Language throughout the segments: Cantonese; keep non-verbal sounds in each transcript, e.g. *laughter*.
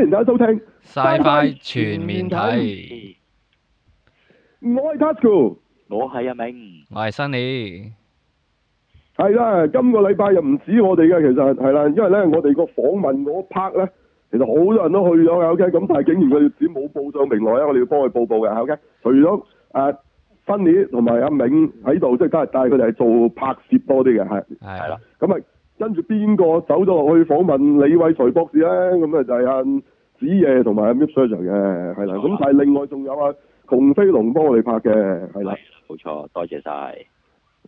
歡迎大家收聽《Sci-Fi 全面睇》面，我係 Tasuku，我係阿明，我係 Sunny 係啦，今個禮拜又唔止我哋嘅。其實係啦，因為咧我哋個訪問嗰 part 咧，其實好多人都去咗嘅，OK，咁但係竟然佢哋只冇報上名來報報，OK? 啊，我哋要幫佢報報嘅，OK。除咗誒 Sunny 同埋阿明喺度，即係都係帶佢哋係做拍攝多啲嘅，係係啦，咁啊的。跟住邊個走咗落去訪問李偉才博士咧？咁、嗯就是、啊就係阿子夜同埋阿銘 Sir 嘅，係啦。咁、哦、但係另外仲有阿洪飛龍幫我哋拍嘅，係啦。冇錯，多謝晒，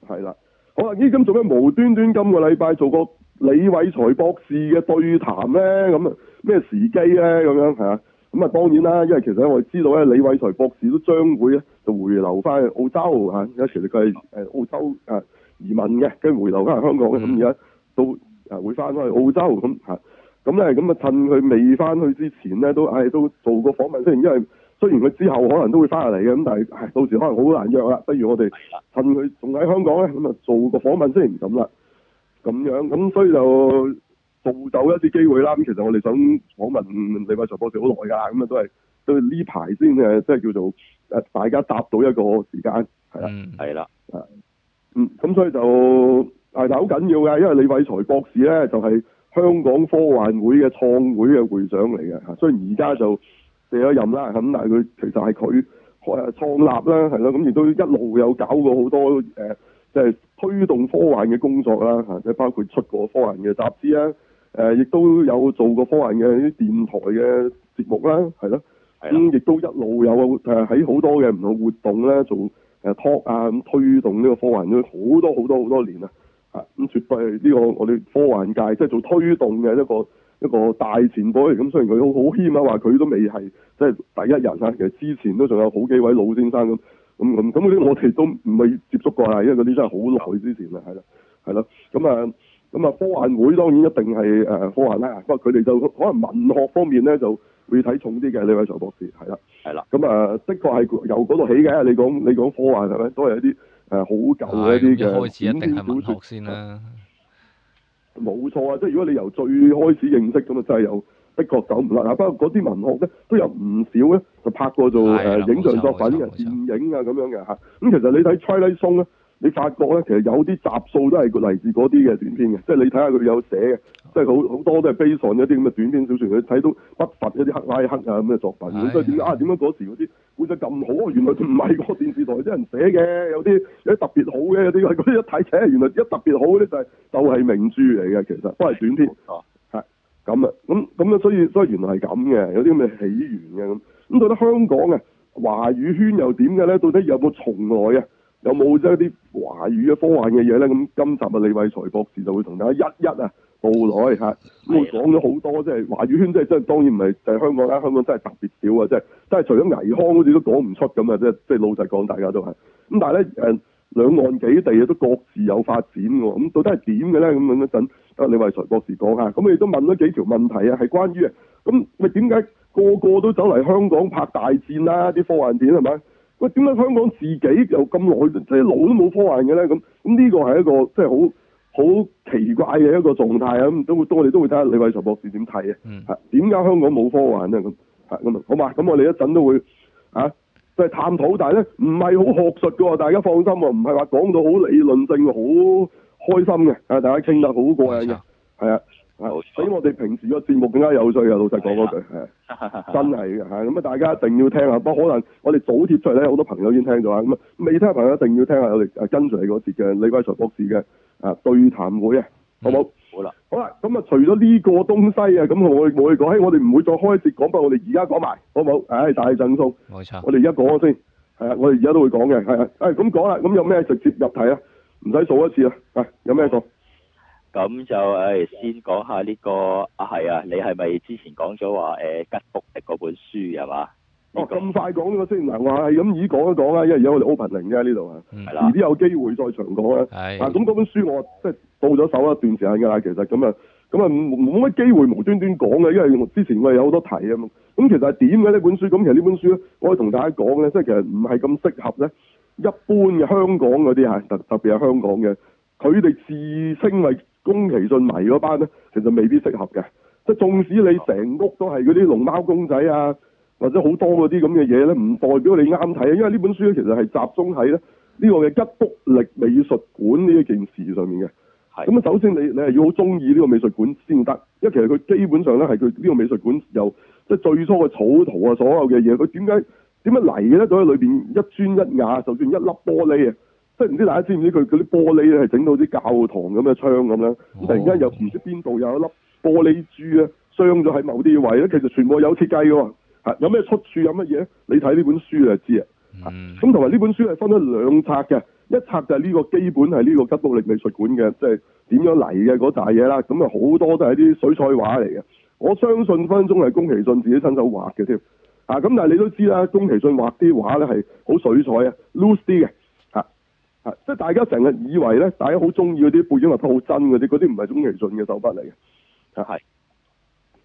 係啦，好啊！咦，咁做咩無端端今個禮拜做個李偉才博士嘅對談咧？咁、嗯、咩時機咧？咁樣嚇咁啊，當然啦，因為其實我哋知道咧、啊，李偉才博士都將會咧就回流翻去澳洲嚇，因、啊、為其實佢係誒澳洲啊移民嘅，跟住、哦、回流翻嚟香港嘅咁而家。嗯都啊，會翻去澳洲咁嚇，咁咧咁啊，趁佢未翻去之前咧，都唉，都做個訪問先。因為雖然佢之後可能都會翻嚟嘅，咁但係到時可能好難約啦。不如我哋趁佢仲喺香港咧，咁啊做個訪問先，唔咁啦。咁樣咁，所以就造就一啲機會啦。咁其實我哋想訪問李偉才博士好耐㗎啦，咁啊都係都呢排先誒，即係叫做誒大家答到一個時間係啦，啦、嗯啊，嗯，咁所以就。但係好緊要嘅，因為李偉才博士咧就係、是、香港科幻會嘅創會嘅會長嚟嘅，嚇。雖然而家就卸咗任啦，咁但係佢其實係佢誒創立啦，係咯。咁亦都一路有搞過好多誒，即、呃、係、就是、推動科幻嘅工作啦，嚇。即係包括出過科幻嘅雜誌啦，誒、呃，亦都有做過科幻嘅啲電台嘅節目啦，係咯。咁亦的、嗯、都一路有誒喺好多嘅唔同的活動咧做誒 talk 啊，咁推動呢個科幻都好多好多好多年啊。咁、啊、絕對係呢個我哋科幻界即係做推動嘅一個一個大前輩。咁雖然佢好好謙啊，話佢都未係即係第一人啦。其實之前都仲有好幾位老先生咁咁咁咁啲，我哋都唔係接觸過啊。因為嗰啲真係好耐之前啦，係啦，係啦。咁啊，咁啊，科幻會當然一定係誒科幻啦。不過佢哋就可能文學方面咧，就會睇重啲嘅。李偉才博士係啦，係啦。咁的啊，的確係由嗰度起嘅。你講你講科幻係咪都係一啲？係好舊嗰啲嘅，影片、啊、小說、嗯嗯、先啦，冇錯啊！即係如果你由最開始認識咁啊，真係有的確走唔甩。嗱，包括嗰啲文學咧，都有唔少咧，就拍過做誒影像作品啊、錯電影啊咁錯樣嘅吓。咁、嗯、其實你睇《Charlie Song》咧。你發覺咧，其實有啲集數都係嚟自嗰啲嘅短篇嘅，即係你睇下佢哋有寫嘅，即係好好多都係 based on 一啲咁嘅短篇小説，你睇到不乏一啲克拉克啊咁嘅作品。咁、哎、呀所以點解啊？點解嗰時嗰啲會咁好？原來唔係個電視台啲人寫嘅，有啲有啲特別好嘅，有啲嗰啲一睇，誒原來一特別好嗰啲就係、是、就係名著嚟嘅，其實都係短篇。哦、哎呀，係咁啊，咁咁樣所以所以原來係咁嘅，有啲咁嘅起源嘅咁。咁到底香港啊華語圈又點嘅咧？到底有冇從來啊？有冇即係啲華語嘅科幻嘅嘢咧？咁今集啊，李偉才博士就會同大家一一啊道來嚇，咁講咗好多，即、就、係、係、華語圈真，即當然唔係就係香港啦，香港真係特別少啊，即係真除咗倪匡好似都講唔出咁啊，即係即老實講，大家都係咁。但係咧誒，兩岸幾地啊都各自有發展㗎喎，咁到底係點嘅咧？咁樣嗰陣啊，李偉才博士講下。咁你都問咗幾條問題啊，係關於啊，咁咪點解個個都走嚟香港拍大戰啦、啊？啲科幻片係咪？是喂，點解香港自己又咁耐即係路都冇科幻嘅咧？咁咁呢個係一個即係好好奇怪嘅一個狀態看看、嗯、啊！咁都我哋都會睇下李偉才博士點睇嘅。嗯。嚇，點解香港冇科幻咧？咁嚇咁好嘛？咁我哋一陣都會嚇就係、是、探討，但係咧唔係好學術嘅喎，大家放心啊，唔係話講到好理論性，好開心嘅，啊大家傾得好過癮嘅，係啊。啊，俾我哋平時個節目更加有趣啊！老實講嗰句係，真係嘅嚇咁啊！ *laughs* 大家一定要聽啊！不過可能我哋早貼出嚟咧，好多朋友已經聽咗啦。咁啊，未聽嘅朋友一定要聽下。我哋啊跟住你嗰節嘅李偉才博士嘅啊對談會啊，好冇好、嗯？好啦，好啦，咁啊除咗呢個東西啊，咁我我哋講，我哋唔會再開節講，不過我哋而家講埋，好唔好？唉、哎，大贈送錯，我哋而家講先，係啊，我哋而家都會講嘅，係啊，唉、哎，咁講啦，咁有咩直接入題啊？唔使數一次啊。啊、哎，有咩數？咁就誒、這個，先講下呢個啊，係啊，你係咪之前講咗話誒《吉卜力》嗰本書係嘛？哦，咁、這個、快講呢個先啊！我係咁易講一講啦，因為而家我哋 opening 啫喺呢度啊，係啦，遲啲、嗯、有機會再長講啦。係、嗯、啊，咁嗰本書我即係到咗手了一段時間噶啦，其實咁啊，咁啊冇乜機會無端端講嘅，因為之前我哋有好多題啊嘛。咁其實係點嘅呢本書？咁其實呢本書咧，我可以同大家講咧，即係其實唔係咁適合咧，一般嘅香港嗰啲吓，特特別係香港嘅，佢哋自稱為。宮崎駿迷嗰班咧，其實未必適合嘅。即係縱使你成屋都係嗰啲龍貓公仔啊，或者好多嗰啲咁嘅嘢咧，唔代表你啱睇啊。因為呢本書咧，其實係集中喺咧呢個嘅吉卜力美術館呢一件事上面嘅。係。咁啊，首先你你係要好中意呢個美術館先得，因為其實佢基本上咧係佢呢個美術館有即係最初嘅草圖啊，所有嘅嘢，佢點解點解嚟嘅咧？到喺裏面一磚一瓦，就算一粒玻璃啊！即係唔知大家知唔知佢啲玻璃咧，係整到啲教堂咁嘅窗咁樣，突然間又唔知邊度有一粒玻璃珠咧，鑲咗喺某啲位咧。其實全部有設計嘅，吓有咩出處有乜嘢，你睇呢本書就知啊。咁同埋呢本書係分咗兩冊嘅，一冊就係呢個基本係呢個吉卜力美術館嘅，即係點樣嚟嘅嗰扎嘢啦。咁啊好多都係啲水彩畫嚟嘅，我相信分分鐘係宮崎駿自己親手畫嘅添。啊咁，但係你都知啦，宮崎駿畫啲畫咧係好水彩啊，loose 啲嘅。大家成日以為咧，大家好中意嗰啲背景畫筆好真嗰啲，嗰啲唔係宮崎駿嘅手法嚟嘅，係。Yes.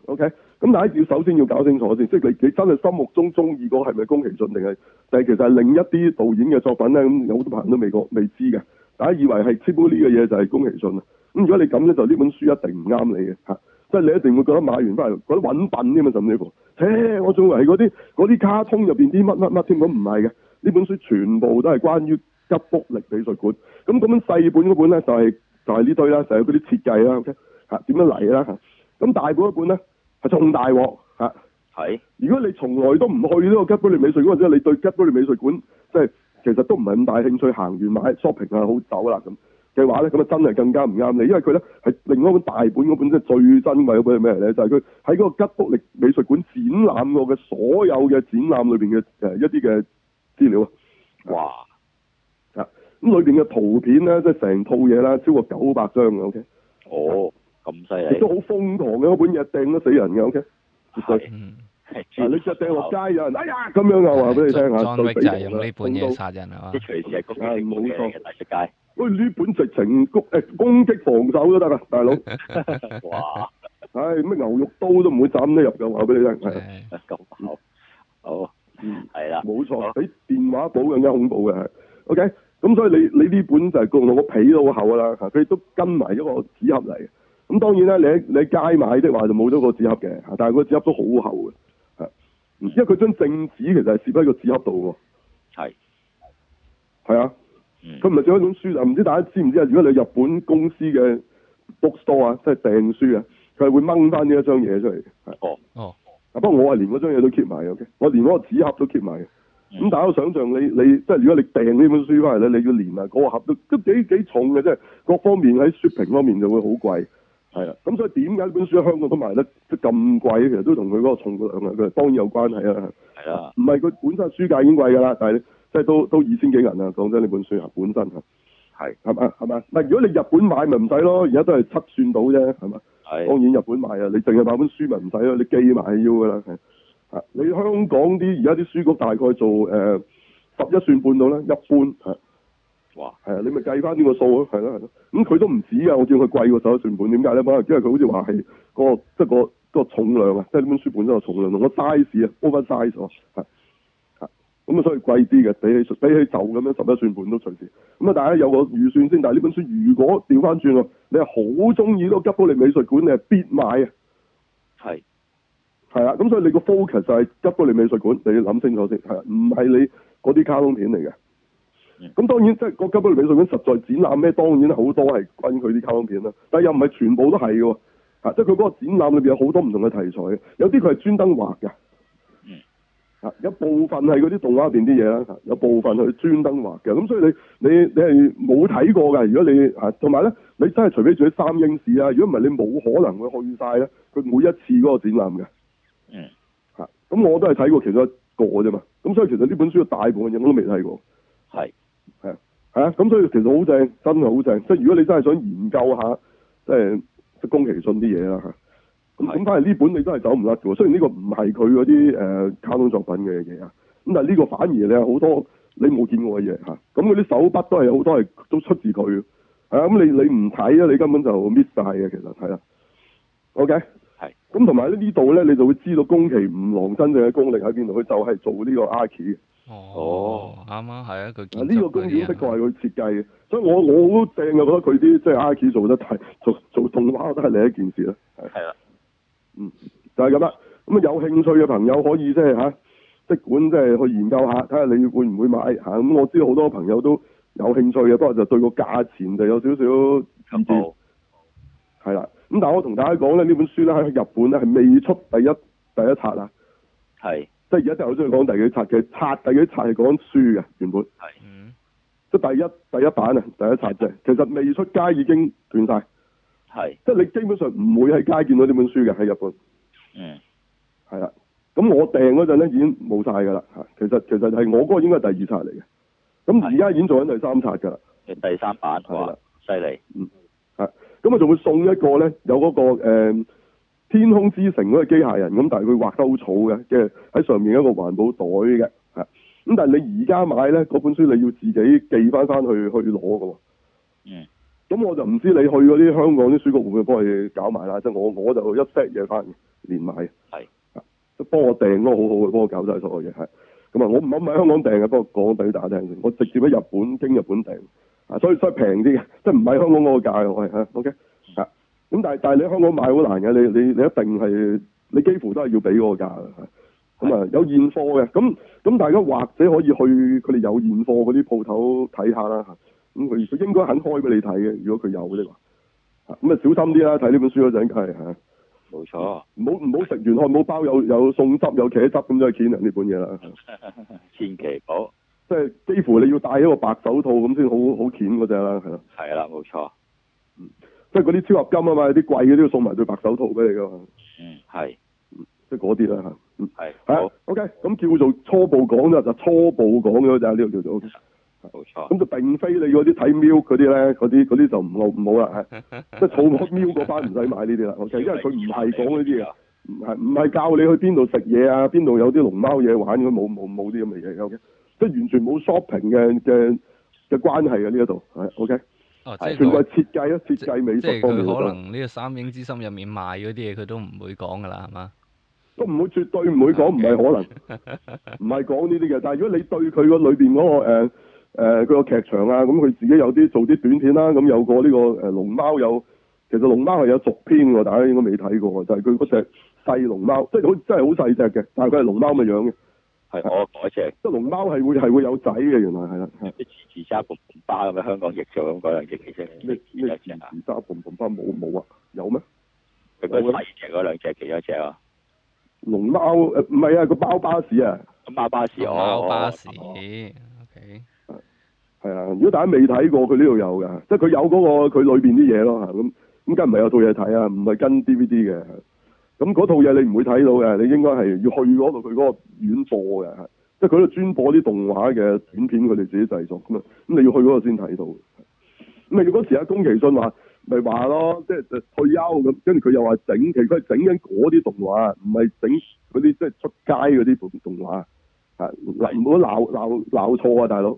OK，咁大家要首先要搞清楚先，即係你你真係心目中中意嗰係咪宮崎駿定係但係其實係另一啲導演嘅作品咧？咁有好多朋友都未覺未知嘅，大家以為係全部呢個嘢就係宮崎駿啊！咁如果你咁咧，就呢本書一定唔啱你嘅嚇，即係你一定會覺得買完翻嚟覺得揾笨添嘛。甚至乎，我仲以為嗰啲啲卡通入邊啲乜乜乜添咁唔係嘅，呢本書全部都係關於吉卜力美術館，咁咁樣細本嗰本咧就係、係、就係、係、呢堆啦，就係嗰啲設計啦，嚇、OK? 點、啊、樣嚟啦？咁、啊、大本嗰本咧係重大喎，係、啊。係如果你從來都唔去呢個吉卜力美術館，或者你對吉卜力美術館即係其實都唔係咁大興趣，行完買 shopping 啊，好走啦咁嘅話咧，咁啊真係更加唔啱你，因為佢咧係另外一本大本嗰本即係、就係、最珍貴嗰本係咩咧？就係佢喺嗰個吉卜力美術館展覽過嘅所有嘅展覽裏邊嘅一啲嘅資料。哇！咁裏邊嘅圖片咧，即係成套嘢啦，超過九百張嘅，O K。哦，咁犀利。亦都好瘋狂嘅，嗰本嘢掟得死人嘅，O K。係，嗯，啊，你就掟落街，有人哎呀咁樣又話俾你聽啊。John Wick 就係用呢本嘢殺人啊嘛。啲錘子係谷食街。喂，呢本直情攻擊防守都得啊，大佬。哇，唉，乜牛肉刀都唔會斬得入嘅，話俾你聽。係，好，嗯，係啦，冇錯，比電話簿更加恐怖嘅 O K。咁、嗯、所以你你呢本就係焗到個皮都好厚噶啦，佢都跟埋一個紙盒嚟嘅。咁、嗯、當然啦，你你街買的話就冇咗個紙盒嘅，但係個紙盒都好厚嘅，係，因為佢張正紙其實係攝喺個紙盒度喎。係是，是啊，佢唔係做一本書啊？唔知大家知唔知啊？如果你日本公司嘅 bookstore 啊，即係訂書嘅，佢係會掹翻呢一張嘢出嚟嘅。哦，哦，不過我係連嗰張嘢都 keep 埋嘅，我連嗰個紙盒都 keep 埋嘅。咁大家想象你你即係如果你訂呢本書翻嚟咧，你要連啊、個盒都都幾幾重嘅，即係各方面喺 shipping 方面就會好貴，係啊。咁所以點解呢本書喺香港都賣得都咁貴？其實都同佢嗰個重量啊，佢當然有關係啦。係啊的，唔係佢本身書價已經貴噶啦，但係即係都都二千幾銀啊！講真，呢本書盒本身係係嘛係嘛？唔係如果你日本買咪唔使咯，而家都係七算到啫係嘛？係的當然日本買啊，你淨係買本書咪唔使咯，你寄埋要㗎啦。啊！你香港啲而家啲書局大概做誒十一寸半度咧，一般嚇。哇！誒，你咪計翻呢個數咯，係咯係咯。咁佢、嗯、都唔止㗎，我見佢貴過十一寸半，點解咧？可能因為佢好似話係個即係個個重量啊，即係呢本書本身個重量同個 size 啊高返 size 咗。係。咁啊，所以貴啲嘅，比起比起就咁樣十一寸半都隨時。咁啊，大家有個預算先。但係呢本書如果調翻轉喎，你係好中意呢個吉卜力美術館，你係必買啊。係。係啦，咁、啊、所以你個 focus 就係吉卜力美術館，你要諗清楚先係，唔係、啊、你嗰啲卡通片嚟嘅。咁、嗯、當然即係、就是、吉卜力美術館實在展覽咩？當然好多係關於佢啲卡通片啦，但係又唔係全部都係嘅喎。即係佢嗰個展覽裏邊有好多唔同嘅題材，有啲佢係專登畫嘅。嚇、嗯啊，一部分係嗰啲動畫入邊啲嘢啦，有部分佢專登畫嘅。咁所以你你你係冇睇過嘅，如果你嚇，同埋咧你真係除非住喺三鷹市啊，如果唔係你冇可能會去晒咧，佢每一次嗰個展覽嘅。吓，咁我都係睇過其中一個啫嘛，咁所以其實呢本書大部分嘢我都未睇過，係是，係啊，吓，咁所以其實好正，真係好正，即係如果你真係想研究下，即係宮崎駿啲嘢啦吓，咁反翻嚟呢本你真係走唔甩嘅，雖然呢個唔係佢嗰啲誒卡通作品嘅嘢啊，咁但係呢個反而你有好多你冇見過嘅嘢吓，咁佢啲手筆都係好多係都出自佢，係啊，咁你你唔睇咧，你根本就 miss 晒嘅，其實係啦，OK。咁同埋呢度咧，你就會知道宮崎吾朗真正嘅功力喺邊度。佢就係做呢個 architect 嘅。哦，啱啱係一個呢個公園，的確係佢設計嘅。所以我我正啊，覺得佢啲即係 architect 做得太做做動畫都係另一件事啦。係啦，的嗯，就係咁啦。咁啊，有興趣嘅朋友可以即係吓，即管即係去研究下，睇下你會唔會買吓咁、啊嗯、我知道好多朋友都有興趣嘅，不過就對個價錢就有少少諗係啦。報咁但係我同大家講咧，呢本書咧喺日本咧係未出第一第一冊啊，係是，即係而家真係好中意講第幾冊嘅，冊第幾冊係講書嘅原本，係是，即係第一第一版啊，第一冊啫，是其實未出街已經斷晒，係是，即係你基本上唔會喺街見到呢本書嘅喺日本，嗯，係啦，咁我訂嗰陣咧已經冇晒噶啦吓，其實其實係我嗰個應該係第二冊嚟嘅，咁而家已經做緊第三冊噶啦，第三版係啦，犀利，的害嗯。啊！咁我仲會送一個咧，有嗰個、呃、天空之城嗰個機械人咁，但係佢畫得好草嘅，即係喺上面一個環保袋嘅。咁但係你而家買咧，嗰本書你要自己寄翻翻去去攞㗎喎。嗯。咁我就唔知你去嗰啲香港啲書局會唔會幫你搞埋啦？即係我我就一 set 嘢翻，連買。係。啊！幫我訂都好好嘅，幫我搞晒所有嘢係。咁啊，我唔肯喺香港訂嘅，不過講俾大家聽，我直接喺日本經日本訂。啊，所以所以平啲嘅，即係唔係香港嗰個價喎，係 OK 啊，咁、嗯、但係但係你喺香港買好難嘅，你你你一定係，你幾乎都係要俾嗰個價咁啊是的、嗯、有現貨嘅，咁咁大家或者可以去佢哋有現貨嗰啲鋪頭睇下啦嚇，咁、嗯、佢應該肯開俾你睇嘅，如果佢有嘅話，咁、嗯、啊小心啲啦，睇呢本書嗰陣梗係冇錯，唔好唔好食完漢堡包有有餸汁有茄汁咁都就黐啦呢本嘢啦，千祈好。即係幾乎你要戴一個白手套咁先好好淺嗰隻啦，係咯，係啦，冇錯，沒錯嗯，即係嗰啲超合金啊嘛，啲貴嘅都要送埋對白手套俾你噶嘛，嗯係，是即係嗰啲啦吓，嗯係，OK，咁叫做初步講就是、初步講咗就呢度叫做，OK，冇錯，咁、嗯嗯、就並非你嗰啲睇喵嗰啲咧，嗰啲啲就唔好唔好啦即係做我喵嗰班唔使買呢啲啦，OK，因為佢唔係講呢啲啊，唔係唔係教你去邊度食嘢啊，邊度 *laughs* 有啲龍貓嘢玩，冇冇冇啲咁嘅嘢，OK。即係完全冇 shopping 嘅嘅嘅關係嘅呢一度，係 OK。哦、啊，即係、嗰個、全部設計咯，設計美術方面。即係佢可能呢個三鷹之森入面賣嗰啲嘢，佢都唔會講㗎啦，係嘛？都唔會，絕對唔會講，唔係、啊、可能，唔係講呢啲嘅。但係如果你對佢、嗰個裏邊嗰個誒佢個劇場啊，咁佢自己有啲做啲短片啦、啊，咁有個呢、呢個誒、呃、龍貓有，其實龍貓係有續篇喎，大家應該未睇過，就係佢嗰隻細龍貓，即係好真係好細隻嘅，但係佢係龍貓嘅樣嘅。係，係我改咗即龍貓係會係會有仔嘅，原來係啦，啲刺蝟揸盤盤巴咁樣，香港譯做咁嗰樣其實。你你刺蝟揸盤盤巴冇冇啊？有咩？嗰十二隻嗰兩隻，幾多隻，隻，隻，隻啊？龍貓唔係、呃、啊，個包巴士啊，包巴士哦，包巴士。O K、哦。係啊，如果大家未睇過，佢呢度有㗎，即係佢有嗰、嗰個佢裏邊啲嘢咯，咁咁梗唔係有套嘢睇啊？唔係跟 D V D 嘅。咁嗰、嗯、套嘢你唔會睇到嘅，你應該係要去嗰度佢嗰個院播嘅，即係佢都專播啲動畫嘅短片，佢哋自己製作咁咁、嗯、你要去嗰度先睇到。咁如嗰時阿宮崎駿話，咪話咯，即、就、係、是、退休咁，跟住佢又話整，其實佢係整緊嗰啲動畫，唔係整嗰啲即係出街嗰啲動動畫，嗱，唔好鬧鬧鬧錯啊，大佬！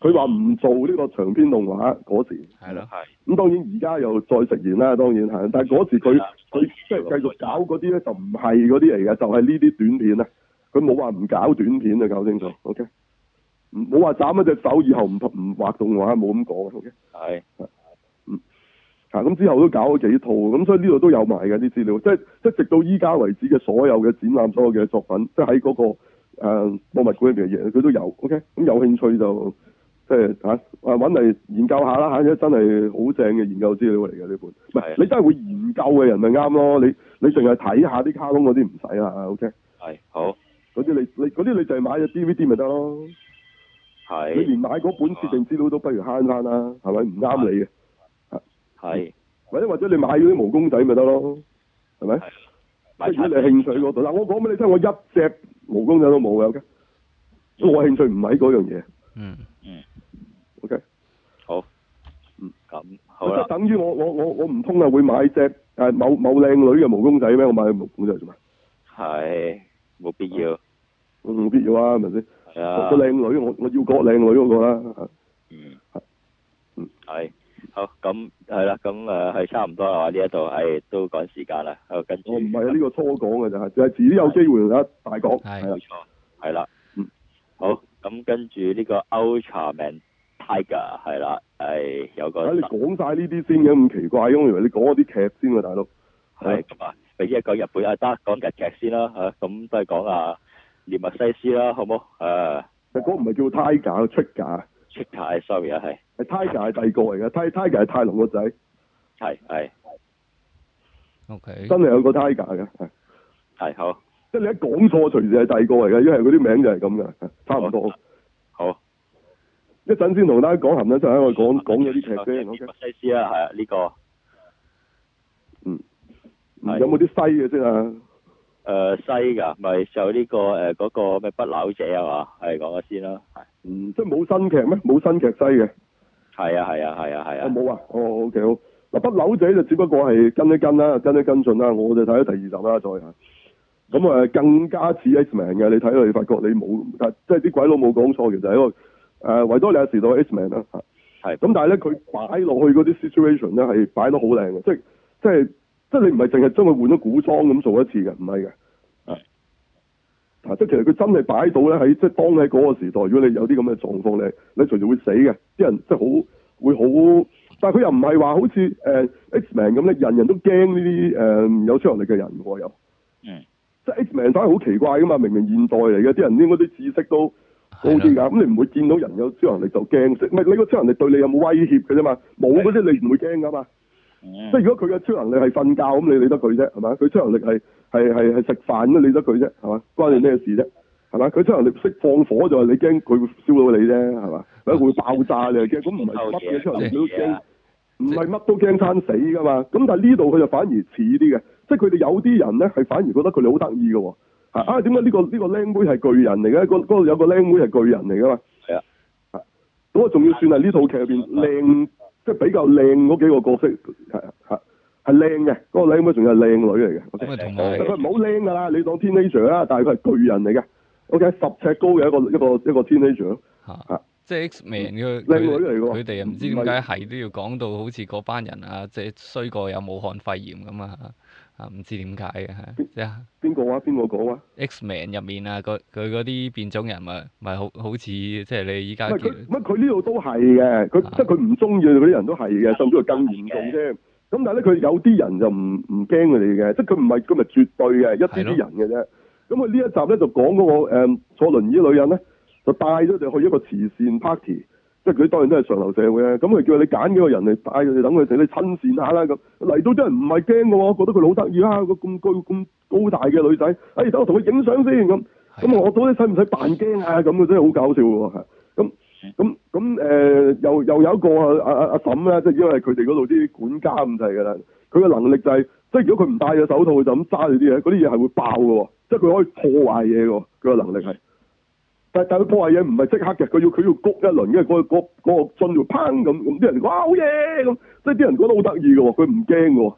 佢話唔做呢個長篇動畫嗰時係咯係，咁的當然而家又再食言啦，當然係。但係嗰時佢佢即係繼續搞嗰啲咧，就唔係嗰啲嚟嘅，就係呢啲短片啊。佢冇話唔搞短片啊，的搞清楚。O K，冇話斬咗隻手以後唔唔畫動畫，冇咁講。O K，係，嗯，吓、啊、咁之後都搞咗幾套，咁所以呢度都有埋嘅啲資料，即係即直到依家為止嘅所有嘅展覽，所有嘅作品，即係喺嗰個誒博物館入邊嘅嘢，佢都有。O K，咁有興趣就。即係嚇，啊揾嚟研究下啦嚇，真係好正嘅研究資料嚟嘅呢本。唔係你真係會研究嘅人咪啱咯？你你淨係睇下啲卡通嗰啲唔使啦。O K。係好。嗰啲你你啲你淨係買咗 D V D 咪得咯。係。你連買嗰本設定資料都不如慳翻啦，係咪唔啱你嘅？係。或者或者你買咗啲毛公仔咪得咯，係咪？係。即係你興趣嗰度。嗱，我講俾你聽，我一隻毛公仔都冇有嘅，我興趣唔係嗰樣嘢。嗯。好啦，等於我我我我唔通啊會買隻誒某某靚女嘅毛公仔咩？我買毛公仔做咩？係冇必要，冇必要啊，係咪先？係啊，個靚女我我要個靚女嗰個啦。嗯，嗯係好咁係啦，咁誒係差唔多啦呢一度係都趕時間啦，跟住我唔係呢個初講嘅就係，係遲啲有機會大講係冇錯，係啦，嗯好咁跟住呢個 Ultraman。Tiger 係啦，係有個。睇你講晒呢啲先嘅，咁奇怪因以為你講嗰啲劇先喎、啊，大佬。係咁啊，第一個日本啊得講日劇先啦嚇，咁都係講啊《涅墨西斯》啦，好冇啊？你講唔係叫 Tiger，出噶出泰，sorry 啊係。Tiger 係第二個嚟嘅，Tiger 係泰龍個仔。係係。OK。真係有個 Tiger 嘅。係好。即係你一講錯，隨時係第二個嚟嘅，因為嗰啲名就係咁嘅，差唔多。一陣先同大家講，嗯、說一陣就喺度講講咗啲劇先。依部 okay 西施啦，係啊，呢、啊這個嗯，有冇啲西嘅先？啊？誒、啊呃，西噶，咪就呢、這個誒，嗰、呃那個咩不朽者啊？嘛、啊？係講下先啦。啊啊、嗯，即係冇新劇咩？冇新劇西嘅。係啊，係啊，係啊，係啊。冇啊。哦、oh,，OK，好。嗱，不朽者就只不過係跟一跟啦，跟一跟進啦，我哋睇咗第二集啦，再。咁誒，更加似 X-Man 嘅，你睇到你發覺你冇，即係啲鬼佬冇講錯，其實係一個。誒維、呃、多利亞時代 X-Men 啦嚇，係咁、啊，的但係咧佢擺落去嗰啲 situation 咧係擺得好靚嘅，即係即係即係你唔係淨係將佢換咗古裝咁做一次嘅，唔係嘅，的啊，即係其實佢真係擺到咧喺即係當喺嗰個時代，如果你有啲咁嘅狀況咧，你隨時會死嘅，啲人即係好會好，但係佢又唔係話好似誒、呃、X-Men 咁咧，人人都驚呢啲誒有超能力嘅人喎又，的即係 X-Men 真係好奇怪噶嘛，明明現代嚟嘅，啲人應該啲知識都高啲噶，咁你唔會見到人有超能力就驚，唔係你個超能力對你有冇威脅嘅啫嘛？冇嗰啲你唔會驚噶嘛。即係如果佢嘅超能力係瞓覺咁，你理得佢啫，係嘛？佢超能力係係係係食飯都理得佢啫，係嘛？關你咩事啫？係嘛？佢超能力識放火就係你驚佢會燒到你啫，係嘛？會爆炸你驚，咁唔係乜嘢超能力的不都驚，唔係乜都驚餐死噶嘛？咁的但係呢度佢就反而似啲嘅，即係佢哋有啲人咧係反而覺得佢哋好得意噶。啊！點解呢個呢個靚妹係巨人嚟嘅？嗰度有個靚妹係巨人嚟噶嘛？係啊的，仲要算係呢套劇入邊靚，的即係比較靚嗰幾個角色係啊，係靚嘅。嗰、嗰個靚妹仲係靚女嚟嘅。佢唔好靚㗎啦！你當 teenager 啦，但係佢係巨人嚟嘅。OK，十尺高嘅一個一個一個 teenager。嚇嚇、啊，即係 Xman 嘅靚女嚟。佢哋唔知點解係都要講到好似嗰班人啊，即係是衰過有武漢肺炎咁啊！啊！唔知點解嘅吓，即係邊個話？邊個講啊？X-Men 入面啊，佢佢嗰啲變種人咪咪好好似即係你依家乜佢呢度都係嘅，佢、啊、即係佢唔中意嗰啲人都係嘅，啊、甚至係更嚴重啫。咁的但係咧，佢有啲人就唔唔驚佢哋嘅，即係佢唔係佢咪絕對嘅一啲啲人嘅啫。咁佢呢一集咧就講嗰、嗰個誒、呃、坐輪椅嘅女人咧，就帶咗佢去一個慈善 party。即係佢當然都係上流社會啊，咁佢叫你揀幾個人嚟帶佢哋，等佢哋，你親善下啦咁。嚟到啲人唔係驚嘅喎，覺得佢好得意啦，個咁高咁高大嘅女仔，哎，等我同佢影相先咁。咁我到底使唔使扮驚啊？咁佢真係好搞笑喎。咁咁咁誒，又又有一個阿阿阿嬸咧，即係因為佢哋嗰度啲管家咁滯㗎啦。佢嘅能力就係、是，即係如果佢唔戴咗手套就咁揸住啲嘢，嗰啲嘢係會爆嘅，即係佢可以破壞嘢嘅，佢嘅能力係。但但佢破壞嘢唔係即刻嘅，佢要佢要谷一輪，因為嗰嗰嗰個樽就砰咁，咁啲人哇「好嘢」，咁，即係啲人覺得好得意嘅喎，佢唔驚嘅喎，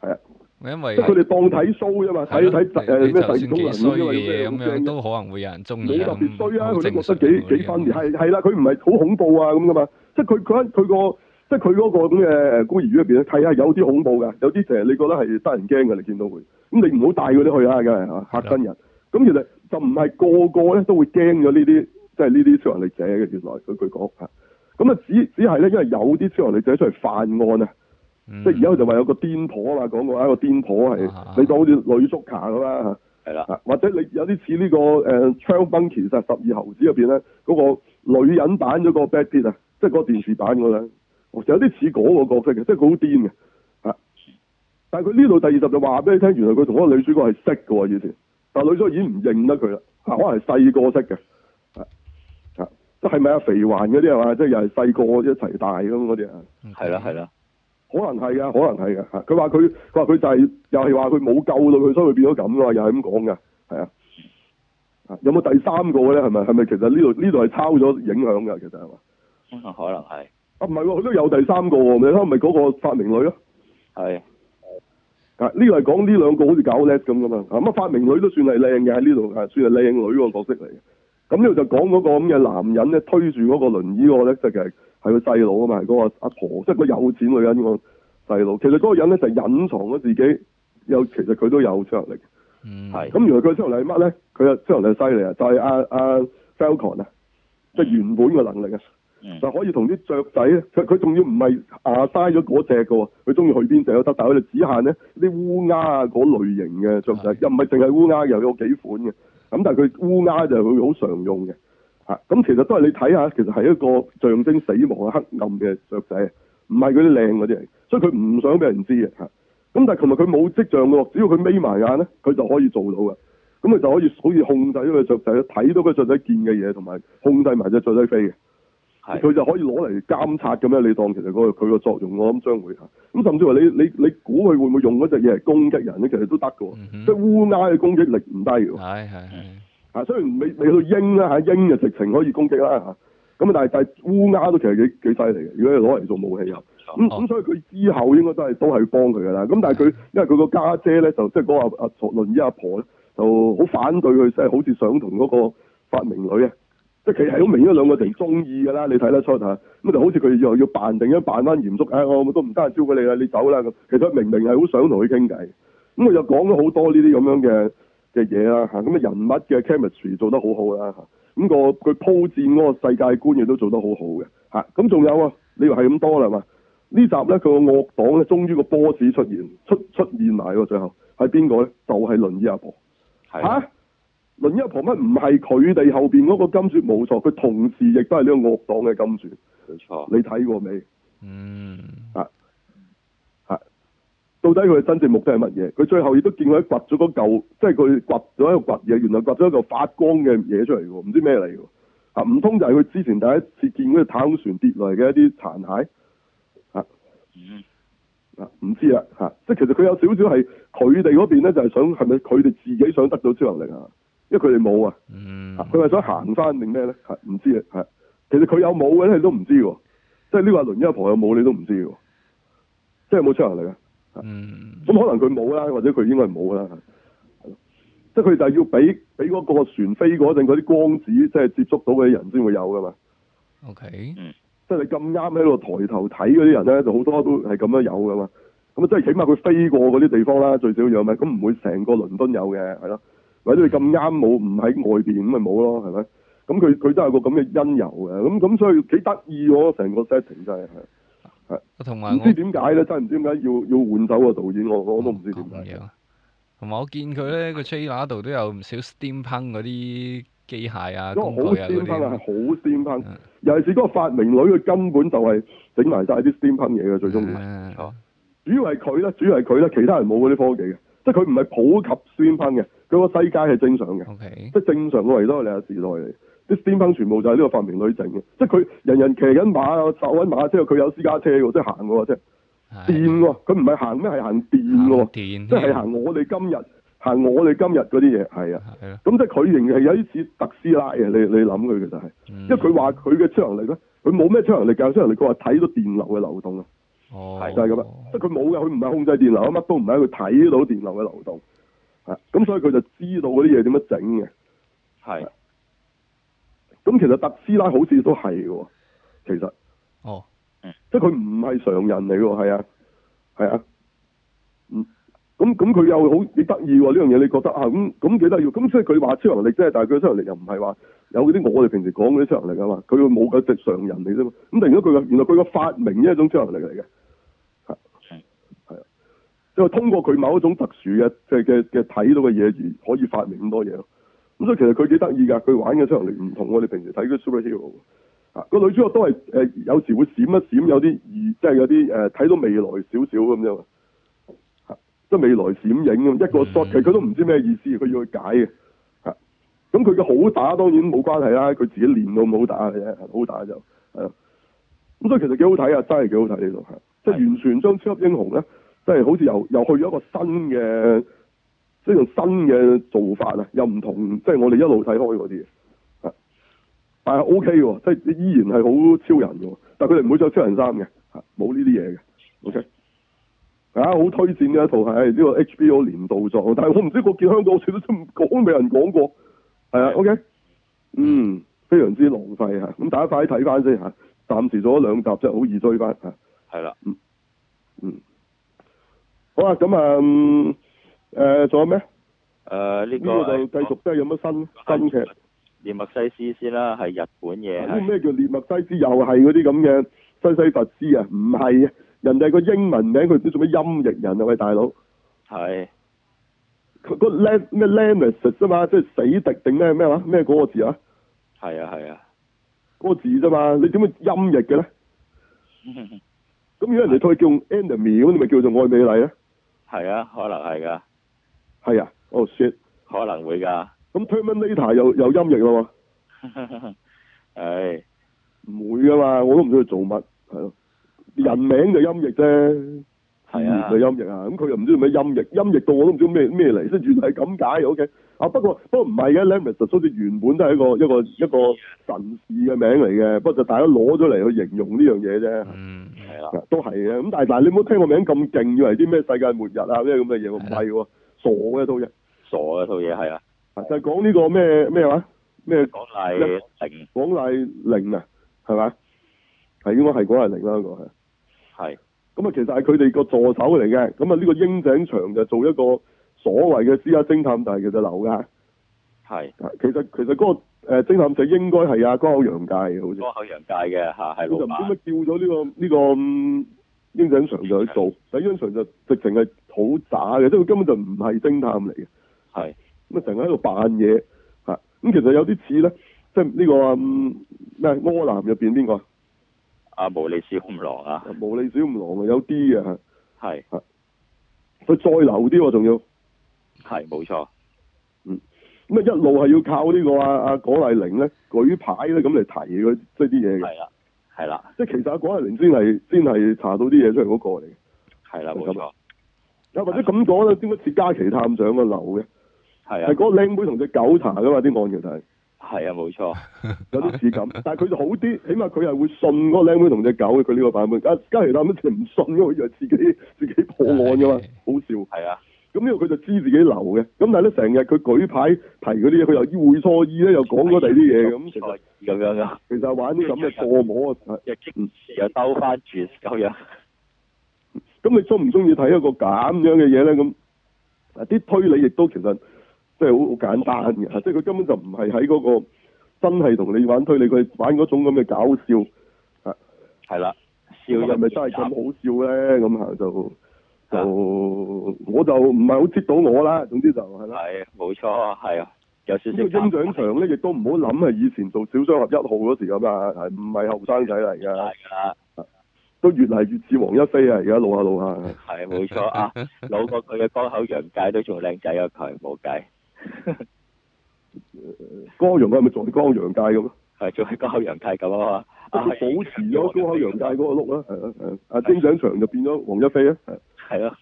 係啊，因為佢哋當睇 show 啫嘛，睇睇誒咩睇普通人嘅嘢咁樣，都可能會有人中意咁。特別衰啊，佢覺得幾幾分裂，係係啦，佢唔係好恐怖啊咁噶嘛，即係佢佢佢個即係佢嗰個咁嘅孤兒院入邊睇下，有啲恐怖嘅，有啲成日你覺得係得人驚嘅你見到佢，咁你唔好帶嗰啲去啊，梗係嚇親人。咁其實就唔係個個咧都會驚咗呢啲，即係呢啲超人力者嘅原來佢佢講嚇咁啊只只係咧，因為有啲超人力者出嚟犯案啊，嗯、即係而家就話有個癲婆啦，講過一個癲婆係，婆啊、你就好似女足卡咁啦嚇，係啦、啊啊，或者你有啲似呢個誒槍崩其實十二猴子入邊咧嗰個女人版嗰個 Bad Beat 啊，即係嗰個電視版㗎啦，有啲似嗰個角色嘅，即係好癲嘅嚇、啊，但係佢呢度第二集就話俾你聽，原來佢同嗰個女主角係識嘅喎以前。但女梳已唔認得佢啦、啊，可能細個識嘅，啊即係咪啊肥環嗰啲係嘛？即係又係細個一齊大咁嗰啲啊？係啦係啦，可能係啊，可能係啊，佢話佢佢佢就係、是、又係話佢冇救到佢，所以佢變咗咁嘅，又係咁講嘅，係啊。有冇第三個咧？係咪係咪其實呢度呢度係抄咗影響嘅？其實係嘛？可能係啊，唔係喎，佢都有第三個喎、嗯啊啊啊，你睇咪嗰個發明女咯、啊，係。呢度嚟講呢兩個好似搞叻咁噶嘛，發明女都算係靚嘅，喺呢度，係、啊、算係靚女個角色嚟嘅。咁呢度就講嗰個咁嘅男人咧，推住嗰個輪椅嗰個咧，即係其實係個細佬啊嘛，嗰、嗰個阿婆，婆，即、就、係、是、個有錢女人個細佬。其實嗰個人咧就隱、是、藏咗自己，有其實佢都有超能力。係。咁原來佢超能力乜咧？佢啊超能力犀利啊！就係阿阿 Falcon 啊，即係原本嘅能力啊。 *noise* 就可以同啲雀仔咧，佢佢仲要唔係嘥曬咗嗰隻嘅，佢中意去邊隻都得，但佢我哋只限咧啲烏鴉啊嗰類型嘅雀仔， *noise* 又唔係淨係烏鴉，又有幾款嘅，咁但係佢烏鴉就係佢好常用嘅，嚇、啊、咁其實都係你睇下，其實係一個象徵死亡嘅黑暗嘅雀仔，唔係嗰啲靚嗰啲嚟，所以佢唔想俾人知嘅嚇，咁、啊、但係尋日佢冇跡象喎，只要佢眯埋眼咧，佢就可以做到嘅，咁佢就可以可以控制咗個雀仔，睇到個雀仔見嘅嘢，同埋控制埋隻雀仔飛嘅。係，佢是就可以攞嚟監察咁樣，你當其實嗰個佢個作用我諗將會嚇，咁甚至話你你你估佢會唔會用嗰隻嘢嚟攻擊人咧？其實都得㗎喎，嗯、哼即係烏鴉嘅攻擊力唔低喎。係係係啊，雖然你未到鷹啦嚇，鷹就直情可以攻擊啦嚇，咁但係但係烏鴉都其實幾幾犀利嘅，如果你攞嚟做武器呀，咁咁、嗯、哼所以佢之後應該都係都係幫佢㗎啦。咁、嗯、哼但係佢因為佢、個家姐咧就即係嗰個阿索倫伊阿婆咧就好反對佢，即係好似想同嗰個發明女啊。即係其實係好明顯，兩個人中意㗎啦，你睇得出嚇。咁、啊、就好似佢又要扮定，扮定樣扮翻嚴肅。誒、哎，我都唔得閒招佢你啦，你走啦咁。其實佢明明係好想同佢傾偈。咁佢又講咗好多呢啲咁樣嘅嘅嘢啦嚇。咁啊，啊人物嘅 chemistry 做得好好啦嚇。咁、啊嗰個佢鋪墊嗰個世界觀亦都做得好好嘅嚇。咁仲有啊？有你又係咁多啦嘛？呢集呢集咧，佢個惡黨咧，終於個 boss 出現出出現埋喎，最後係邊個咧？就係、是、輪椅阿婆嚇。的輪椅旁婆，乜唔係佢哋後邊嗰個金雪？冇錯，佢同時亦都係呢個惡黨嘅金雪，冇錯，啊。你睇過未？嗯，啊，係。到底佢嘅真正目的係乜嘢？佢最後亦都見佢掘咗嗰嚿，即係佢掘咗喺度掘嘢，原來掘咗一嚿發光嘅嘢出嚟喎，唔知咩嚟喎。啊，唔通就係佢之前第一次見嗰隻太空船跌落嚟嘅一啲殘骸？啊，啊，唔知啊，嚇，即係其實佢有少少係佢哋嗰邊咧，就係想係咪佢哋自己想得到超能力啊？因為佢哋冇啊，佢係、嗯、想行翻定咩咧？係唔知啊，係其實佢有冇咧，你都唔知喎。即係呢個輪椅阿婆有冇你都唔知嘅，即係冇出嚟嘅。咁、嗯、可能佢冇啦，或者佢應該係冇啦。即係佢就係要俾俾嗰個船飛嗰陣，嗰啲光子即係接觸到嘅人先會有噶嘛。OK，即係你咁啱喺度抬頭睇嗰啲人咧，就好多都係咁樣有噶嘛。咁即係起碼佢飛過嗰啲地方啦，最少有咩？咁唔會成個倫敦有嘅，係咯。或者你咁啱冇唔喺外邊咁咪冇咯，係咪？咁佢佢都有個咁嘅因由嘅，咁咁所以幾得意喎，成個 setting 真係係。啊，同埋唔知點解咧，我真係唔知點解要要換走個導演，我我都唔知點解嘅。同埋我見佢咧，個 trailer 度都有唔少 Steam Punk 嗰啲機械啊，嗰個好 Steam Punk 啊，係好 Steam Punk，尤其是嗰個發明女，佢根本就係整埋晒啲 Steam Punk 嘢嘅最中意、嗯嗯。主要係佢咧，主要係佢咧，其他人冇嗰啲科技嘅，即係佢唔係普及 Steam Punk 嘅。嗰個世界係正常嘅，即係 Okay. 正常嘅維多利亞時代嚟。啲 Steam Punk 全部就係呢個發明女整嘅，即係佢人人騎緊馬，駛緊馬車，佢有私家車喎，即係行喎，即係的電喎。佢唔係行咩，係行電喎，電即係行我哋今日、嗯、行我哋今日嗰啲嘢，係啊。咁的即係佢仍然係有啲似特斯拉嘅。你你諗佢其實係，嗯、因為佢話佢嘅超能力咧，佢冇咩超能力，冇超能力，佢話睇到電流嘅流動啊，哦，oh. 就係咁啊，即係佢冇嘅，佢唔係控制電流啊，乜都唔係，佢睇到電流嘅流動。咁、啊、所以佢就知道嗰啲嘢點樣整嘅，係。咁其實特斯拉好似都係嘅，其實，哦，即係佢唔係常人嚟嘅，係啊，係啊，嗯，咁咁佢又好幾得意喎，呢樣嘢你覺得啊，咁咁幾得意，咁所以佢話超能力即係，但係佢嘅超能力又唔係話有啲我哋平時講嗰啲超能力啊嘛，佢冇一直常人嚟啫嘛。咁突然間佢個，原來佢個發明呢一種超能力嚟嘅。即係通過佢某一種特殊嘅即係嘅嘅睇到嘅嘢而可以發明咁多嘢咯。咁所以其實佢幾得意噶，佢玩嘅出嚟唔同我哋平時睇嘅 Super Hero。啊，個女主角都係誒、呃、有時會閃一閃，有啲而即係有啲誒睇到未來少少咁樣。即、啊、係、就是、未來閃影咁，一個 shot 其實佢都唔知咩意思，佢要去解嘅。吓、啊，咁佢嘅好打當然冇關係啦，佢自己練到好打嘅、啊、好打就係咁、啊、所以其實幾好睇啊，真係幾好睇呢度，係即係完全將超級英雄咧。即係好似又又去咗一個新嘅，即係用新嘅做法啊，又唔同，即係我哋一路睇開嗰啲啊，但係 O K 嘅，即係依然係好超人嘅，但係佢哋唔會着超人衫嘅，冇呢啲嘢嘅，O K，大家好推薦呢一套係呢個 H B O 年度作，但係我唔知我見香港全部都未人講過，係啊的，O OK ? K，嗯，非常之浪費啊，咁大家快啲睇翻先吓，暫時做咗兩集係好易追翻啊，係啦的，嗯，嗯。好啊，咁啊，誒，仲有咩？誒，呢個繼續都係有乜新新劇？涅墨西斯先啦，係日本嘢。咩叫涅墨西斯？又係嗰啲咁嘅西西弗斯啊？唔係啊，人哋個英文名佢唔知做咩音譯人啊，喂大佬。係。個咩 language 啫嘛，即係死敵定咩咩話咩嗰個字啊？係啊係啊，嗰個字啫嘛，你點會音譯嘅咧？咁如果人哋再叫 enemy 你咪叫做愛美麗啊？係啊，可能係噶。係啊，哦、oh、shit，可能會噶。咁 Terminator 有有音譯咯喎。唉 *laughs* 是，唔會啊嘛，我都唔知佢做乜，係咯、啊。人名就音譯啫，係啊，就音譯啊。咁佢又唔知做咩音譯，音譯到我都唔知咩咩嚟。即原來係咁解，OK。啊，不過不過唔係嘅 Lambert 好似原本都係一個一個一個神事嘅名嚟嘅，不過就大家攞咗嚟去形容呢樣嘢啫。嗯都係嘅，咁但係嗱，但你冇聽個名咁勁，以為啲咩世界末日啊咩咁嘅嘢，唔係嘅，傻嘅套嘢，傻嘅套嘢係啊。就係講呢個咩咩話咩？廣瀨鈴，廣瀨鈴啊，係咪？係應該係廣瀨鈴啦，呢個係。係。咁啊，其實係佢哋個助手嚟嘅。咁啊，呢個櫻井翔就做一個所謂嘅私家偵探，但係其實流噶。係是，其實其實嗰個誒偵、呃、探社應該係阿江口洋介嘅，好似江口洋介嘅吓，係老闆。咁啊、點解，叫咗呢個呢個英俊常就去做？但係英俊靖常就直情係好渣嘅，即係佢根本就唔係偵探嚟嘅。係是，咁啊，成日喺度扮嘢吓。咁其實有啲似咧，即係呢個咩柯南入邊邊個？阿毛利小五郎啊？毛利小五郎啊，啊有啲嘅係。佢再流啲，仲要係冇錯。咁一路係要靠呢個啊，阿郭麗玲咧舉牌咧咁嚟提佢、啊啊、即係啲嘢嘅。係啦，係啦。即係其實阿郭麗玲先係先係查到啲嘢出嚟嗰、嗰個嚟嘅。係啦、啊，冇錯。又、啊、或者咁講啦，點解似家麒探長個樓嘅？係啊。係、啊、個靚妹同隻狗查噶嘛啲案其實。係啊，冇錯。有啲似咁， *laughs* 但係佢就好啲，起碼佢係會信嗰個靚妹同隻狗嘅。佢呢個版本，阿家麒探長唔信咯，以為自己自己破案噶嘛，啊、好笑。係啊。咁因為佢就知自己流嘅，咁但係咧成日佢舉牌提嗰啲嘢，佢又會錯意咧，又講過第啲嘢，咁，咁樣啊？其實玩啲咁嘅過磨啊，又唔又兜翻轉咁樣。咁、嗯嗯嗯嗯、你中唔中意睇一個咁樣嘅嘢咧？咁啊啲推理亦都其實即係好好簡單嘅，即係佢根本就唔係喺嗰個真係同你玩推理，佢玩嗰種咁嘅搞笑係係啦，笑又咪真係咁好笑咧？咁啊就。就我就唔係好接到我啦，總之就係啦，冇錯，係啊，有少少。丁長強咧，亦都唔好諗係以前做小商合一號嗰時咁啊，係唔係後生仔嚟㗎？係㗎，都越嚟越似黃一菲啊！而家老下老下，係冇錯啊！老過佢嘅江口洋介都仲靚仔啊，佢，冇計。江洋係咪仲係江洋介咁啊？係仲係江口洋介咁啊嘛？都保持咗江口洋介嗰個 look 啊，阿丁長強就變咗黃一菲啊！係咯，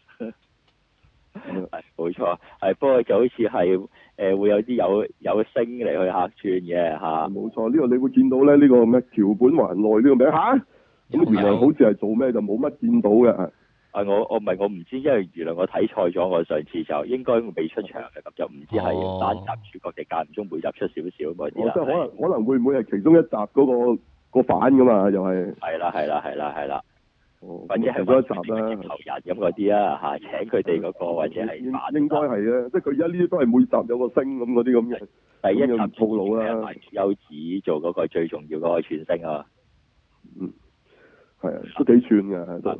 係冇錯，係不過就好似係誒會有啲有有星嚟去客串嘅吓，冇錯呢個你會見到咧呢、這個咩橋本環奈呢個名吓，咁、啊、原來好似係做咩就冇乜見到嘅。啊、哎、我我唔係我唔知，因為原來我睇錯咗，我上次就應該未出場嘅，咁、啊、就唔知係單集主角嘅間唔中間每集出少少嗰啲啊。即係可能是可能會唔會係其中一集嗰、那個、那個版㗎嘛？又、就、係、是。係啦，係啦，係啦，係啦。反正係嗰一集啦，的求人咁嗰啲啊嚇，請佢哋嗰個或者係應該該係啊，即係佢而家呢啲都係每集有個星咁嗰啲咁嘅，的樣第一集鋪路啦，優子、啊、做嗰個最重要嘅愛全星啊，嗯，係啊，都幾串㗎都。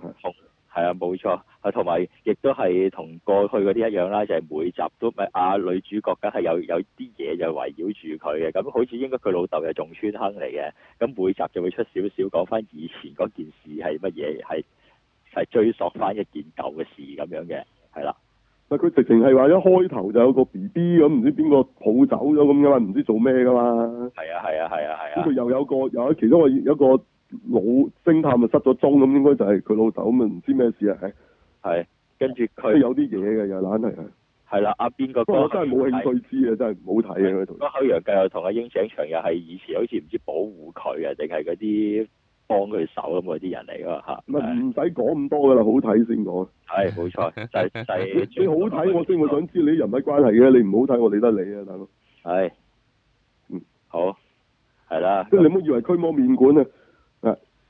係啊，冇錯啊，同埋亦都係同過去嗰啲一樣啦，就係、係、每集都咪啊女主角梗係有有啲嘢就圍繞住佢嘅，咁好似應該佢老豆又仲穿坑嚟嘅，咁每集就會出少少講翻以前嗰件事係乜嘢，係係追溯翻一件舊嘅事咁樣嘅，係啦、啊。但佢直情係話一開頭就有個 B B 咁，唔知邊個抱走咗咁嘅嘛，唔知做咩噶嘛。係啊，係啊，係啊，係啊。佢又有個，又其中個有一個。老偵探咪失咗蹤咁，應該就係佢老豆咁啊！唔知咩事啊？係，係跟住佢，有啲嘢嘅，又懶係係啦。阿邊個？我真係冇興趣知啊！真係唔好睇啊！嗰個。海洋計又同阿英井場又係以前好似唔知保護佢啊，定係嗰啲幫佢手咁嗰啲人嚟㗎嘛嚇。唔使講咁多㗎啦，好睇先講。係，冇錯。就就你好睇我先，我想知你啲人物關係嘅。你唔好睇我，理得你啊，大佬。係，嗯好，係啦。即係你唔好以為驅魔麵館啊！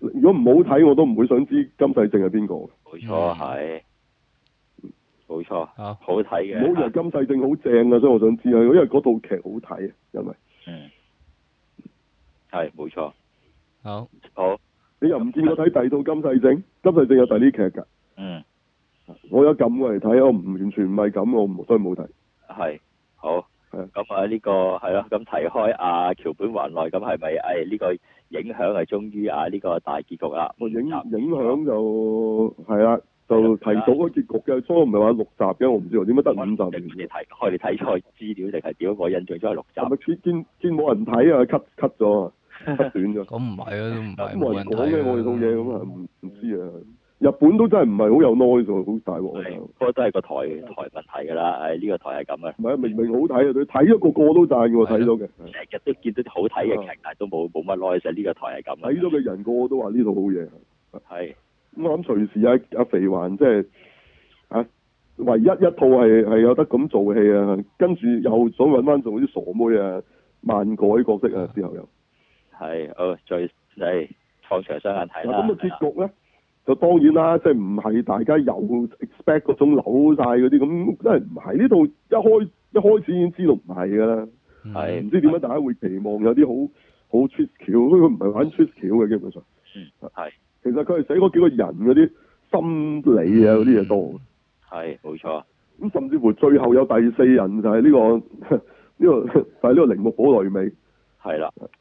如果唔好睇，我都唔會想知金世正係邊個。冇錯，係，冇錯，好睇嘅。唔好話金世正好正啊，所以我想知啊，因為嗰套劇好睇啊，因為嗯，係，冇錯。好，好，你又唔見我睇第二套金世正？嗯、金世正有第二啲劇噶。嗯，我有撳過嚟睇，我唔完全唔係咁，我所以冇睇。係，好。咁、 *noise* 這個、啊呢個係咯，咁提開阿橋本環奈，咁係咪誒呢個影響係終於啊呢、這個大結局啦、嗯、影影響就係啦，嗯嗯、的就提到個結局嘅，嗯、初唔係話六集嘅，我唔知道點解得五集。突然間提開，你睇開資料定係點樣？我印象中係六集。係咪見見冇人睇啊！cut cut 咗，cut 短咗。咁唔係啊，都唔係冇人睇。講咩我哋套嘢咁啊？唔唔知啊。日本都真係唔係好有耐性，好大鑊啊！係，不過都係個台台問題㗎啦。誒呢個台係咁呀，唔係明明好睇啊，佢睇咗個個都贊，我睇到嘅，成日都見到啲好睇嘅劇，但係都冇冇乜耐性，呢個台係咁。睇到嘅人個個都話呢度好嘢。係，我諗隨時阿阿肥環即係啊，唯一一套係係有得咁做戲啊，跟住又想揾翻做啲傻妹啊，萬改角色啊之後又係再嚟放長雙眼睇咁個結局咧？就當然啦，即唔係大家有 expect 嗰種扭晒嗰啲咁，真係唔係呢度一開始一開始已經知道唔係㗎啦，係唔、嗯、知點解大家會期望有啲好好 tricky 佢唔係玩 tricky 嘅基本上，係、嗯，嗯、其實佢係寫嗰幾個人嗰啲心理啊嗰啲嘢多，係冇、嗯嗯、錯，咁甚至乎最後有第四人就係、是、呢、這個呢、這個就係、是、呢個鈴木保奈美，係啦、嗯。是。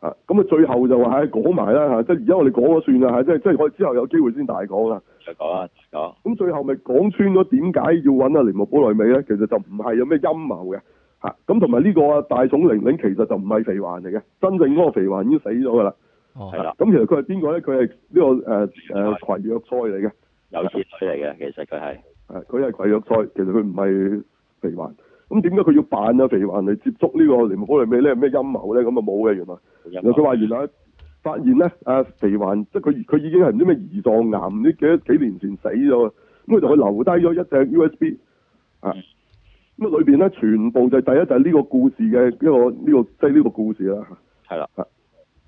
啊，咁啊，最後就話係，講埋啦吓，即係而家我哋講咗算啦，吓，即係即係我哋之後有機會先大講啦。講啊，講。咁最後咪講穿咗點解要搵阿尼木寶萊美咧？其實就唔係有咩陰謀嘅，吓、啊，咁同埋呢個大蟲玲玲其實就唔係肥環嚟嘅，真正嗰個肥環已經死咗噶啦，係啦、啊。咁其實佢係邊個咧？佢係呢個誒誒葵藥菜嚟嘅，有線水嚟嘅，其實佢係。誒，佢係葵藥菜，其實佢唔係肥環咁點解佢要扮啊？肥環嚟接觸呢個鈴木波萊美咧？咩陰謀咧？咁啊冇嘅原來。原來佢話原來發現咧，啊肥環即係佢佢已經係唔知咩胰臟癌，呢幾幾年前死咗。咁佢就去留低咗一隻 USB 的啊。咁啊裏邊咧，全部就係第一就係呢個故事嘅呢個呢個即係呢個故事啦。係啦的。啊。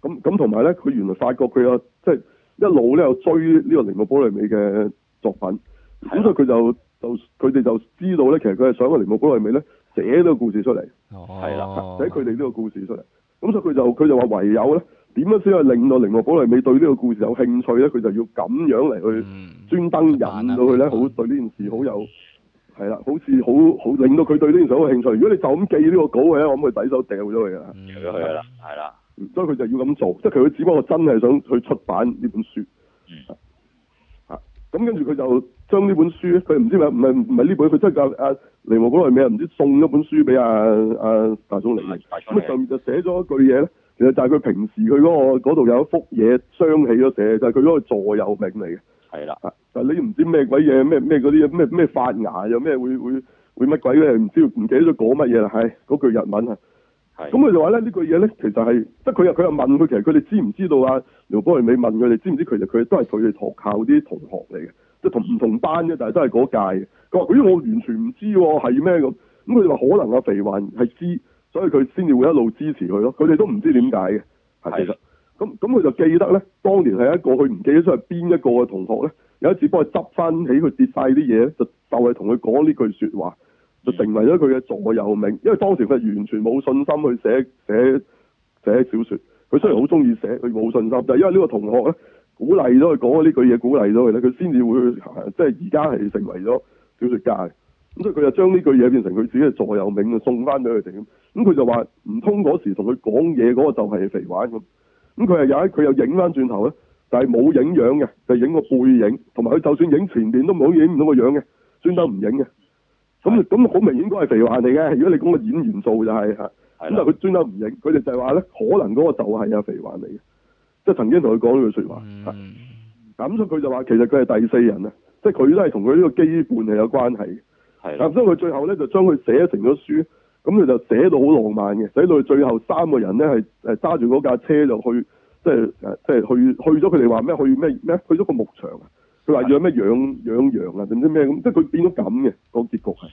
咁咁同埋咧，佢原來發覺佢啊，即係一路咧又追呢個鈴木波萊美嘅作品，咁的所以佢就。就佢哋就知道咧，其實佢係想個鈴木寶麗美咧寫呢個故事出嚟，係啦、哦，寫佢哋呢個故事出嚟。咁所以佢就佢就話唯有咧，點樣先係令到鈴木寶麗美對呢個故事有興趣咧？佢就要咁樣嚟去專登引到佢咧，好對呢件事好有係啦，好似好好令到佢對呢件事好有興趣。如果你就咁寄呢個稿嘅，我咪抵手掉咗佢啦，掉咗啦，係啦。所以佢就要咁做，即係佢只不過真係想去出版呢本書。嗯。咁跟住佢就將呢本書，佢唔知係咪咪呢本，佢真係啊阿尼嗰古來唔知送咗本書俾阿阿大總理，咁上面就寫咗一句嘢咧，其實就係佢平時佢嗰嗰度有一幅嘢雙起咗寫，就係佢嗰個座右銘嚟嘅。係啦的，但、啊、你唔知咩鬼嘢，咩咩嗰啲咩咩發芽又咩會會會乜鬼咧？唔知唔記得咗講乜嘢啦，係、哎、嗰句日文啊！咁佢就話咧呢句嘢咧，其實係即係佢又佢又問佢，其實佢哋知唔知道啊？廖波平未問佢哋知唔知？其實佢都係佢哋學校啲同學嚟嘅，嗯、即係同唔同班嘅，但係都係嗰屆嘅。佢話：咦、嗯，我完全唔知喎、哦，係咩咁？咁佢哋話可能阿、啊、肥雲係知，所以佢先至會一路支持佢咯。佢哋都唔知點解嘅。係啦、嗯，咁咁佢就記得咧，當年係一個佢唔記得咗係邊一個嘅同學咧。有一次幫佢執翻起佢跌晒啲嘢，就就係同佢講呢句説話。就成為咗佢嘅座右銘，因為當時佢係完全冇信心去寫寫寫小説。佢雖然好中意寫，佢冇信心，就係因為呢個同學咧鼓勵咗佢，講呢句嘢，鼓勵咗佢咧，佢先至會即係而家係成為咗小説家嘅。咁所以佢就將呢句嘢變成佢自己嘅座右銘，就送翻俾佢哋咁。佢就話唔通嗰時同佢講嘢嗰個就係肥環咁。咁佢係有佢又影翻轉頭咧，但係冇影樣嘅，就影個背影，同埋佢就算影前面都冇影到個樣嘅，專登唔影嘅。咁咁好明顯嗰係肥患嚟嘅，如果你講個演員做就係、是、嚇。咁的但係佢專登唔認，佢哋就係話咧，可能嗰個就係阿肥患嚟嘅，即、就、係、是、曾經同佢講呢句說話，咁所以佢就話其實佢係第四人啊，即係佢都係同佢呢個基本係有關係嘅。係的，咁所以佢最後咧就將佢寫成咗書，咁佢就寫到好浪漫嘅，寫到佢最後三個人咧係係揸住嗰架車就去，即係即去去咗佢哋話咩去咩咩去咗個牧場。佢話養咩養是的 養羊啊定唔知咩咁，即係佢變咗咁嘅個結局係，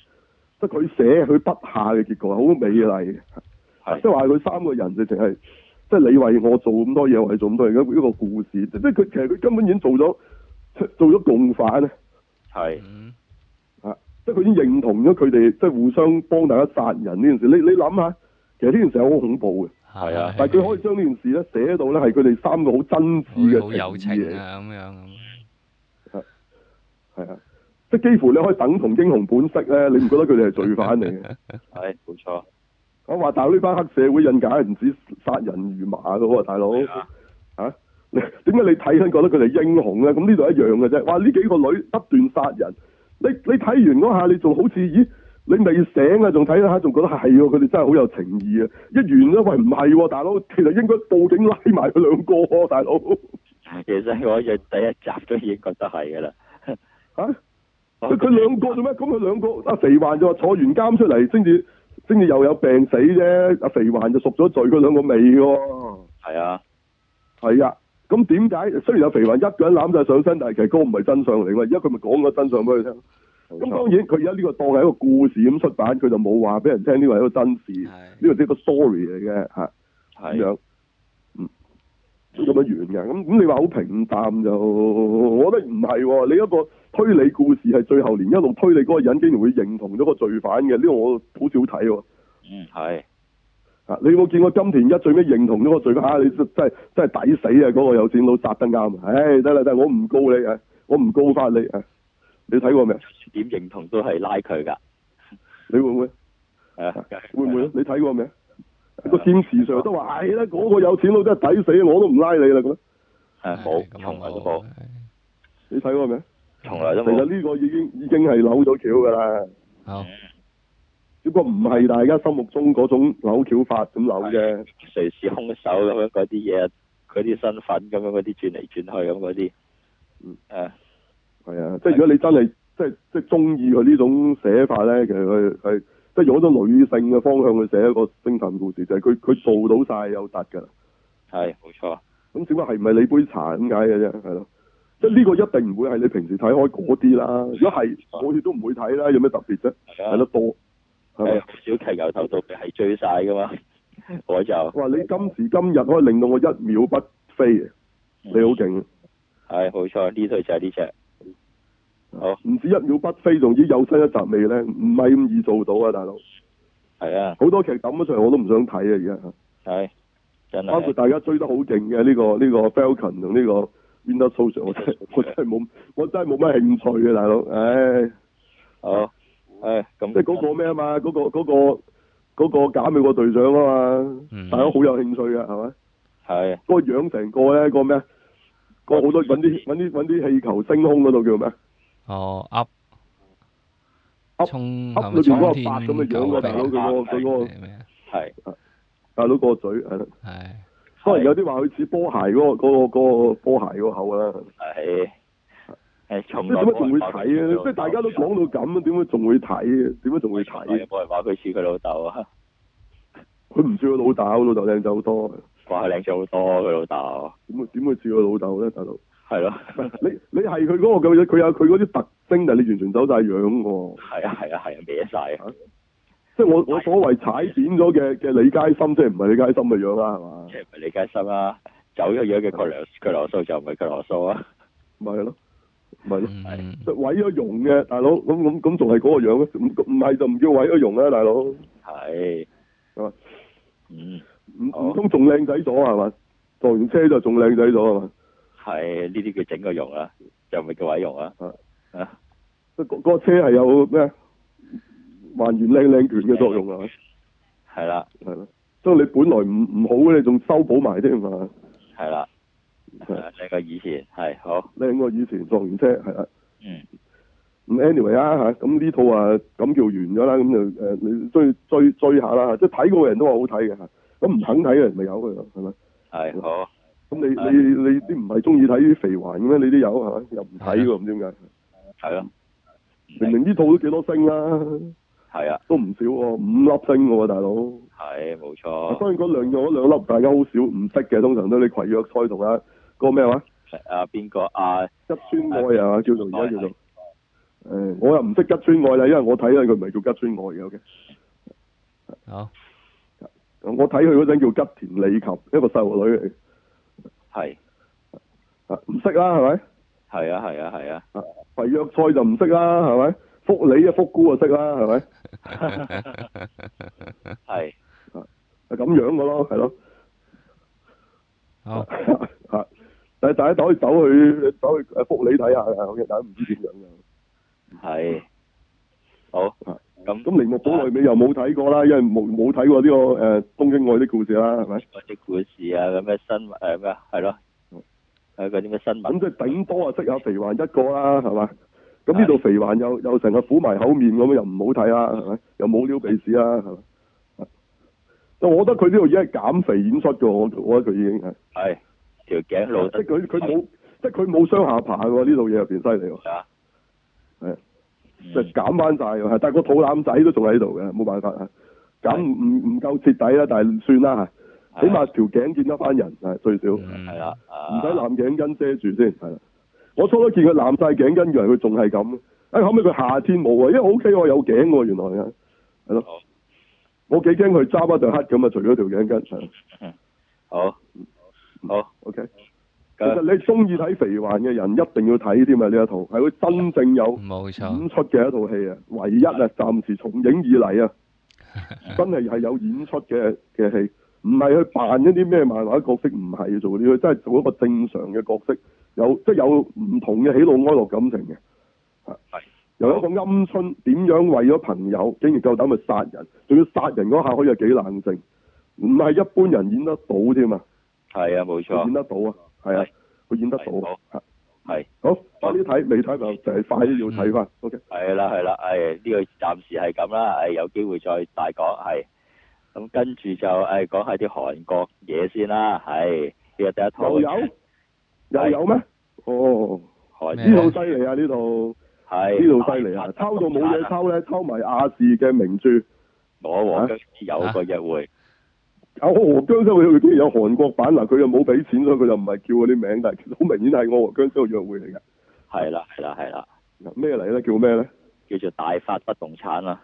即係佢寫佢筆下嘅結局係好美麗嘅，是的 即係話佢三個人就淨係，即係你為我做咁多嘢，我為你做咁多嘢，一個故事，即即係佢其實佢根本已經做咗做咗共犯啊，係，啊，即係佢已經認同咗佢哋，即係互相幫大家殺人呢件事，你你諗下，其實呢件事係好恐怖嘅，係啊，但係佢可以將呢件事咧寫到咧係佢哋三個好真摯嘅，好友情啊咁樣。係啊，即係幾乎你可以等同英雄本色咧，你唔覺得佢哋係罪犯嚟嘅？係， *laughs* 冇錯。我話大佬呢班黑社會印解唔止殺人如麻嘅，好大佬。吓、啊？點解、啊、你睇起身覺得佢哋係英雄咧？咁呢度一樣嘅啫。哇！呢幾個女不斷殺人，你你睇完嗰下，你仲好似咦？你咪要醒啊？仲睇下，仲覺得係佢哋真係好有情義啊！一完咗，喂，唔係、啊，大佬，其實應該報警拉埋佢兩個大佬。其實我由第一集都已經覺得係噶啦。吓，佢佢兩個做咩？咁佢兩個阿、啊啊、肥環就坐完監出嚟，先至先至又有病死啫。阿、啊、肥環就贖咗罪，佢兩個未。係啊，係啊。咁點解？雖然阿肥環一個人攬晒上身，但係其實嗰個唔係真相嚟嘅。而家佢咪講個真相俾佢聽。咁、啊、當然，佢而家呢個當係一個故事咁出版，佢就冇話俾人聽呢個係一個真事。呢、啊、個只係個 story 嚟嘅吓，咁樣咁樣完嘅。咁咁、啊嗯、你話好平淡就，我覺得唔係、啊。你一個。推理故事係最後連一路推理嗰個人竟然會認同咗個罪犯嘅呢個我好少睇喎。嗯係。啊，你有冇見過金田一最尾認同咗個罪犯？吓，你真真真係抵死啊！嗰個有錢佬殺得啱。唉，得啦得，我唔告你啊，我唔告翻你啊。你睇過未？點認同都係拉佢噶。你會唔會？係啊。會唔會？你睇過未？個劍士上都話：，係啦，嗰個有錢佬真係抵死，我都唔拉你啦咁。係冇，重複。你睇過未？其實呢個已經已經係扭咗橋噶啦，oh. 只不過唔係大家心目中嗰種扭橋法咁扭啫，隨時空手咁樣嗰啲嘢，佢啲身份咁樣嗰啲轉嚟轉去咁嗰啲，嗯，誒、啊，係啊，即係如果你真係的即係即係中意佢呢種寫法咧，其實佢係即係用女性嘅方向去寫一個偵探故事，就係佢佢做到晒有得噶，係，冇錯，咁只不過係唔係你杯茶咁解嘅啫，係咯。即係呢個一定唔會係你平時睇開嗰啲啦，如果係我亦都唔會睇啦，有咩特別啫？睇、啊、得多、啊、係咪？好少劇由頭到尾係追晒噶嘛？我就話你今時今日可以令到我一秒不飛，你好勁、啊啊、好勁！係，冇錯，呢套就係呢隻。好，唔止一秒不飛，仲要有新一集未咧？唔係咁易做到啊，大佬。係啊。好多劇抌咗上嚟我都唔想睇啊，而家吓。係、啊。包括大家追得好勁嘅、啊、呢、呢個呢、呢個 Falcon 同呢、呢個。邊得操作？我真係我真係冇，我真係冇乜興趣嘅，大佬，唉，好，唉，咁，即係嗰個咩啊嘛？嗰、嗯那個嗰、那個嗰、那個假美、那個隊長啊嘛？大佬好有興趣嘅，係咪？係、嗯。嗰個養成個咧，那個咩、那個、啊？個好多揾啲揾啲揾啲氣球、升空嗰度叫咩？哦，凹凹裏邊嗰個白咁嘅樣嘅大佬，佢、那個佢、那個係、啊啊，大佬、那個嘴係。可能有啲話佢似波鞋嗰、嗰個嗰、嗰個嗰個、波鞋嗰口啦。係的，係從。點解仲會睇啊？即係大家都講到咁，點解仲會睇嘅？點解仲會睇？冇人話佢似佢老豆啊！佢唔似佢老豆，老豆靚仔好多。話係靚仔好多，佢老豆。點會點會似佢老豆咧？大佬。係咯的，你你係佢嗰個咁樣，佢有佢嗰啲特徵，但係你完全走晒樣喎。係啊係啊係啊，面大。即係我我所謂踩扁咗嘅嘅，李佳芯即係唔係李佳芯嘅樣啦，係嘛？即係唔係李佳芯啊，走咗樣嘅佢羅酥就唔係佢羅酥啊，咪係咯，咪係咯，毀咗容嘅大佬，咁咁咁仲係嗰個樣咧？唔唔係就唔叫毀咗容啊，大佬係咁嘛？嗯，唔通仲靚仔咗係嘛？坐完車就仲靚仔咗啊，嘛？係呢啲叫整個容啊，又唔係叫毀容啊？啊即嗰個車係有咩？還原靚靚拳嘅作用係咪？係啦，係咯，所以你本來唔唔好嘅，你仲修補埋添嘛？係啦，係靚過以前，係好靚過以前，撞完車係啊。嗯，咁 anyway 啊吓，咁呢套啊咁叫完咗啦，咁就誒你追追追下啦，即係睇過嘅人都話好睇嘅吓，咁唔肯睇嘅人咪有嘅咯，係咪？係好，咁你你你啲唔係中意睇啲肥環嘅咩？你都有係嘛？又唔睇喎，唔知點解。係咯，明明呢套都幾多星啦。係啊，都唔少喎，五粒星喎，大佬。係，冇錯。當然講兩，有兩粒，大家好少唔識嘅，通常都你葵若菜同啊個咩話？係啊，邊個啊吉川愛啊，啊叫做而家叫做。誒的、嗯，我又唔識吉川愛啦，因為我睇下佢唔係叫吉川愛嘅。好、okay? 啊。我睇佢嗰陣叫吉田里琴，一個細路女嚟。係的。啊，唔識啦，係咪？係啊，係啊，係啊。葵若菜就唔識啦，係咪？福你啊，福姑就識啦，係咪？係 *laughs* *laughs* 係咁好樣嘅咯，係咯。好，係是，大家可以走去走去誒福你睇下好，但係大家唔知點樣樣。係，好。咁咁《鈴木寶來美》又冇睇過啦，因為冇冇睇過呢個誒東京愛的故事啦，係咪？嗰啲故事啊，咁嘅新聞誒咩？係咯，係啲咩新聞，啊？咁即係頂多啊識下肥環一個啦，係嘛？咁呢度肥環又又成日苦埋口面咁啊，又唔好睇啦，係咪？又冇撩鼻屎啦，係嘛？但我覺得佢呢度已經係減肥演出㗎。我覺得佢已經係。係。條頸露即係佢佢冇，即係佢冇雙下巴喎，呢套嘢入面犀利喎。係啊。係啊。就減翻晒。但個肚腩仔都仲喺度嘅，冇辦法啊。減唔唔夠徹底啦，但係算啦係。起碼條頸見得翻人係最少。係啦。唔使藍頸巾遮住先啦。我初初見佢攬晒頸巾，住嚟。佢仲係咁。哎，後尾佢夏天冇啊，因為 O、OK, K，我有頸喎、啊。原來係係咯，好我幾驚佢揸巴就黑咁啊，除咗條頸巾好。好，Okay? 好，OK 其實你中意睇肥環嘅人一定要睇添啊！呢一套係佢真正有演出嘅一套戲啊，錯唯一啊，暫時從影以嚟啊， *laughs* 真係係有演出嘅嘅戲，唔係去扮一啲咩漫畫角色，唔係做啲，佢真係做一個正常嘅角色。有即係有唔同嘅喜怒哀樂感情嘅，嚇，係。又有一個陰春點樣為咗朋友竟然夠膽去殺人，仲要殺人嗰下可以有幾冷靜，唔係一般人演得到添啊！係啊，冇錯，演得到啊，係啊，佢演得到，係。好快啲睇，未睇到就係快啲要睇翻。O K。係啦，係啦，係呢個暫時係咁啦，係有機會再大講係。咁跟住就誒講下啲韓國嘢先啦，係其實第一套。又有咩？哦，呢度犀利啊！呢度，呢度犀利啊！抽是、啊、到冇嘢抽咧，抽埋亞視嘅名著。我和僵屍有個約會。我和僵屍有個約會，居然有韓國版，嗱、啊，佢又冇俾錢，所以佢就唔係叫嗰啲名，但係其實好明顯係《我和僵屍有個約會》嚟㗎。係啦，係啦，係啦。咩嚟咧？叫咩咧？叫做大發不動產啊！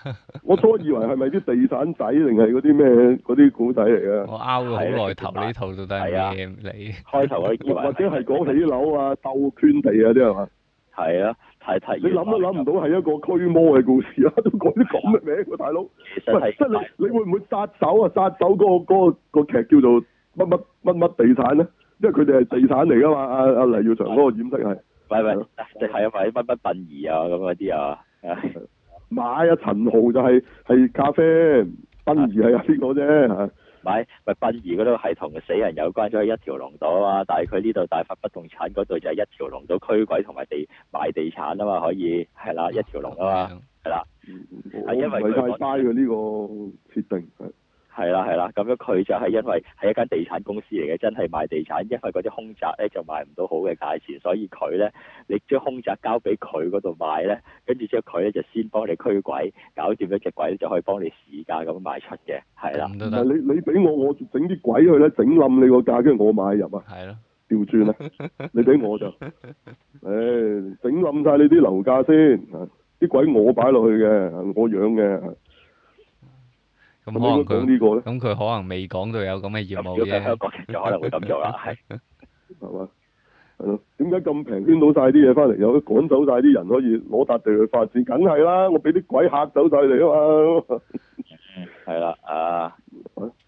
*laughs* 我初以為係咪啲地產仔，定係嗰啲咩嗰啲股仔嚟啊？我 out 咯，開頭呢套到底係咩？你開頭嗰啲或者係講起樓啊、兜圈地啊啲係嘛？係啊，太提你諗都諗唔到係一個驅魔嘅故事啊！ *laughs* 都講啲咁嘅名喎、啊，大佬唔係即係你你會唔會殺手啊？殺手嗰、嗰個嗰、嗰個、嗰個劇叫做乜乜乜乜地產咧？因為佢哋係地產嚟噶嘛？阿阿的、啊、黎耀祥嗰個演繹係。咪咪即係啊！咪不斌斌殯儀啊，咁嗰啲啊，係馬啊，陳豪就係、是、係咖啡，殯儀係啊邊個啫？係咪咪殯儀嗰度係同死人有關，所、就、以、是、一條龍咗啊。但係佢呢度大發不動產嗰度就係一條龍咗，驅鬼同埋地賣地產啊嘛，可以係啦，一條龍啊嘛，係啦。我唔係太 buy 佢呢個設定。係啦，係啦，咁樣佢就係因為係一間地產公司嚟嘅，真係賣地產，因為嗰啲空宅咧就賣唔到好嘅價錢，所以佢咧，你將空宅交俾佢嗰度賣咧，跟住之後佢咧就先幫你驅鬼，搞掂一隻鬼咧就可以幫你時價咁賣出嘅，係啦、嗯嗯嗯。你你俾我，我整啲鬼去咧，整冧你個價，跟住我買入啊。係咯的。調轉啊！你俾我就，誒、 *laughs* 哎，整冧晒你啲樓價先，啲鬼我擺落去嘅，我養嘅。咁佢咁佢可能未講到有咁嘅業務嘅，香港人就可能會咁做啦，係， *laughs* 係嘛？係咯，點解咁平圈到晒啲嘢翻嚟，又趕走晒啲人可以攞笪地去發展，梗係啦，我俾啲鬼嚇走晒嚟啊嘛！係 *laughs* 啦，啊，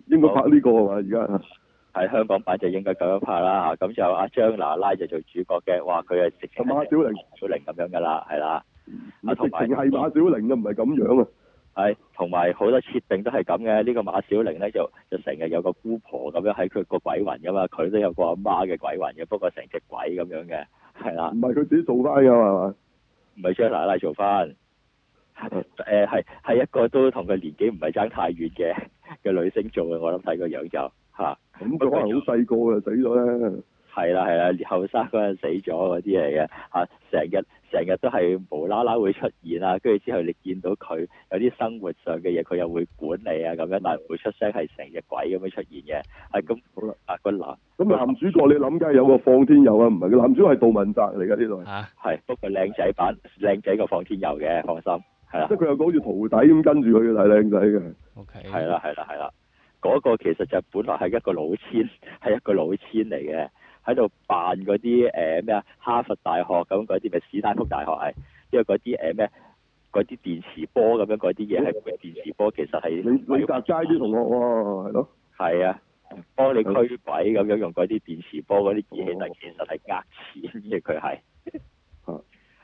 應該拍呢個啊嘛，而家係香港拍就應該咁樣拍啦咁就阿張娜拉就做主角嘅，話，佢係直情係馬小玲咁樣㗎啦，係啦，阿係直情係馬小玲,馬小玲啊，唔係咁樣啊。係，同埋好多設定都係咁嘅。呢個馬小玲咧，就就成日有個姑婆咁樣喺佢個鬼魂噶嘛，佢都有個阿媽嘅鬼魂嘅，不過成隻鬼咁樣嘅，係啦。唔係佢自己做翻㗎嘛？係咪？唔係張娜拉做翻，誒係係一個都同佢年紀唔係差太遠嘅嘅女星做嘅。我諗睇個樣就嚇，咁佢可能好細個就死咗啦。係啦係啦，後生嗰陣死咗嗰啲嚟嘅，吓，成日成日都係無啦啦會出現啊，跟住之後你見到佢有啲生活上嘅嘢，佢又會管理啊咁樣，但係唔會出聲，係成隻鬼咁樣出現嘅。係咁好啦，男，咁男主角你諗梗係有個放天佑啊，唔係，個男主角係杜汶澤嚟噶呢度，係，不過靚仔版靚仔個放天佑嘅，放心，係啦，即係佢又好似徒弟咁跟住佢嘅，係靚仔嘅，OK，係啦係啦係啦，嗰個其實就本來係一個老千，係一個老千嚟嘅。喺度扮嗰啲誒咩啊？哈佛大學咁嗰啲咪史丹福大學，係，因為嗰啲誒咩啲電磁波咁樣嗰啲嘢，係，電磁波其實係你隔街啲同學喎，係咯，係啊，幫你驅鬼咁樣用嗰啲電磁波嗰啲儀器，但其實係呃錢，即係佢係，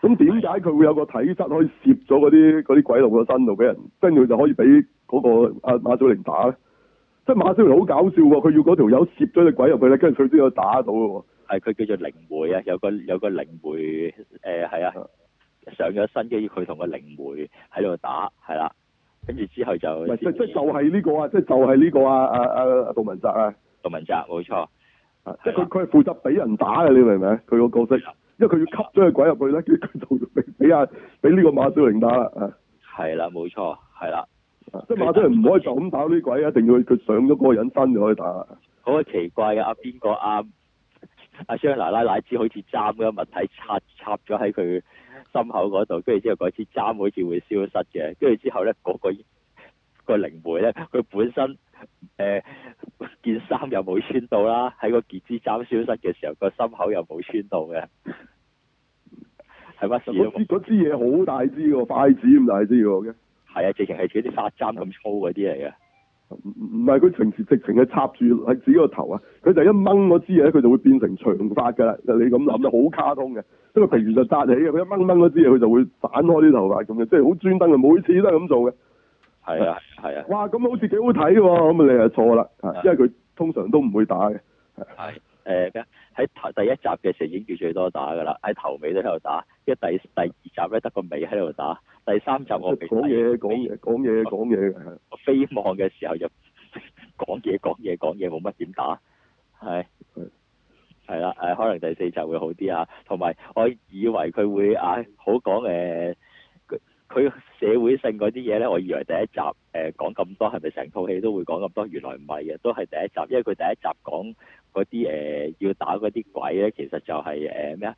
咁點解佢會有個體質可以攝咗嗰啲啲鬼落嘅身度，俾人跟住佢就可以俾嗰個阿馬祖玲打咧？即係馬小玲好搞笑喎，佢要嗰條友攝咗隻鬼入去咧，跟住佢先有打到喎。係佢叫做靈媒，靈媒、呃、啊，有個有個靈媒誒係啊，上咗身，他跟佢同個靈媒喺度打，係啦、啊，跟住之後就係即就係、是、呢、這個就是、個啊，即就係呢個啊啊啊杜汶澤啊，杜汶澤冇錯，即係佢佢係負責俾人打嘅，你明唔明？佢個角色，因為佢要吸咗隻鬼入去咧，跟住就俾俾俾呢個馬小玲打啦啊。係啦、啊，冇錯，係啦、啊。即係馬仔唔可以就咁打呢啲鬼啊，一定要佢上咗嗰個人身就可以打。好奇怪嘅，阿邊個阿阿雙奶奶，在支好似好似針嘅物體插插咗喺佢心口嗰度，跟住之後嗰支針好似會消失嘅，跟住之後咧嗰個個靈媒咧，佢本身誒、呃、件衫又冇穿到啦，喺個件支針消失嘅時候，個心口又冇穿到嘅，係咪？ *laughs* 嗰支嗰支嘢好大支喎，筷子咁大支嘅。係啊，直情係似啲髮簪咁粗嗰啲嚟嘅。唔唔係佢平時直情係插住喺自己個頭啊。佢就一掹嗰支嘢，佢就會變成長髮㗎啦。你咁諗就好卡通嘅。因為譬如就紮起，佢一掹掹嗰支嘢，佢就會散開啲頭髮咁樣，即係好專登啊，每次都係咁做嘅。係啊，係啊。哇，咁好似幾好睇喎！咁啊你係錯啦，因為佢通常都唔會打嘅。係、啊。誒喺頭第一集嘅時候已經叫最多打㗎啦，喺頭尾都喺度打，因為第第二集咧得個尾喺度打，第三集我未講嘢講嘢講嘢講嘢，飛望嘅時候就講嘢講嘢講嘢，冇乜點打，係係啦，誒的、呃、可能第四集會好啲啊，同埋我以為佢會誒、啊、好講誒。呃佢社會性嗰啲嘢咧，我以為第一集誒、呃、講咁多，係咪成套戲都會講咁多？原來唔係嘅，都係第一集，因為佢第一集講嗰啲誒要打嗰啲鬼咧，其實就係誒咩啊？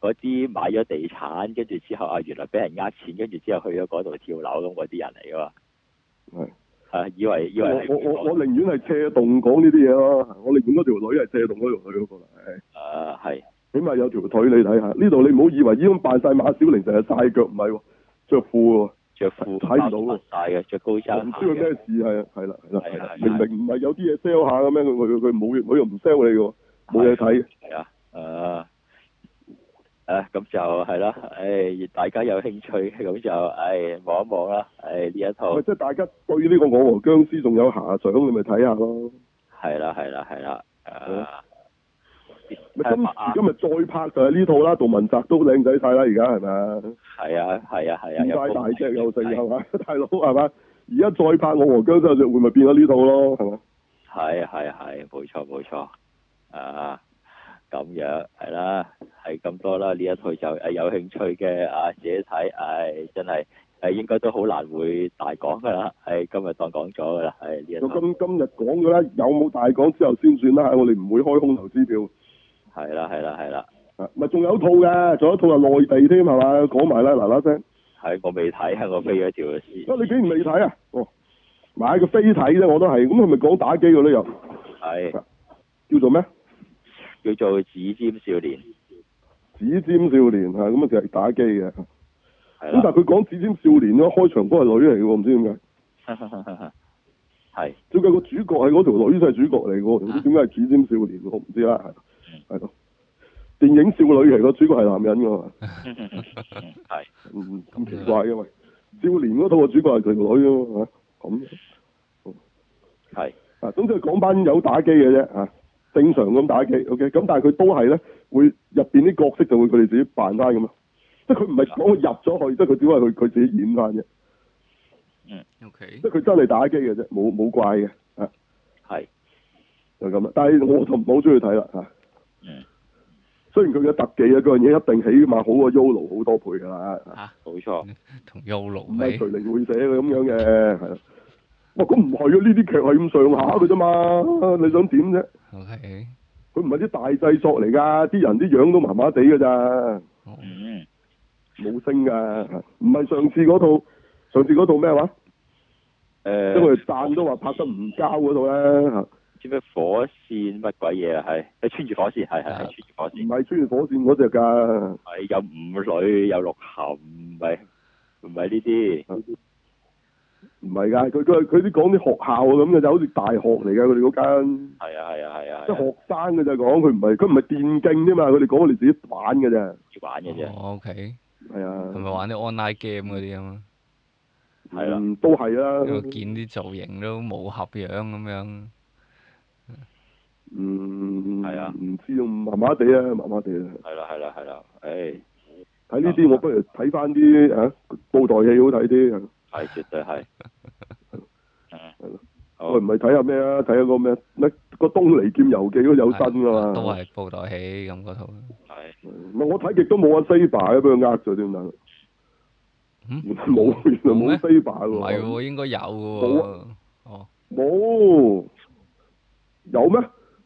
嗰、呃、啲買咗地產，跟住之後啊、呃，原來俾人呃錢，跟住之後去咗嗰度跳樓咁嗰啲人嚟噶嘛？係的啊，以為以為我我我寧願係借洞講呢啲嘢咯，我寧願嗰條女係借洞嗰條女咯，係係，啊、起碼有條腿你睇下，呢度你唔好以為呢種扮晒馬小玲就係曬腳唔係喎。着褲喎，着褲睇唔到，大嘅着高踭，唔知佢咩事，係啊，係啦，係啦，明明唔係有啲嘢 sell 下咁樣，佢佢佢冇，佢又唔 sell 你嘅喎，冇嘢睇。係啊，啊，啊咁就係啦，誒，大家有興趣咁就誒望一望啦，誒呢一套。即係大家對於呢個《我和僵屍》仲有遐想咁你咪睇下咯。係啦，係啦，係啦，啊。咪今、啊、今日再拍就係呢套啦，杜汶澤都靚仔晒啦，而家係咪啊？係啊係啊係啊，又、啊、大隻又肥，係嘛，大佬係嘛？而家再拍《我和僵屍有個約會變這》咪變咗呢套咯，係嘛？係係係，冇錯冇錯啊！咁樣係啦，係咁多啦。呢一套就誒有興趣嘅啊自己睇。唉、啊，真係誒、啊、應該都好難會大講噶啦。唉、啊，今日當講咗噶啦。唉，呢一咁今日講咗啦，有冇大講之後先算啦。我哋唔會開空頭支票。係啦係啦係啦，咪仲有一套嘅，仲有一套啊內地添係嘛，講埋啦嗱嗱聲。係我未睇，我飛咗條事。不的，你竟然未睇啊？哦，買個飛睇啫，我都係。咁係咪講打機嘅咧又？係的、啊。叫做咩？叫做指尖少年。指尖少年啊，咁啊就係打機嘅。咁的但係佢講指尖少年咧，開場都係女嚟嘅，唔知點解。係 *laughs* 的。最近個主角係嗰條女係主角嚟嘅，唔、啊、知點解係指尖少年，我唔知啦。是係咯，電影少女嚟，個主角係男人噶嘛？係， *laughs* *laughs* 咁奇怪因為，少年嗰套個主角係女噶嘛？咁，係，啊，總之係港版有打機嘅啫，吓、啊，正常咁打機的，OK，咁但係佢都係咧，會入邊啲角色就會佢哋自己扮翻㗎嘛，即係佢唔係講佢入咗去，即係佢只係佢佢自己演翻啫。嗯，OK，即係佢真係打機嘅啫，冇冇怪嘅，啊，係的，就咁啦，但係我就唔好中意睇啦，吓。啊嗯，Yeah. 雖然佢嘅特技啊，樣嘢一定起碼好過 Yolo 好多倍噶啦，啊，冇錯錯，同 Yolo 唔係徐靈會寫嘅咁樣嘅，係咯， *laughs* 哇，咁唔係啊，呢啲劇係咁上下嘅啫嘛，你想點啫？佢唔係啲大製作嚟噶，啲人啲樣都麻麻地嘅咋，冇聲噶，唔係上次嗰套，上次嗰套咩話？誒，uh, 因為彈都話拍得唔交嗰套咧。知唔知火線乜鬼嘢啊？係，係穿越火線，係係、啊，係穿越火線。唔係、啊、穿越火線嗰隻噶，係、哎、有五女有六含，唔係唔係呢啲，唔係噶，佢佢佢啲講啲學校啊咁嘅，就好似大學嚟噶佢哋嗰間。係啊係啊係啊。啊啊啊即係學生嘅就講，佢唔係佢唔係電競啫嘛，佢哋講佢哋自己玩嘅咋，玩嘅咋。O K、哦。係、okay、啊。同埋玩啲 online game 嗰啲啊？係啊、嗯，都係啊。見啲造型都冇合樣咁樣。嗯，係啊，唔知啊，麻麻地啊，麻麻地啊。係啦係啦係啦，誒，睇呢啲我不如睇翻啲吓，布袋戲好睇啲。係絕對係。係咯，唔係睇下咩啊？睇下個咩咩個東尼劍遊記都有新噶嘛。都係布袋戲咁嗰套。係。唔係我睇極都冇阿西巴俾佢呃咗點解？冇，原來冇西巴喎。唔係喎，應該有噶喎。冇啊。哦。冇。有咩？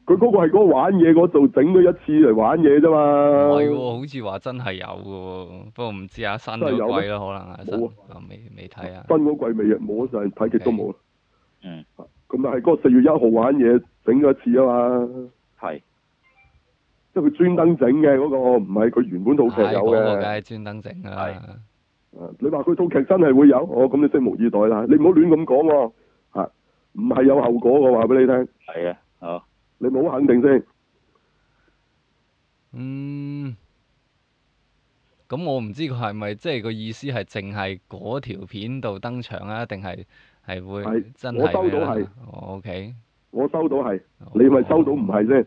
佢嗰個係嗰玩嘢嗰度整咗一次嚟玩嘢啫嘛，唔係喎、哦，好似話真係有嘅，不過唔知啊，新嗰季啦，可能啊，未未睇 Okay.、嗯、啊，新嗰季未啊，冇就係睇極都冇啦。嗯。咁但係嗰四月一號玩嘢整咗一次啊嘛。係。即係佢專登整嘅嗰個，唔係佢原本套劇有嘅。係，我梗係專登整啦。係。你話佢套劇真係會有，我、oh, 咁你拭目以待啦。你唔好亂咁講，吓、啊，唔係有後果我話俾你聽。係啊，好。你冇肯定先。嗯，咁我唔知佢係咪即係個意思係淨係嗰條片度登場啊，定係係會真係？我收到係。OK。我收到係。你咪收到唔係先？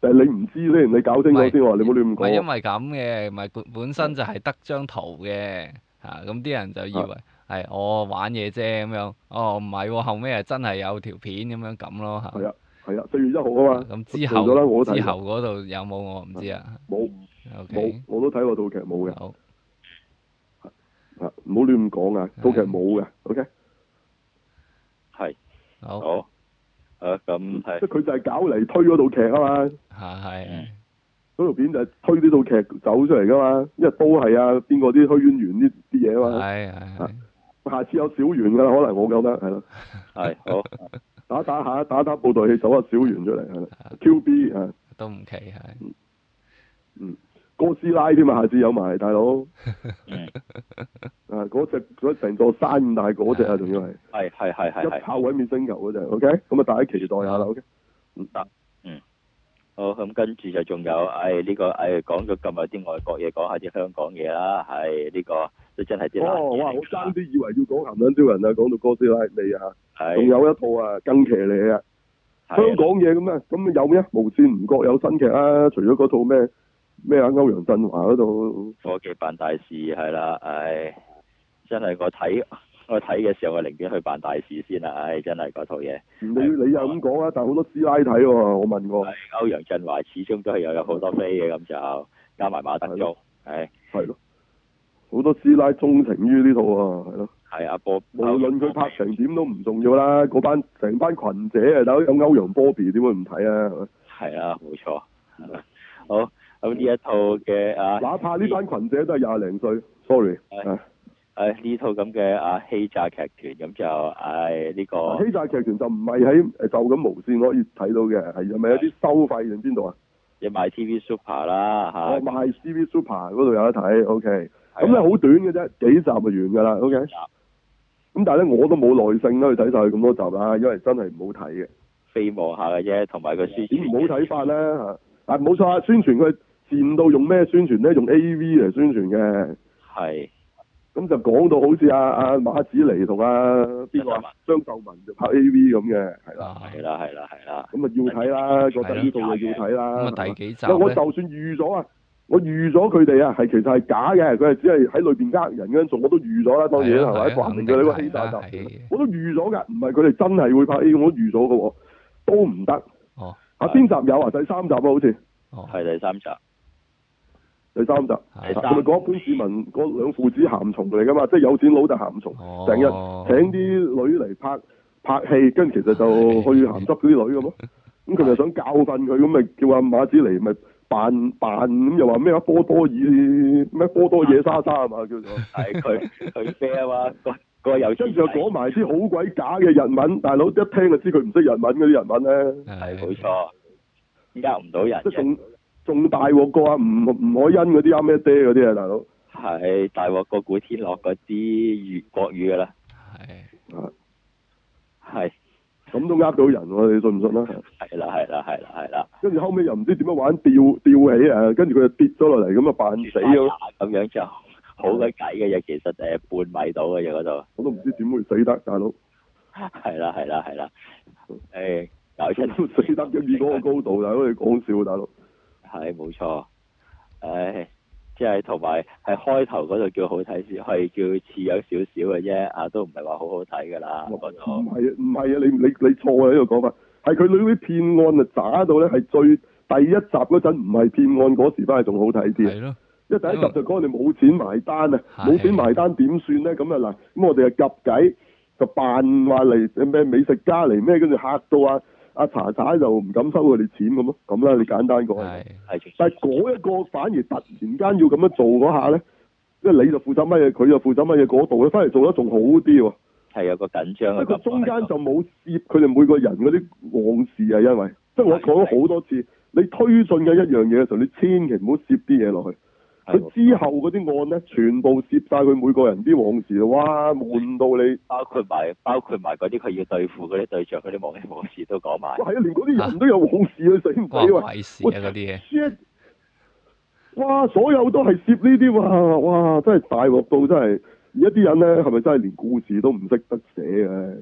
但係你唔知先，你搞清楚先喎！你冇亂講。因為咁嘅，咪本身就係得張圖嘅嚇，咁啲人就以為係我玩嘢啫咁樣。哦，唔係喎，後尾係真係有條片咁樣咁咯嚇。係啊。係啊，四月一號啊嘛。咁之後，之後嗰度有冇我唔知啊。冇，冇，我都睇過套劇，冇嘅。啊，唔好亂咁講啊，套劇冇嘅。OK，係，好。啊，咁係。即係佢就係搞嚟推嗰套劇啊嘛。吓係。嗰條片就係推呢套劇走出嚟噶嘛，因為都係啊，邊個啲虛淵玄啲啲嘢啊嘛。係係。下次有小圓噶啦，可能我覺得係咯。係好。打打下，打打部台去走下小圓出嚟，係、啊、Q B，係、啊、都唔奇，係嗯哥斯、嗯、拉添啊，下次有埋大佬， *laughs* 啊嗰隻，成、嗰個嗰個嗰個、座山咁大嗰隻啊，仲是要係係係係一炮毀滅星球嗰隻了，OK，咁啊大家期待下啦、啊、，OK，唔、啊、得。好，咁跟住就仲有，誒、哎、呢、這個誒講咗咁耐啲外國嘢，講下啲香港嘢啦，係呢、這個都真係啲難嘢嚟哇，我爭啲以為要講男人招人啊，講到哥斯拉你啊，係，仲的有一套啊，更勁你啊，香港嘢咁啊，咁有咩？無綫唔覺有新劇啊，除咗嗰套咩咩啊歐陽震華嗰套，伙記辦大事係啦，唉、哎，真係我睇。我睇嘅時候，我寧願去辦大事先啦、啊。唉、哎，真係嗰套嘢。你是你又咁講啊？但係好多師奶睇喎，我問過。歐陽振華始終都係有好多飛嘅，咁就加埋馬德鐘，唉，係咯，好多師奶鍾情於呢套啊，係咯。係啊，波，無論佢拍成點都唔重要啦。嗰班成班群姐啊，都有歐陽波比，點會唔睇啊？係啊，冇錯。好，咁呢一套嘅啊，哪怕呢班群姐都係廿零歲，sorry 的。啊誒，呢套咁嘅，啊欺詐劇團，咁就誒呢、哎呢個欺詐劇團就唔係喺就咁無綫可以睇到嘅，係咪有啲收費定邊度啊？要買 TV Super 啦，吓，我賣 TV Super 嗰度有得睇，OK。咁咧好短嘅啫，幾集就完噶啦，OK 的。集、嗯，咁但係咧我都冇耐性都去睇晒佢咁多集啦，因為真係唔好睇嘅，飛望下嘅啫，同埋個宣傳點唔好睇法啦吓。啊的，冇錯，宣傳佢賤到用咩宣傳咧？用 A V 嚟宣傳嘅，係。咁就講到好似阿阿馬子尼同阿邊個張秀文就拍 A.V. 咁嘅，係啦，係啦，係啦，咁啊要睇啦，覺得呢套嘢要睇啦，咁第幾集我就算預咗啊，我預咗佢哋啊，係其實係假嘅，佢係只係喺裏邊呃人咁做，我都預咗啦，當然係咪？環明嘅呢個欺詐集團，我都預咗㗎，唔係佢哋真係會拍 A，我都預咗嘅，都唔得。哦。啊！邊集有啊？第三集啊，好似。哦。係第三集。第三集，係咪講一般市民嗰兩父子鹹蟲嚟㗎嘛？即係有錢佬就鹹蟲，成日請啲女嚟拍拍戲，跟其實就去鹹濕啲女咁咯。咁佢又想教訓佢，咁咪叫阿馬子嚟，咪扮扮咁又話咩波多爾，咩波多野莎莎係嘛叫做？係佢佢咩啊嘛，個個又跟住又講埋啲好鬼假嘅日文，大佬一聽就知佢唔識日文嗰啲日文咧。係冇錯，夾唔到人嘅。仲大鑊過是啊，唔唔可欣嗰啲，啱咩爹嗰啲啊，大佬。係大鑊過，古天樂嗰啲粵國語噶啦。係。係。咁都呃到人喎，我你信唔信啊？係啦，係啦，係啦，係啦。跟住後尾又唔知點樣玩，吊吊起啊！跟住佢又跌咗落嚟，咁啊扮死咯。咁樣就好鬼計嘅嘢，是的其實誒半米到嘅嘢嗰度，我都唔知點會死得，大佬。係啦，係啦，係啦。誒，又、哎、死得嘅，我以嗰個高度，大佬，你講笑，大佬。係冇錯，唉、哎哎，即係同埋係開頭嗰度叫好睇少，係叫似有少少嘅啫，啊，都唔係話好好睇噶啦唔係唔係啊，你你你錯啊呢個講法，係佢女啲騙案啊打到咧，係最第一集嗰陣唔係騙案嗰時候是，翻嚟仲好睇啲。係咯，因為第一集就講你冇錢埋單啊，冇錢埋單點算咧？咁啊嗱，咁我哋啊夾計就扮話嚟咩美食家嚟咩，跟住嚇到啊！阿茶茶就唔敢收佢哋錢咁咯，咁啦，你簡單講。是但嗰一個反而突然間要咁樣做嗰下咧，即係你就負責乜嘢，佢就負責乜嘢，嗰度咧，翻嚟做得仲好啲喎。係有個緊張。即係佢中間就冇涉佢哋每個人嗰啲往事啊，因為即係的我講咗好多次，你推進嘅一樣嘢嘅時候，你千祈唔好攝啲嘢落去。佢之後嗰啲案咧，全部涉晒佢每個人啲往事哇！換到你包，包括埋包括埋嗰啲佢要對付嗰啲對象嗰啲往往事都講埋。係啊，連嗰啲人都有往事，死死哇事啊，死唔死啊？啲嘢。哇！所有都係涉呢啲嘛？哇！真係大鑊到真係，而家啲人咧係咪真係連故事都唔識得寫啊？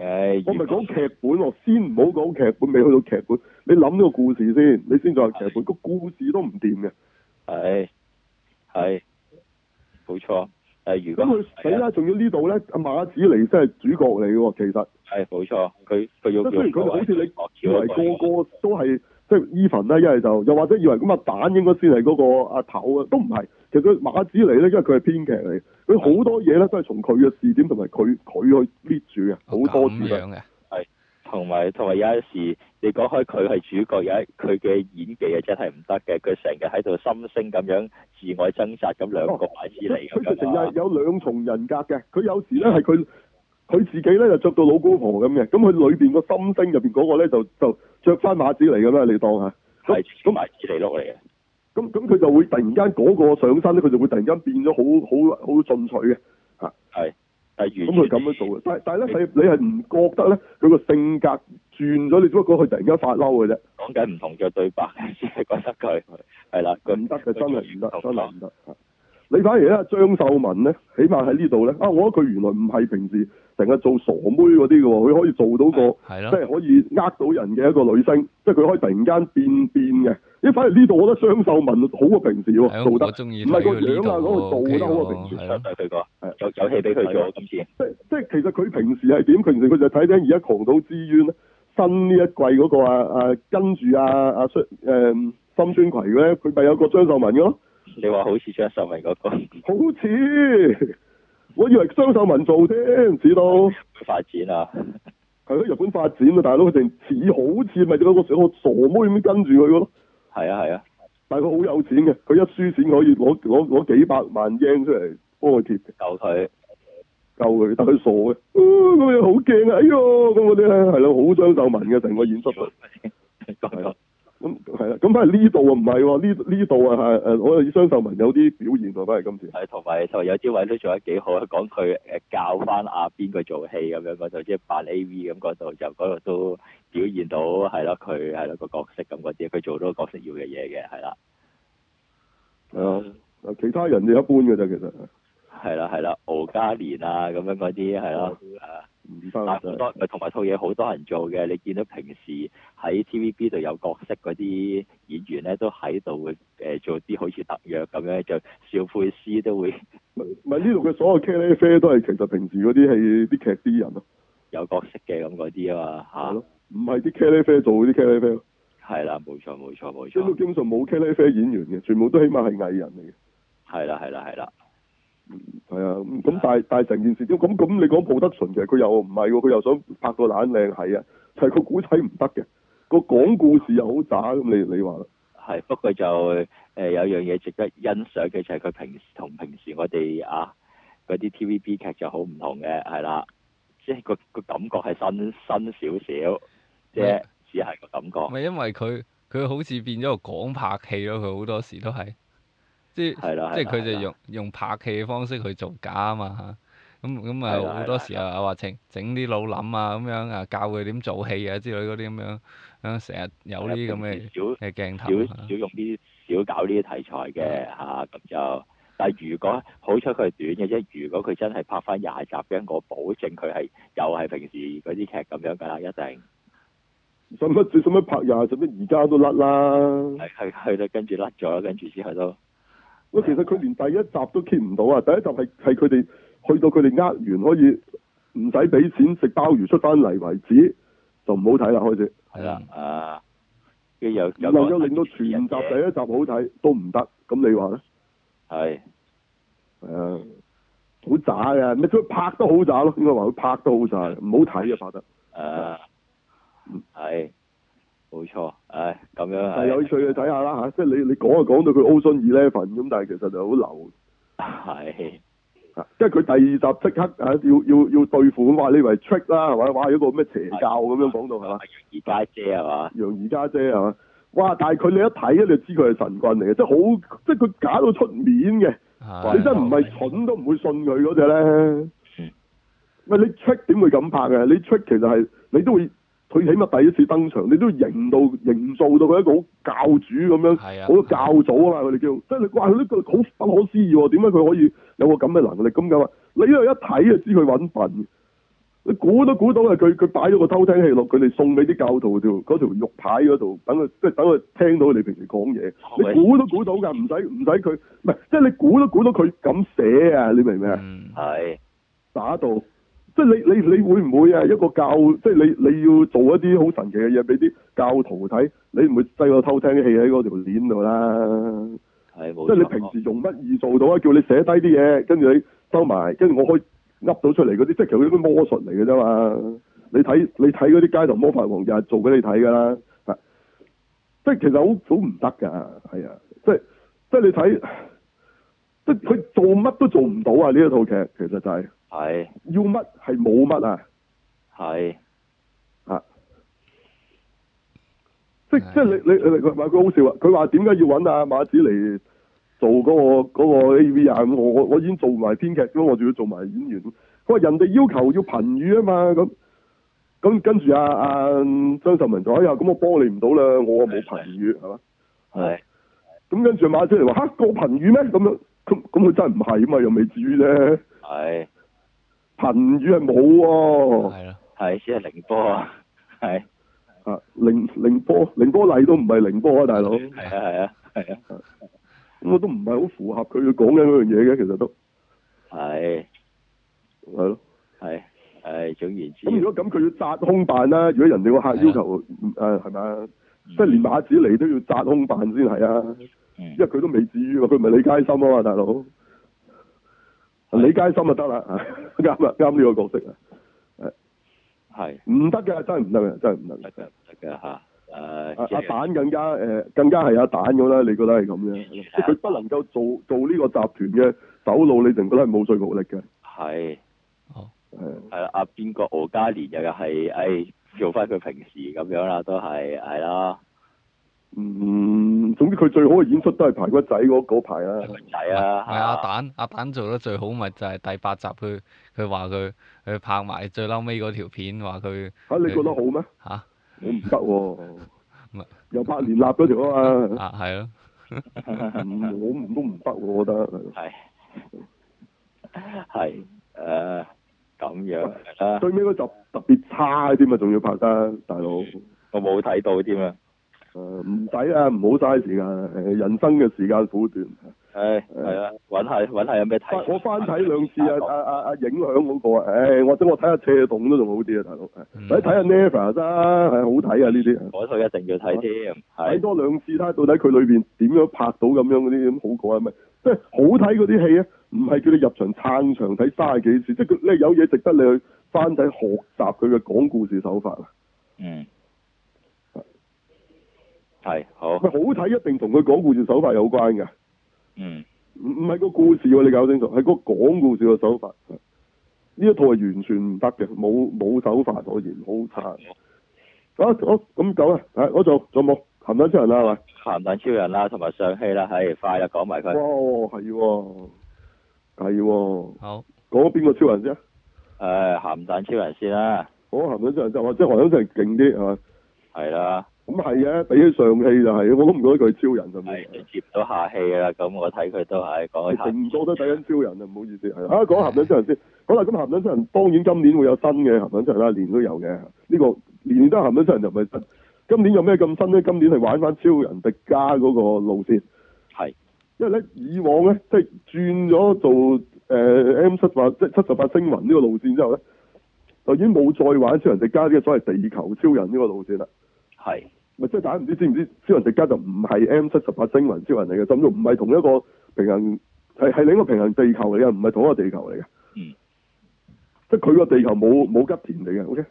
唉果，我咪講劇本咯，先唔好講劇本，未去到劇本，你諗呢個故事先，你先再話劇本的個故事都唔掂嘅。係。係，冇錯、哎，係如果佢，嗯嗯、佢死喇仲要呢度咧，阿、啊、馬子尼真係主角嚟嘅，其實係，冇錯、哎，佢佢要。雖然佢好似你以為個個都係，即係伊凡咧，一係就又或者以為咁啊，阿蛋應該先係嗰個阿頭啊，都唔係，其實馬子尼咧，因為佢係編劇嚟，佢好多嘢咧都係從佢嘅視點同埋佢佢去搣住啊，好多嘢。同埋同埋，有一時你講開佢係主角，有佢嘅演技啊，真係唔得嘅。佢成日喺度心聲咁樣自我掙扎，咁兩個馬子嚟嘅。佢成日有兩重人格嘅。佢有時咧係佢佢自己咧就着到老姑婆咁嘅。咁佢裏邊個心聲入面嗰個咧就就着翻馬子嚟嘅樣你當下，係，都埋子嚟落嚟嘅。咁咁佢就會突然間嗰個上身咧，佢就會突然間變咗好好好進取嘅。咁佢咁樣做嘅，但係但係咧，你你係唔覺得咧？佢個性格轉咗，你只不過佢突然間發嬲嘅啫。講緊唔同嘅對白，你覺 *laughs* *laughs* 得佢係啦，佢唔得，佢真係唔得，真係唔得。你反而咧，張秀文咧，起碼喺呢度咧，啊，我覺得佢原來唔係平時成日做傻妹嗰啲嘅喎，佢可以做到一個，即係可以呃到人嘅一個女星，即係佢可以突然間變變嘅。你反而呢度我覺得張秀文好過平時喎，做得唔係個樣啊，嗰個做得好過平時。再退個，那個，有有戲俾佢做今次。即即係其實佢平時係點？平時佢就睇睇而家狂賭之淵，新呢一季嗰，那個啊跟啊跟住啊啊孫誒森川葵嘅咧，佢咪有一個張秀文嘅咯。你話好似張秀文嗰個。 *laughs* 好似，我以為張秀文做添，知道？ *laughs* 發展啊，係 *laughs* 喺日本發展啊，大佬，佢成似好似，咪仲有個傻妹咁跟住佢嘅咯。係啊係啊，但佢好有錢嘅，佢一輸錢可以攞攞攞幾百萬英出嚟幫佢貼。救睇他救佢，但係佢傻嘅，咁樣好驚啊！哎呀，咁嗰啲咧，係咯，好張秀文嘅成個演出係啦。 *laughs* 嗯咁係啦，咁不而呢度啊唔係喎，呢呢度啊係誒我哋雙秀文有啲表現，仲翻嚟今次。係同埋就有啲位都做得幾好，講佢誒教翻阿邊個做戲咁樣嗰度，即係扮 A V 咁嗰度，就嗰度都表現到係咯，佢係咯個角色咁嗰啲，佢做咗個角色要嘅嘢嘅，係啦。啊其他人就一般嘅啫，其實。係啦係啦，敖嘉年啊咁樣嗰啲係咯啊。唔多，同埋套嘢好多人做嘅，你見到平時喺 TVB 度有角色嗰啲演員咧，都喺度誒做啲好似特約咁樣，就邵佩詩都會。唔係呢度嘅所有咖喱啡都係其實平時嗰啲係啲劇師人咯。有角色嘅咁嗰啲啊嘛嚇。係咯。唔係啲咖喱啡做嗰啲咖喱啡係啦，冇錯冇錯冇錯。呢度基本上冇咖喱啡演員嘅，全部都起碼係藝人嚟嘅。係啦，係啦，係啦。係啊，咁但係但係成件事都咁咁，你講報得純嘅，佢又唔係喎，佢又想拍個懶靚係啊，就係、是、個古仔唔得嘅，個講故事又好渣咁。你你話係，不過就誒、呃、有樣嘢值得欣賞嘅就係、是、佢平時同平時我哋啊嗰啲 T V B 劇就好唔同嘅，係啦、啊，即係個個感覺係新新少少，即係只係個感覺。咪不因為佢佢好似變咗個講拍戲咯，佢好多時都係。即係佢的就用是的用拍戲嘅方式去做假啊嘛，咁咁啊好多時候的老啊話整啲老諗啊咁樣啊教佢點做戲啊之類嗰啲咁樣，成日有呢啲咁嘅少嘅鏡頭，的少，少用啲少搞呢啲題材嘅嚇，咁的、啊、就但係如果是的好彩佢係短嘅啫，如果佢真係拍翻廿集，我保證佢係又係平時嗰啲劇咁樣㗎啦，一定。使乜使乜拍廿？使乜而家都甩啦！係係係，跟住甩咗，跟住之後都。我其實佢連第一集都傾唔到啊！第一集係係佢哋去到佢哋呃完可以唔使俾錢食鮑魚出翻嚟為止，就唔好睇啦開始。係啦啊，佢又令到全集第一集好睇都唔得，咁你話咧？係係好渣嘅，咪佢拍得好渣咯。應該話佢拍得好渣，唔好睇啊拍得。誒係。冇錯，唉，咁樣係，有趣嘅，睇下啦吓，即係你你講就講到佢 Ocean's Eleven 咁，但係其實就好流。係是。啊，即係佢第二集即刻啊要要要對付，話你為 trick 啦係嘛，哇一個咩邪教咁是樣講到係嘛。楊怡、嗯嗯、家姐係嘛？楊怡家姐係嘛？哇！但係佢你一睇咧，你就知佢係神棍嚟嘅，即係好，即係佢假到出面嘅。你真係唔係蠢都唔會信佢嗰隻咧。喂，你 trick 點會咁拍嘅？你 trick 其實係你都會。佢起碼第一次登場，你都營到營造到佢一個好教主咁樣，好、啊、好多教祖啊嘛，佢哋叫，即係你哇，佢呢個好不可思議喎，點解佢可以有個咁嘅能力？咁嘅話，你因為一睇就知佢揾笨，你估都估到係佢佢擺咗個偷聽器落，佢哋送俾啲教徒條嗰條玉牌嗰度，等佢即係等佢聽到你平時講嘢，你估都估到㗎，唔使唔使佢，唔係即係你估都估到佢咁寫啊，你明唔明啊？係打到。即係你你你會唔會啊一個教即係你你要做一啲好神奇嘅嘢俾啲教徒睇，你唔會細個偷聽器喺嗰條鏈度啦。係冇。啊、即係你平時用乜意做到啊？叫你寫低啲嘢，跟住你收埋，跟住我可以噏到出嚟嗰啲，即係其實嗰啲魔術嚟嘅啫嘛。你睇你睇嗰啲街頭魔法王就係做俾你睇噶啦。啊，即係其實好好唔得噶，係啊，即係即係你睇，即係佢做乜都做唔到啊！呢一套劇其實就係、是。係要乜係冇乜啊？係吓，即即係你你佢佢話佢好笑啊！佢話點解要揾阿馬子嚟做嗰、嗰個、嗰個 A V 啊？我我我已經做埋編劇咁，我仲要做埋演員。佢話，人哋要求要評語啊嘛，咁咁跟住啊，阿張秀文就哎呀，咁我幫你唔到啦，我冇評語係嘛。係，咁跟住馬子嚟話吓個評語咩？咁樣咁咁佢真係唔係啊嘛，又未至於咧。係。貧乳係冇喎，係咯，係先係凌波啊，係啊，凌凌波，凌波麗都唔係凌波啊，大佬，係啊係啊係啊，咁我都唔係好符合佢要講緊嗰樣嘢嘅，其實都係，係咯，係，係總言之，咁如果咁，佢要紮空辦啦！如果人哋個客要求，誒係咪啊？即係連馬子嚟都要紮空辦先係啊！因為佢都未至於喎，佢唔係你雞心啊嘛，大佬。李佳芯就得啦，啱 *laughs* 啦，啱呢個角色啊，係、啊，係唔得嘅，真係唔得嘅，真係唔得嘅，得嘅吓，誒，阿蛋更加誒，更加係阿蛋咁啦，你覺得係咁樣，即係佢不能夠做做呢個集團嘅走路，你仲覺得係冇說服力嘅，係的，好、哦，係啦，阿邊個敖嘉年又又係，誒、哎，做翻佢平時咁樣啦，都係，係啦。嗯，總之佢最好嘅演出都係排骨仔嗰排啦，係啊，係阿、啊啊啊、蛋阿、啊、蛋做得最好，咪就係第八集佢佢話佢佢拍埋最嬲尾嗰條片，話佢吓你覺得好咩？吓、啊、我唔得喎， *laughs* 又拍連立嗰條啊嘛，係咯、 *laughs* 啊，是啊、 *laughs* 我唔都唔得，我覺得係係誒咁樣、啊、最尾嗰集特別差啲、啊、嘛，仲要拍得大佬，我冇睇到添啊。誒，唔使啊，唔好嘥時間，人生嘅時間苦短。係係啊，搵唉下搵下有咩睇？我翻睇兩次啊，阿阿影響好過啊。誒、啊那個哎，或者我睇下赤洞都仲好啲啊，大佬。睇下、嗯、Never 真誒、啊哎、好睇啊呢啲。嗰套一定要睇添，睇說多兩次睇下，到底佢裏邊點樣拍到咁樣嗰啲咁好過係咪？即係、嗯就是、好睇嗰啲戲啊，唔係叫你入場撐場睇卅幾次，即係你有嘢值得你去翻睇學習佢嘅講故事手法啊。嗯。係好，好睇一定同佢講故事的手法有關嘅，嗯，唔唔係個故事喎，你搞清楚，係個講故事嘅手法，呢一套係完全唔得嘅，冇冇手法可言，好差，好咁走啊，啊我、啊啊、做做冇，鹹蛋超人啦係咪？鹹蛋超人啦，同埋上戲啦，係快、哦、啊講埋佢，哇係、啊，係好講邊個超人先？誒鹹、呃、蛋超人先啦，好鹹蛋超人就或者係鹹蛋超人勁啲係嘛？係啦。是咁係啊，比起上戲就係、是、我都唔覺得佢超人係接唔到下戲呀。咁我睇佢都係講成個都睇緊超人啊，唔好意思係的啊。講鹹蛋超人先，的好啦，咁鹹蛋超人當然今年會有新嘅鹹蛋超人啦，年都有嘅。呢、這個年年都係鹹蛋超人就唔係新，今年有咩咁新咧？今年係玩翻超人迪加嗰個路線，係的因為咧以往咧即係轉咗做 M 七八即係七十八星雲呢個路線之後咧，就已經冇再玩超人迪加啲所謂地球超人呢個路線啦，係。咪即係，但係唔知知唔知超人迪加就唔係 M 七十八星雲超人嚟嘅，甚至唔係同一個平行係係另一個平行地球嚟嘅，唔係同一個地球嚟嘅。即係佢個地球冇冇吉田嚟嘅，O K。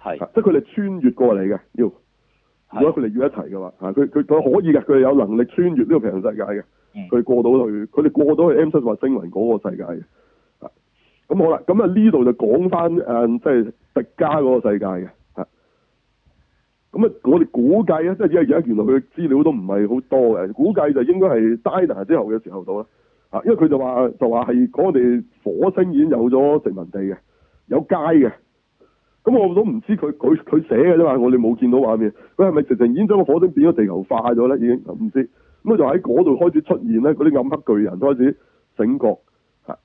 係，即係佢哋穿越過嚟嘅，要是如果佢哋要一齊嘅話，吓佢佢佢可以嘅，佢係有能力穿越呢個平行世界嘅，佢、嗯、過到去佢哋過到去 M 七十八星雲嗰個世界嘅。咁、啊嗯、好啦，咁啊呢度就講翻誒，即係迪加嗰個世界嘅。咁啊，我哋估計咧，即係只係而家原來佢資料都唔係好多嘅，估計就應該係戴娜之後嘅時候到啦。啊，因為佢就話就話係嗰個火星已經有咗殖民地嘅，有街嘅。咁我都唔知佢佢佢寫嘅啫嘛，我哋冇見到畫面。佢係咪直情已經將個火星變咗地球化咗咧？已經唔知。咁啊，就喺嗰度開始出現咧，嗰啲暗黑巨人開始醒覺。嚇！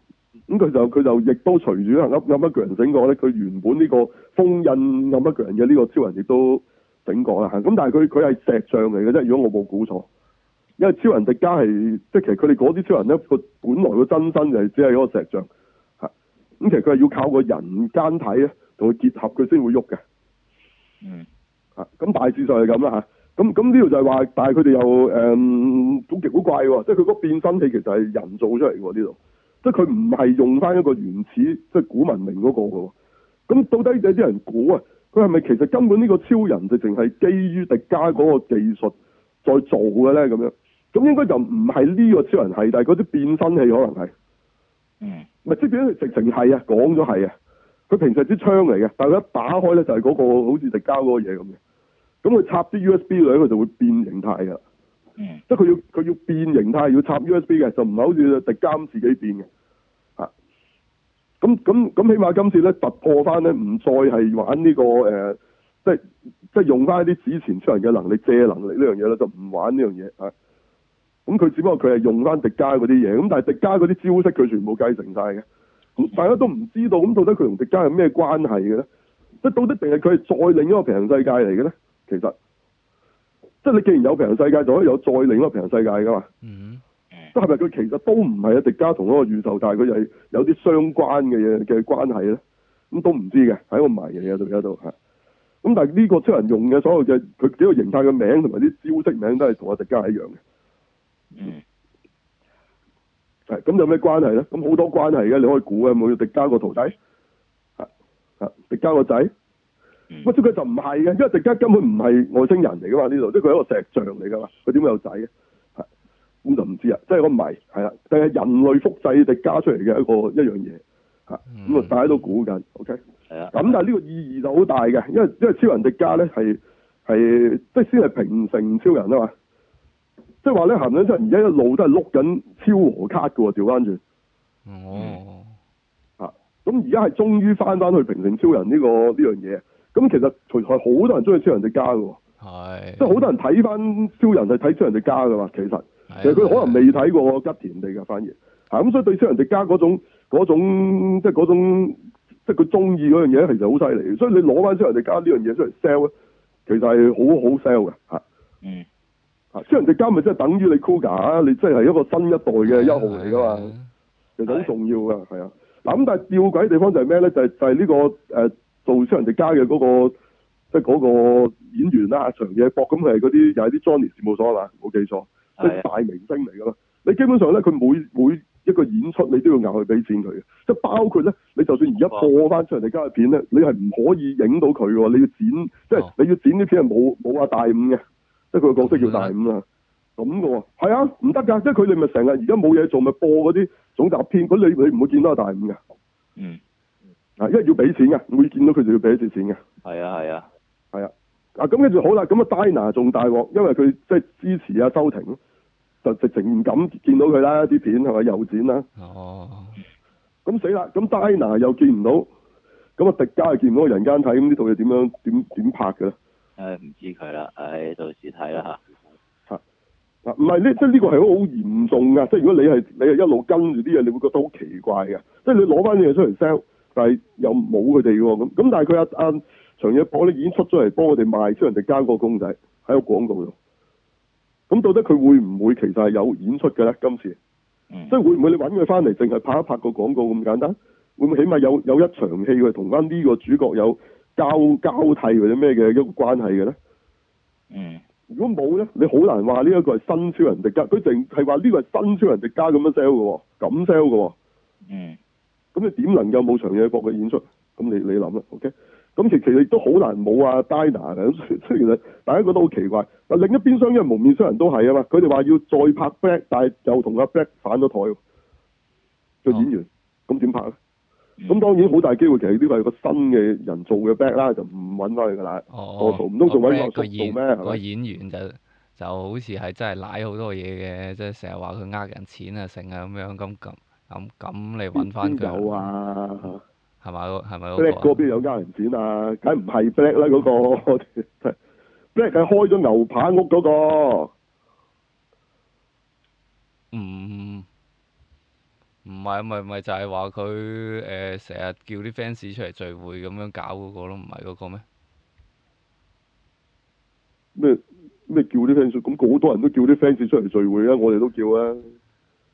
咁佢就佢就亦都隨住暗黑巨人醒覺咧，佢原本呢個封印暗黑巨人嘅呢個超人亦都。整過啦嚇，咁但係佢佢係石像嚟嘅啫。如果我冇估錯，因為超人迪迦係即係其實佢哋嗰啲超人咧，個本來個真身就係只係一個石像嚇。咁其實佢係要靠個人間體咧，同佢結合佢先會喐嘅、嗯。嗯嚇，咁大致上係咁啦嚇。咁咁呢度就係話，但係佢哋又誒，好奇古怪喎。即係佢個變身器其實係人造出嚟喎呢度。即係佢唔係用返一個原始即係古文明嗰、那個喎。咁到底有啲人估啊？佢係咪其實根本呢個超人直情係基於迪迦嗰個技術再做嘅咧？咁樣咁應該就唔係呢個超人係，但係嗰啲變身器可能係。嗯、mm.。咪即係點都直情係啊！講咗係啊！佢平時係啲槍嚟嘅，但佢一打開咧就係嗰、那個好似迪迦嗰個嘢咁嘅。咁佢插啲 USB 落去，佢就會變形態嘅。嗯、mm.。即係佢要佢要變形態，要插 USB 嘅，就唔係好似迪迦自己變嘅。咁咁咁，起碼今次咧突破翻咧，唔再係玩呢、這個誒、呃，即係即係用翻啲以前出人嘅能力借能力呢樣嘢咧，就唔玩呢樣嘢嚇。咁、啊、佢只不過佢係用翻迪加嗰啲嘢，咁但係迪加嗰啲招式佢全部繼承晒嘅。咁大家都唔知道，咁到底佢同迪加係咩關係嘅咧？即係到底定係佢係再另一個平行世界嚟嘅咧？其實，即係你既然有平行世界，就可以有再另一個平行世界噶嘛？嗯、mm。Hmm. 係咪佢其實都唔係啊？迪加同嗰個宇宙但係佢又係有啲相關嘅嘢嘅關係咧，咁都唔知嘅，喺個謎嘢啊！到而家到吓，咁但係呢個出人用嘅所有嘅佢幾個形態嘅名同埋啲招式名都係同阿迪加一樣嘅，係咁、嗯、有咩關係咧？咁好多關係嘅，你可以估嘅，冇迪加個徒弟，啊啊、迪加個仔，乜、嗯？佢就唔係嘅，因為迪加根本唔係外星人嚟噶嘛。呢度即係佢一個石像嚟噶嘛，佢點會有仔嘅？咁就唔知啊，即係個謎係啦，但係人類複製迪加出嚟嘅一個一樣嘢，吓咁啊，大家都估緊，OK 係啊的，咁但係呢個意義就好大嘅，因為因為超人迪加咧係係即係先係平成超人啊嘛，即係話咧行緊出嚟，而家一路都係碌緊超和卡嘅喎，調翻轉哦，吓咁而家係終於翻翻去平成超人呢個呢樣嘢，咁其實除係好多人中意超人迪加嘅，係的即係好多人睇翻超人係睇超人迪加噶嘛，其實。其實佢可能未睇過吉田地嘅反而。嚇咁、 *noise* 嗯、所以對《超人迪加嗰種即係嗰種即係佢中意嗰樣嘢，其實好犀利。所以你攞翻《超人迪加呢樣嘢出嚟 sell 咧，其實係好好 sell 嘅嚇。啊、嗯，嚇《超人迪加咪即係等於你 Kuga 啊？你即係係一個新一代嘅一號嚟噶嘛？其實好重要噶，係啊的。嗱咁的但係吊詭嘅地方就係咩咧？就係、是、就係、是、呢、這個誒、呃、做、那個《超人迪加嘅嗰個即係嗰個演員啦、啊，長野博咁佢係嗰啲又係啲 Johnny 事務所啦，冇記錯。即係大明星嚟噶咯，啊、你基本上咧佢每每一個演出你都要硬去俾錢佢嘅，即係包括咧你就算而家播翻出嚟、啊、你加嘅片咧，你係唔可以影到佢嘅，你要剪，啊、即係你要剪啲片係冇冇阿大五嘅，即係佢個角色叫大五、嗯、係啊，咁嘅，係啊，唔得噶，即係佢哋咪成日而家冇嘢做咪播嗰啲總集片，咁你你唔會見到阿大五嘅，嗯，啊、啊、啊、啊，因為要俾錢啊，會見到佢就要俾一啲錢嘅，係啊係啊，係啊，啊咁跟住好啦，咁阿 Dina 仲大鑊，因為佢即係支持阿、啊、周庭。就直情唔敢見到佢啦，啲片係咪又剪啦？哦，咁死啦！咁戴娜又見唔到，咁啊迪迦又見唔到人間睇，咁呢套嘢點樣點點拍嘅咧？誒唔、啊、知佢啦，誒、啊、到時睇啦吓，嚇啊唔係咧，即係呢個係好嚴重噶，即係如果你係你係一路跟住啲嘢，你會覺得好奇怪嘅。即係你攞翻啲嘢出嚟 sell，但係又冇佢哋喎。咁咁但係佢阿阿長野博咧已經出咗嚟幫我哋賣出人迪迦個公仔喺個廣告度。咁到底佢會唔會其實係有演出嘅咧？今次，即係、嗯、會唔會你揾佢翻嚟淨係拍一拍個廣告咁簡單？會唔會起碼有有一場戲佢同翻呢個主角有交交替或者咩嘅一個關係嘅咧？嗯，如果冇咧，你好難話呢一個係新超人迪迦，佢淨係話呢個係新超人迪迦咁樣 sell 嘅喎，咁 sell 嘅喎。嗯，咁你點能夠冇長野博嘅演出？咁你你諗啦，OK。咁其其實亦都好難冇啊，Diana 啊，雖然大家覺得好奇怪。嗱，另一邊廂，因為幪面超人都係啊嘛，佢哋話要再拍 back，但係就同阿 back 反咗台個演員，咁點拍咧？咁、嗯、當然好大機會，其實呢個係個新嘅人做嘅 back 啦，就唔揾返佢噶啦。哦唔通做一個演咩？個演員就就好似係真係舐好多嘢嘅，即係成日話佢呃人錢啊，成日咁樣咁咁咁你揾翻佢。有啊。係咪？係咪？Black 哥邊有呃人錢啊？梗唔係 Black 啦，啊，嗰個 Black 佢開咗牛排屋嗰個，唔唔係唔係唔係，就係話佢成日叫啲 fans 出嚟聚會咁樣搞嗰個咯？唔係嗰個咩？咩咩叫啲 fans？咁好多人都叫啲 fans 出嚟聚會啊！我哋都叫啊！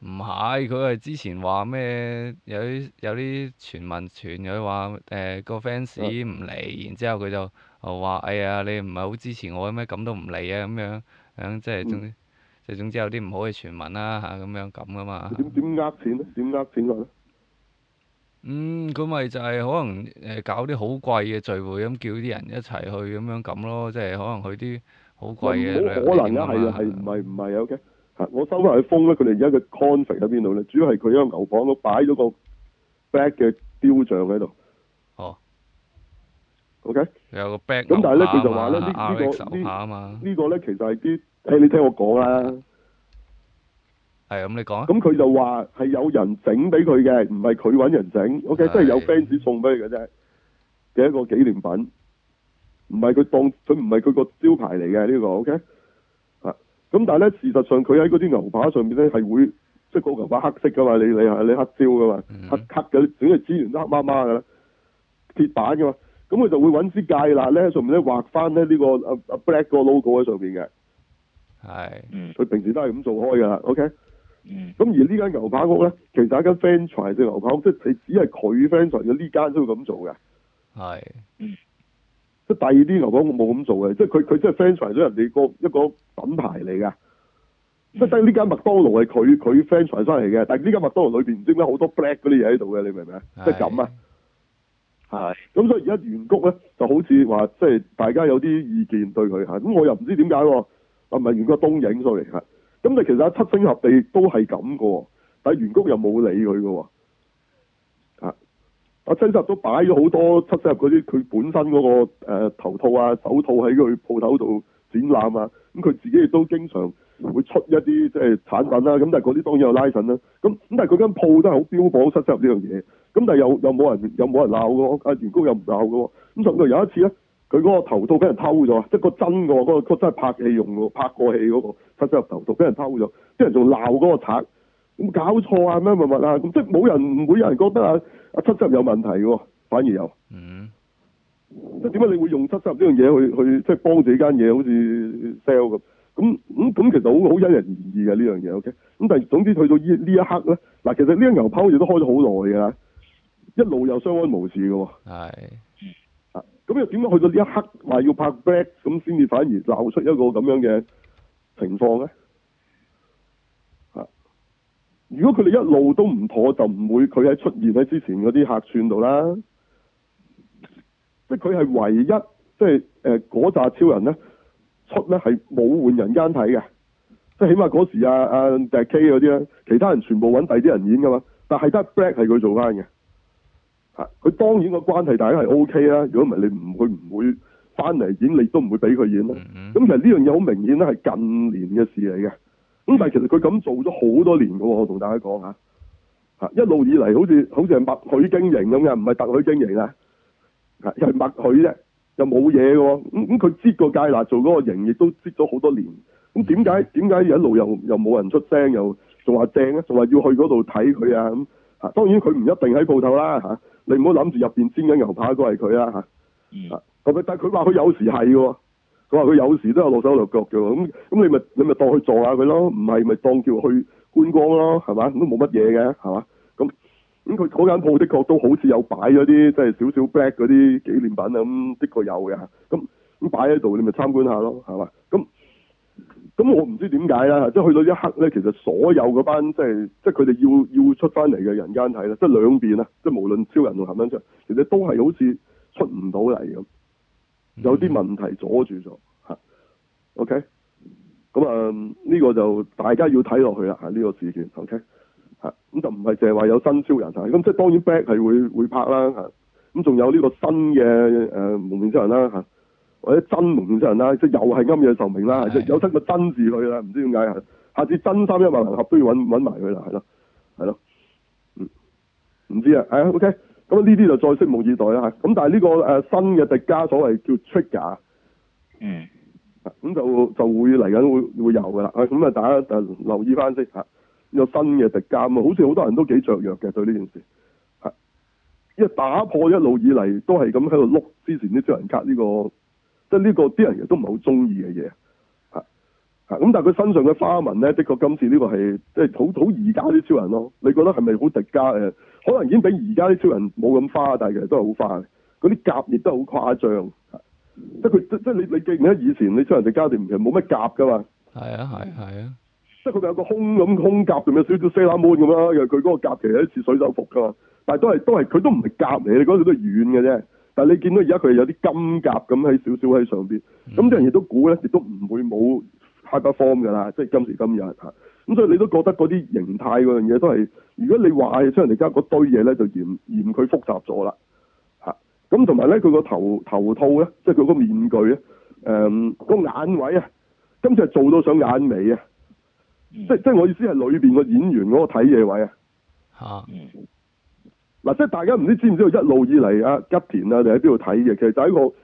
唔係，佢係之前話咩？有啲有啲傳聞傳佢話誒個 fans 唔嚟，然之後佢就話：哎呀，你唔係好支持我咩？咁都唔嚟啊咁樣，咁即係總即係、嗯、總之有啲唔好嘅傳聞啦嚇，咁樣咁噶嘛。點呃錢？點呃錢？嗯，佢咪就係可能搞啲好貴嘅聚會咁，叫啲人一齊去咁樣咁咯。即係可能佢啲好貴嘅。可能啊，係啊，係唔係唔係 OK。嚇！我收翻去封咧，佢哋而家嘅 conflict 喺邊度咧？主要係佢喺個牛房度擺咗個 bag 嘅雕像喺度。哦。OK。有個 bag 啊嘛。咁但係咧，佢就話咧，呢呢個呢個咧，其實係啲誒，你聽我講啊。係，咁你講啊。咁佢就話係有人整俾佢嘅，唔係佢揾人整。OK，真係有 fans 送俾佢嘅啫。嘅一個紀念品，唔係佢當佢唔係佢個招牌嚟嘅呢個。OK。咁但係咧，事實上佢喺嗰啲牛扒上面咧係會，即係個牛扒黑色㗎嘛，你你係你，你黑椒㗎嘛，mm hmm. 黑黑嘅，整隻資源都黑麻麻嘅，鐵板㗎嘛，咁佢就會揾支芥辣咧上面咧畫翻咧呢個啊，啊 black 個 logo 喺上面嘅，係、mm，佢、hmm. 平時都係咁做開㗎啦，OK，咁、mm hmm. 而呢間牛扒屋咧，其實係一間 fancy 嘅牛扒屋，即係你只係佢 fancy 咗呢間都會咁做嘅，係、mm，hmm. 即係第二啲嚟講我冇咁做嘅。即係佢佢即係 franchise 咗人哋個一個品牌嚟㗎。Mm hmm. 即係呢間麥當勞係佢佢 franchise 嚟返嚟嘅。但係呢間麥當勞裏面唔知點解好多 black 嗰啲嘢喺度嘅，你明唔明的啊？即係咁啊。係。咁所以而家圓谷咧就好似話，即係大家有啲意見對佢嚇。咁我又唔知點解喎。啊，唔係圓谷東映，Sorry 嚇。咁你其實七星合地都係咁個，但係圓谷又冇理佢個喎。阿七七入都擺咗好多七七入嗰啲，佢本身嗰、嗰個、呃、頭套啊、手套喺佢鋪頭度展覽啊，咁佢自己亦都經常會出一啲即係產品啦、啊，咁但係嗰啲當然有 license 啦、啊，咁咁但係佢間鋪都係好標榜七七入呢樣嘢，咁但係有又冇冇人有冇人鬧嘅？阿員工又唔鬧嘅喎，咁所有一次咧，佢嗰個頭套俾人偷咗，即係個真嘅喎，嗰個真係拍戲用喎，拍過戲嗰、嗰個七七入頭套俾人偷咗，啲人仲鬧嗰個賊。咁搞錯啊？咩物物啊？咁即係冇人，唔會有人覺得啊啊七執有問題嘅喎，反而又。嗯。即係點解你會用七執呢樣嘢去去，即係、就是、幫自己間嘢好似 sell 咁？咁咁咁，其實好好因人而異嘅呢樣嘢。OK。咁但係總之去到依呢一刻咧，嗱，其實呢間牛泡嘢都開咗好耐嘅啦，一路又相安無事嘅喎。咁是、啊、又點解去到呢一刻話要拍 back 咁，先至反而鬧出一個咁樣嘅情況咧？如果佢哋一路都唔妥，就唔會佢喺出現喺之前嗰啲客串度啦。即係佢係唯一，即係誒嗰紮超人咧出咧係冇換人間睇嘅。即係起碼嗰時阿阿迪 K 嗰啲咧，其他人全部揾第啲人演㗎嘛。但係得 Black 係佢做翻嘅。嚇、啊，佢當然個關係大家係 OK 啦。如果唔係，你唔會唔會翻嚟演，你都唔會俾佢演啦。咁、mm hmm. 其實呢樣嘢好明顯啦，係近年嘅事嚟嘅。咁但係其實佢咁做咗好多年噶，我同大家講吓，吓一路以嚟好似好似係默許經營咁嘅，唔係特許經營啊，又係默許啫，又冇嘢噶，咁咁佢接街個芥辣做嗰個營，亦都接咗好多年。咁點解點解一路又又冇人出聲，又仲話正啊，仲話要去嗰度睇佢啊？咁吓，當然佢唔一定喺鋪頭啦吓，你唔好諗住入邊煎緊牛扒嗰係佢啦吓，但佢話佢有時係嘅。我話佢有時都有落手落腳嘅喎，咁咁你咪你咪當去坐下佢咯，唔係咪當叫去觀光咯，係嘛？都冇乜嘢嘅，係嘛？咁咁佢嗰間鋪的確都好似有擺咗啲即係少少 black 嗰啲紀念品咁、嗯，的確有嘅。咁咁擺喺度，你咪參觀下咯，係嘛？咁咁我唔知點解啦，即係去到一刻咧，其實所有嗰班即係即係佢哋要要出翻嚟嘅人間睇咧，即係兩邊啊，即係無論超人同黑影雀，其實都係好似出唔到嚟咁。Mm hmm. 有啲問題阻住咗嚇，OK，咁啊呢個就大家要睇落去啦嚇呢個事件，OK，嚇咁就唔係淨係話有新超人就係，咁即係當然 back 係會會拍啦嚇，咁仲有呢個新嘅誒幪面超人啦嚇，或者真幪面超人啦，即係又係啱嘢壽命啦，mm hmm. 即有得個真字佢啦，唔知點解下次真三一萬能俠都要揾揾埋佢啦，係咯，係咯，唔、嗯、知啊，誒 OK。咁呢啲就再拭目以待啦嚇，咁但係呢個新嘅迪加所謂叫 Trigger 嗯，咁就就會嚟緊會，會有㗎啦，咁啊大家留意翻先呢有、呢個、新嘅迪加，咁啊好似好多人都幾雀躍嘅對呢件事嚇，因為打破一路以嚟都係咁喺度碌之前啲超人卡呢、呢個，即係呢個啲人亦都唔係好中意嘅嘢。咁但係佢身上嘅花紋咧，的確今次呢個係即係好好而家啲超人咯。你覺得係咪好迪迦誒？可能已經比而家啲超人冇咁花，但係其實也是很也都係好花。嗰啲甲亦都好誇張， *noise* 即係佢即即係你你記唔記得以前你超人迪迦啲唔其實冇乜甲㗎嘛？係啊，係係啊，即係佢有一個胸咁胸甲，仲有少少 Sailor Moon 咁啦。因為佢嗰個甲其實係一似水手服㗎嘛，但係都係都係佢都唔係甲嚟，你嗰度都係軟嘅啫。但係你見到而家佢有啲金甲咁喺少少喺上邊，咁啲、嗯、人亦都估咧，亦都唔會冇。I 方嘅啦，即係今時今日嚇，咁所以你都覺得嗰啲形態嗰樣嘢都係，如果你話嘅，即係人哋家嗰堆嘢咧，就嫌嫌佢複雜咗啦嚇。咁同埋咧，佢個頭頭套咧，即係佢個面具咧，誒、嗯個眼位啊，今次係做到上眼尾啊、嗯，即即係我意思係裏邊個演員嗰個睇嘢位啊嚇。嗱，即係大家唔知知唔知道一路以嚟啊吉田啊，你喺邊度睇嘢，其實就係一個。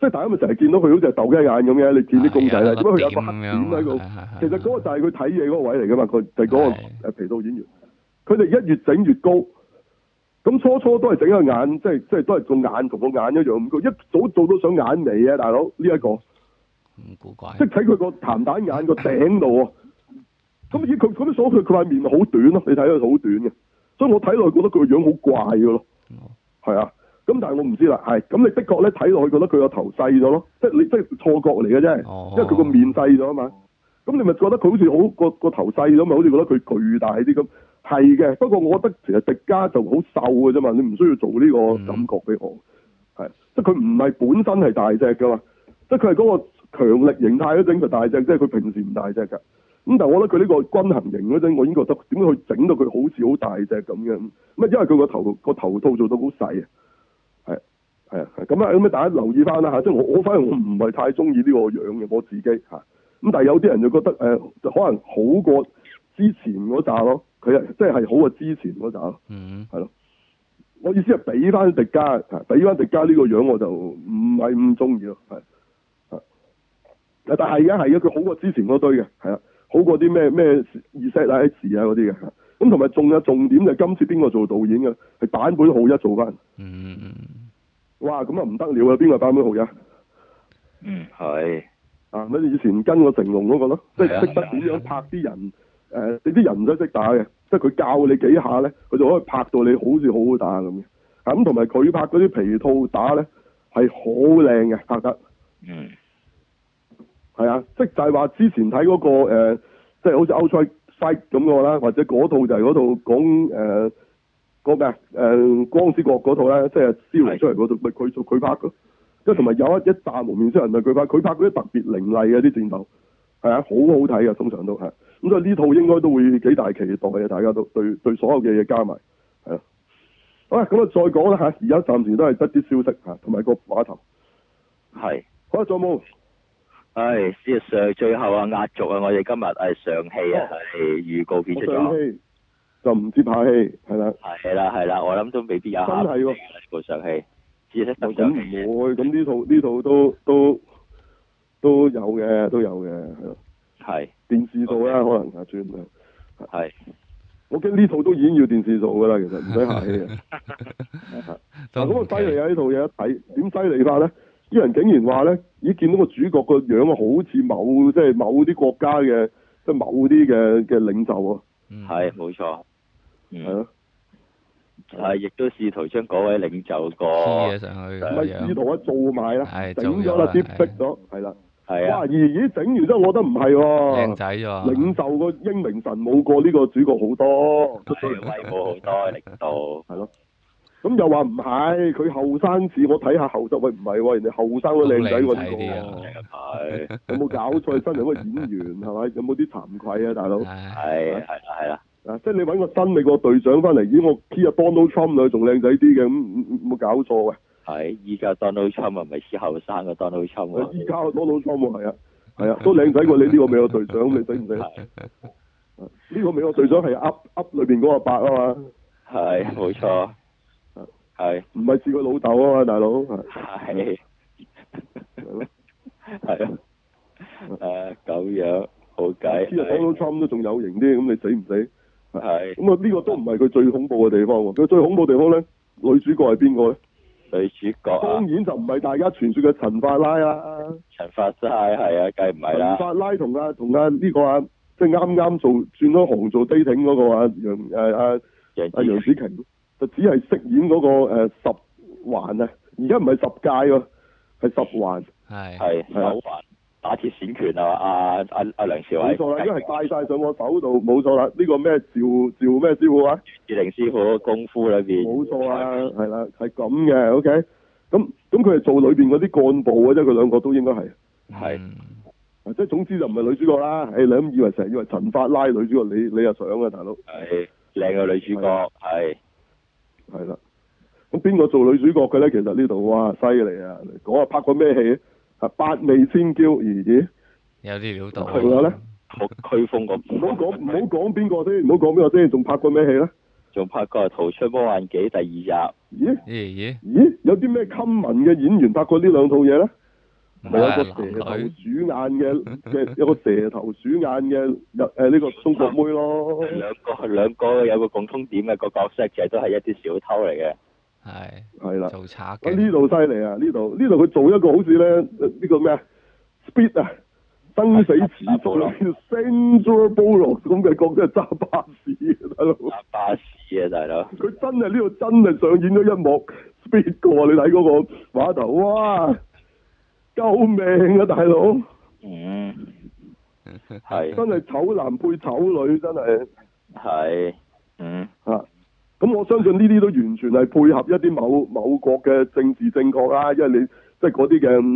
即係大家咪成日見到佢好似係鬥雞眼咁嘅，你見啲公仔咧，點解佢有個黑點喺度？其實嗰個就係佢睇嘢嗰個位嚟噶嘛，佢就係、誒、嗰個皮套演員。佢哋的一越整越高，咁初初都係整個眼，即係即係都係個眼同個眼一樣咁高。一早做到上眼尾啊，大佬呢一個。咁古怪。即係睇佢個彈彈眼個頂度啊！咁以佢咁樣所以佢佢塊面好短咯，你睇佢好短嘅，所以我睇落覺得佢個樣好怪噶咯，係啊。咁但係我唔知啦，係咁你的確咧睇落去覺得佢個頭細咗咯，即係你即係錯覺嚟嘅啫，oh、因為佢個面細咗啊嘛。咁、oh、你咪覺得佢好似好個個頭細咁，咪好似覺得佢巨大啲咁。係嘅，不過我覺得其實迪迦就好瘦嘅啫嘛，你唔需要做呢個感覺俾我。係、嗯，即係佢唔係本身係大隻嘅嘛，即係佢係嗰個強力形態嗰陣就大隻，即係佢平時唔大隻嘅。咁但係我覺得佢呢個均衡型嗰陣，我已經覺得點解佢整到佢好似好大隻咁樣？咪因為佢個頭個頭套做到好細啊。係啊，咁啊咁大家留意翻啦吓，即係我我反而我唔係太中意呢個樣嘅我自己吓，咁但係有啲人就覺得誒、呃，就可能好過之前嗰扎咯，佢啊即係係好過之前嗰扎咯，係咯。Mm hmm. 我意思係俾翻迪迦，俾翻迪迦呢個樣我就唔係咁中意咯，係但係而家係啊，佢好過之前嗰堆嘅，係啊，好過啲咩咩二 set 啊、e 嗰啲嘅。咁同埋仲有重點就係、今次邊個做導演嘅，係坂本浩一做翻。嗯、mm。Hmm. 哇！咁啊唔得了、嗯、啊！邊個版本好呀？嗯，係啊！咪以前跟過成龍嗰、嗰個咯，即係識得點樣拍啲人。誒，你啲人唔想識打嘅，即係佢教你幾下咧，佢就可以拍到你好似好好打咁嘅。咁同埋佢拍嗰啲皮套打咧，係好靚嘅拍得。嗯。係啊，即係就係話之前睇嗰、嗰個、呃、即係好似《歐賽西》咁個啦，或者嗰套就係嗰套講、呃個咩誒、嗯，光之國嗰套咧，即係燒出嚟嗰套，咪佢佢拍嘅，跟住同埋有一一大幪面超人啊，佢拍佢拍嗰啲特別凌厲嘅啲戰鬥，係啊，好好睇啊。通常都係。咁所以呢套應該都會幾大期待當嘅大家都對對所有嘅嘢加埋係啊。好啦，咁啊再講啦吓，而家暫時都係得啲消息吓，同埋個碼頭係。的好啦，仲有冇？唉、哎、Sir、最後啊，壓軸啊，我哋今日係尚氣啊，係預、啊、的告片出咗。就唔接拍戲，係啦，係啦，係啦，我諗都未必有真係喎，部上戲，咁唔會，咁呢套呢套都都都有嘅，都有嘅，係。的電視度啦，Okay. 可能啊轉啊，係的。我驚呢套都已經要電視數噶啦，其實唔使拍戲嘅。嗱，咁啊犀利啊！呢套嘢一睇，點犀利法咧？啲人竟然話咧，已見到個主角個樣好似某即係某啲國家嘅，即係某啲嘅嘅領袖啊。係、嗯，冇錯。係咯，係亦都試圖將嗰位領袖個嘢上去，咪試圖做埋啦，係整咗啦，跌迫咗，係啦，係啊，咦咦，整完之後，我覺得唔係喎，靚仔咗，領袖個英明神武過呢個主角好多，都比佢威武好多，領導係咯，咁又話唔係，佢後生時我睇下後，喂唔係喎，人哋後生都靚仔喎，呢個係有冇搞錯？真係個演員係咪？有冇啲慚愧啊，大佬？係係係啦。即係你搵個新美國隊長翻嚟，已經我 P 阿 Donald Trump 啦，仲靚仔啲嘅，咁冇搞錯嘅。係，依家 Donald Trump 啊，咪似後生個 Donald Trump。依家個 Donald Trump 係啊，係啊，都靚仔過你呢個美國隊長，你死唔死？呢個美國隊長係 Up Up 裏邊嗰個伯啊嘛。係，冇錯。係，唔係似個老豆啊嘛，大佬。係。係啊。誒，咁樣好計。P 阿 Donald Trump 都仲有型啲，咁你死唔死？係，咁啊呢個都唔係佢最恐怖嘅地方。佢最恐怖地方咧，女主角係邊個咧？女主角、啊、當然就唔係大家傳說嘅陳法拉啊。陳法，啊啦陳法拉係啊，梗係唔係啦。法拉同啊同啊呢個啊，即係啱啱做轉咗行做 dating 嗰個啊，啊，啊楊誒啊啊楊紫瓊，就只係飾演嗰、那個誒、啊、十環啊，而家唔係十界喎、啊，係十環。係係十環。打鐵閃拳啊！阿阿阿梁朝偉冇錯啦，因為戴晒上我手度，冇錯啦。呢個咩趙趙咩師傅啊？志玲師傅功夫裏邊冇錯啊，係啦，係咁嘅。OK，咁咁佢係做裏邊嗰啲幹部啊，即佢兩個都應該係係，即係是總之就唔係女主角啦。誒，你以為成日以為陳法拉女主角，你你又想啊，大佬係靚嘅女主角係係啦，咁邊個做女主角嘅咧？其實呢度哇，犀利啊！講啊，拍過咩戲？八味媚千嬌，咦？哎、有啲料到，仲有咧？好颶風咁。唔好講，唔好講邊個先？唔好講邊個先？仲拍過咩戲咧？仲拍過《逃出魔幻紀》第二集。咦？咦？咦？有啲咩 common 嘅演員拍過呢兩套嘢咧？唔係有個蛇頭鼠眼嘅，嘅一個蛇頭鼠眼嘅，有呢個中國、 *laughs* 啊這個、妹咯。兩個係兩個有個共通點嘅個角色，其實就都係一啲小偷嚟嘅。係係啦，做賊啊！呢度犀利啊！呢度呢度佢做一個好似咧呢個咩啊？speed 啊，生死時速啊，啊《Battle、啊》咁嘅 *laughs* Sandra Bullock，講緊係揸巴士啊，大佬揸巴士啊，大佬佢真係呢度真係上演咗一幕 speed 過、啊、你睇嗰個畫頭，哇！ *laughs* 救命啊，大佬嗯係真係醜男配醜女，真係係嗯啊。咁、嗯、我相信呢啲都完全係配合一啲某某國嘅政治正確啦，因為你即係嗰啲嘅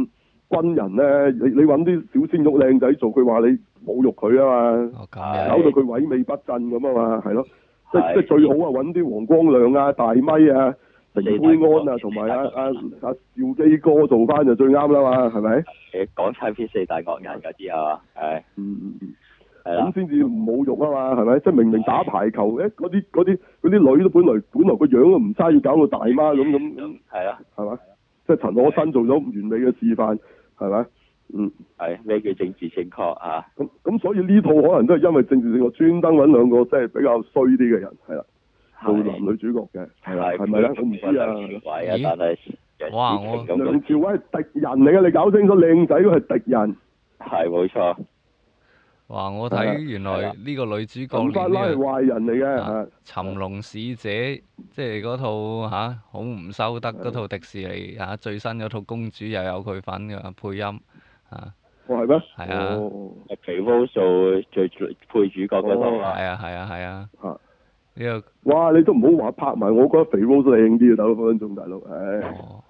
軍人咧，你你揾啲小鮮肉靚仔做佢，佢話你侮辱佢啊嘛，搞 Okay. 到佢萎靡不振咁啊嘛，係咯，的即係最好啊揾啲黃光亮啊、大咪啊、潘安啊，同埋阿阿阿趙基哥做翻就最啱啦嘛，係咪？誒，講親啲四大惡人嗰啲係嘛？嗯嗯。咁先至侮辱啊嘛，係咪？即係明明打排球，誒，嗰啲嗰啲嗰啲女都本來本來個樣都唔差，要搞到大媽咁咁。係咪？係嘛？即係陳可辛做咗完美嘅示範，係咪？嗯，係咩叫政治正確啊？咁咁所以呢套可能都係因為政治正確專登搵兩個即係比較衰啲嘅人，係啦，做男女主角嘅，係咪？係咪咧？我唔知啊。係啊，但係，哇！梁朝偉係敵人嚟嘅，你搞清楚，靚仔都係敵人。係冇錯。哇！我睇原來呢個女主角，咁法係壞人嚟嘅。尋龍使者即係嗰套嚇，好唔收得嗰套迪士尼嚇，最新嗰套公主又有佢份嘅配音嚇。哦，係咩？係啊，係皮膚數最配主角嗰套，係啊係啊係啊呢個。哇！你都唔好話拍埋，我覺得肥都靚啲大佬，分分鐘，大佬唉。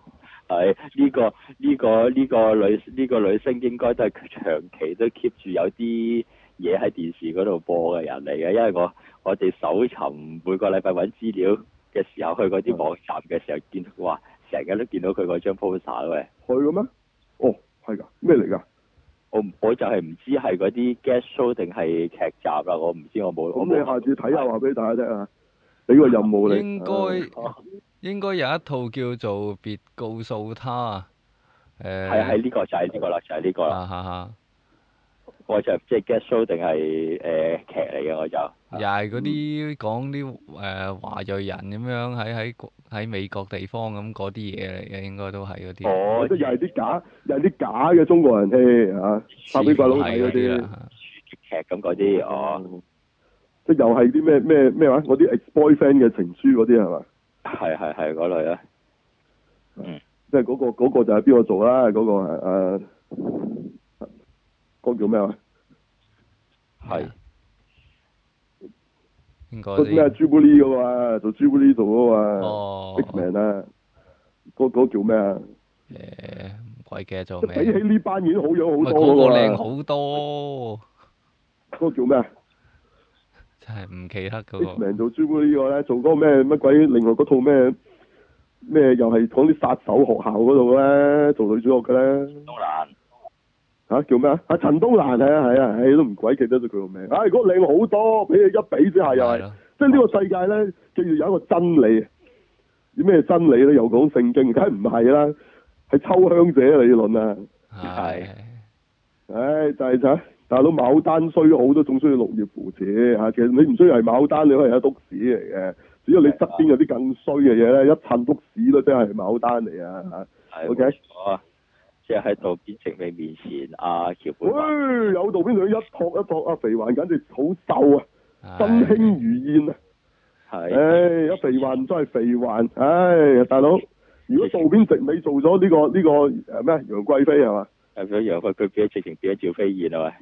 係呢、呢個呢、呢個呢、呢個女呢、呢個女星應該都係長期都 keep 住有啲嘢喺電視嗰度播嘅人嚟嘅，因為我我哋搜尋每個禮拜搵資料嘅時候去嗰啲網站嘅時候，見哇成日都見到佢嗰張 poster 喂，去嘅咩？哦，係噶，咩嚟噶？我我就係唔知係嗰啲 game show 定係劇集啦，我唔知我冇。咁你下次睇下話俾大家聽啊，你呢個任務嚟。應該。應該有一套叫做《別告訴他》，誒係係呢個就係呢個啦，就係呢個啦。我就即係 Guess Show 定係誒劇嚟嘅？我就又係嗰啲講啲誒華裔人咁樣喺喺喺美國地方咁嗰啲嘢嚟嘅，應該都係嗰啲。哦，都又係啲假又係啲假嘅中國人，嘿嚇，怕畀鬼佬睇嗰啲劇咁嗰啲哦，即又係啲咩咩咩話？嗰啲 ex-boyfriend 嘅情書嗰啲係嘛？係係係嗰類啊，嗯，即係嗰個嗰個就喺邊個做啦？嗰、呃嗰個誒，嗰叫咩啊？係，嗰啲咩？朱古力噶嘛，做朱古力做啊嘛，哦，big man 啊，嗰、嗰、嗰、嗰個，叫咩啊？誒、yeah,，唔鬼記得做比起呢班嘢好咗好多，個靚好多，嗰叫咩？真係唔記得個名，那個、做朱古力個呢個咧，做嗰個咩乜鬼？另外嗰套咩咩又係講啲殺手學校嗰度咧，做女主角嘅咧蘭、啊啊啊啊。都蘭，吓叫咩啊？阿陳都蘭，係啊係啊，唉都唔鬼記得咗佢個名。唉，嗰個靚好多，俾你一比之下又係，即係呢個世界咧，就要、嗯、有一個真理。啲咩真理咧？又講聖經，梗係唔係啦，係秋香者理論啊。係、啊，唉、啊，大神、啊。大佬，牡丹雖好都仲需要綠葉扶持嚇。其實你唔需要係牡丹，你可以係一篤屎嚟嘅。只要你側邊有啲更衰嘅嘢咧，一襯篤屎都真係牡丹嚟啊！好嘅，即係喺渡邊直美面前阿喬妹。有渡邊佢一托一托啊，肥環簡直好瘦啊，身輕如燕啊！係。唉，有肥環真係肥環。唉，大佬，如果渡邊直美做咗呢個呢個誒咩？楊貴妃係嘛？係佢楊貴妃變咗直情變咗趙飛燕係咪？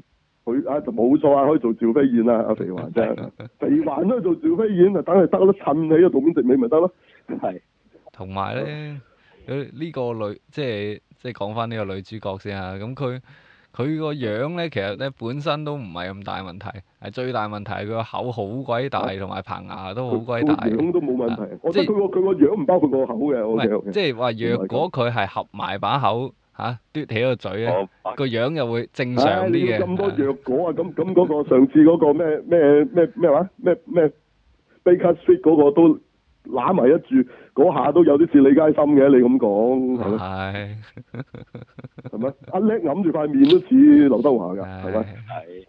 佢啊就冇錯啊，可以做趙飛燕啊，就是！阿的肥環真係，肥環都可以做趙飛燕啊，等佢得咯，襯你喺度咁直你咪得咯。係，同埋咧，呢個女即係即係講翻呢個女主角先啊。咁佢佢個樣咧，其實咧本身都唔係咁大問題，係最大問題係佢個口好鬼大，同埋的棚牙都好鬼大。咁都冇問題，即係佢個佢個樣唔包括個口嘅。即係話若果佢係合埋把口。吓，嘟起個嘴啊，個樣又會正常啲嘅。咁多藥果啊，咁咁嗰個上次嗰個咩咩咩咩話咩咩，Biggest Street 嗰個都揦埋一住，嗰下都有啲似李佳芯嘅，你咁講係咯？係係咩？阿叻揞住塊面都似劉德華噶，係咪？係。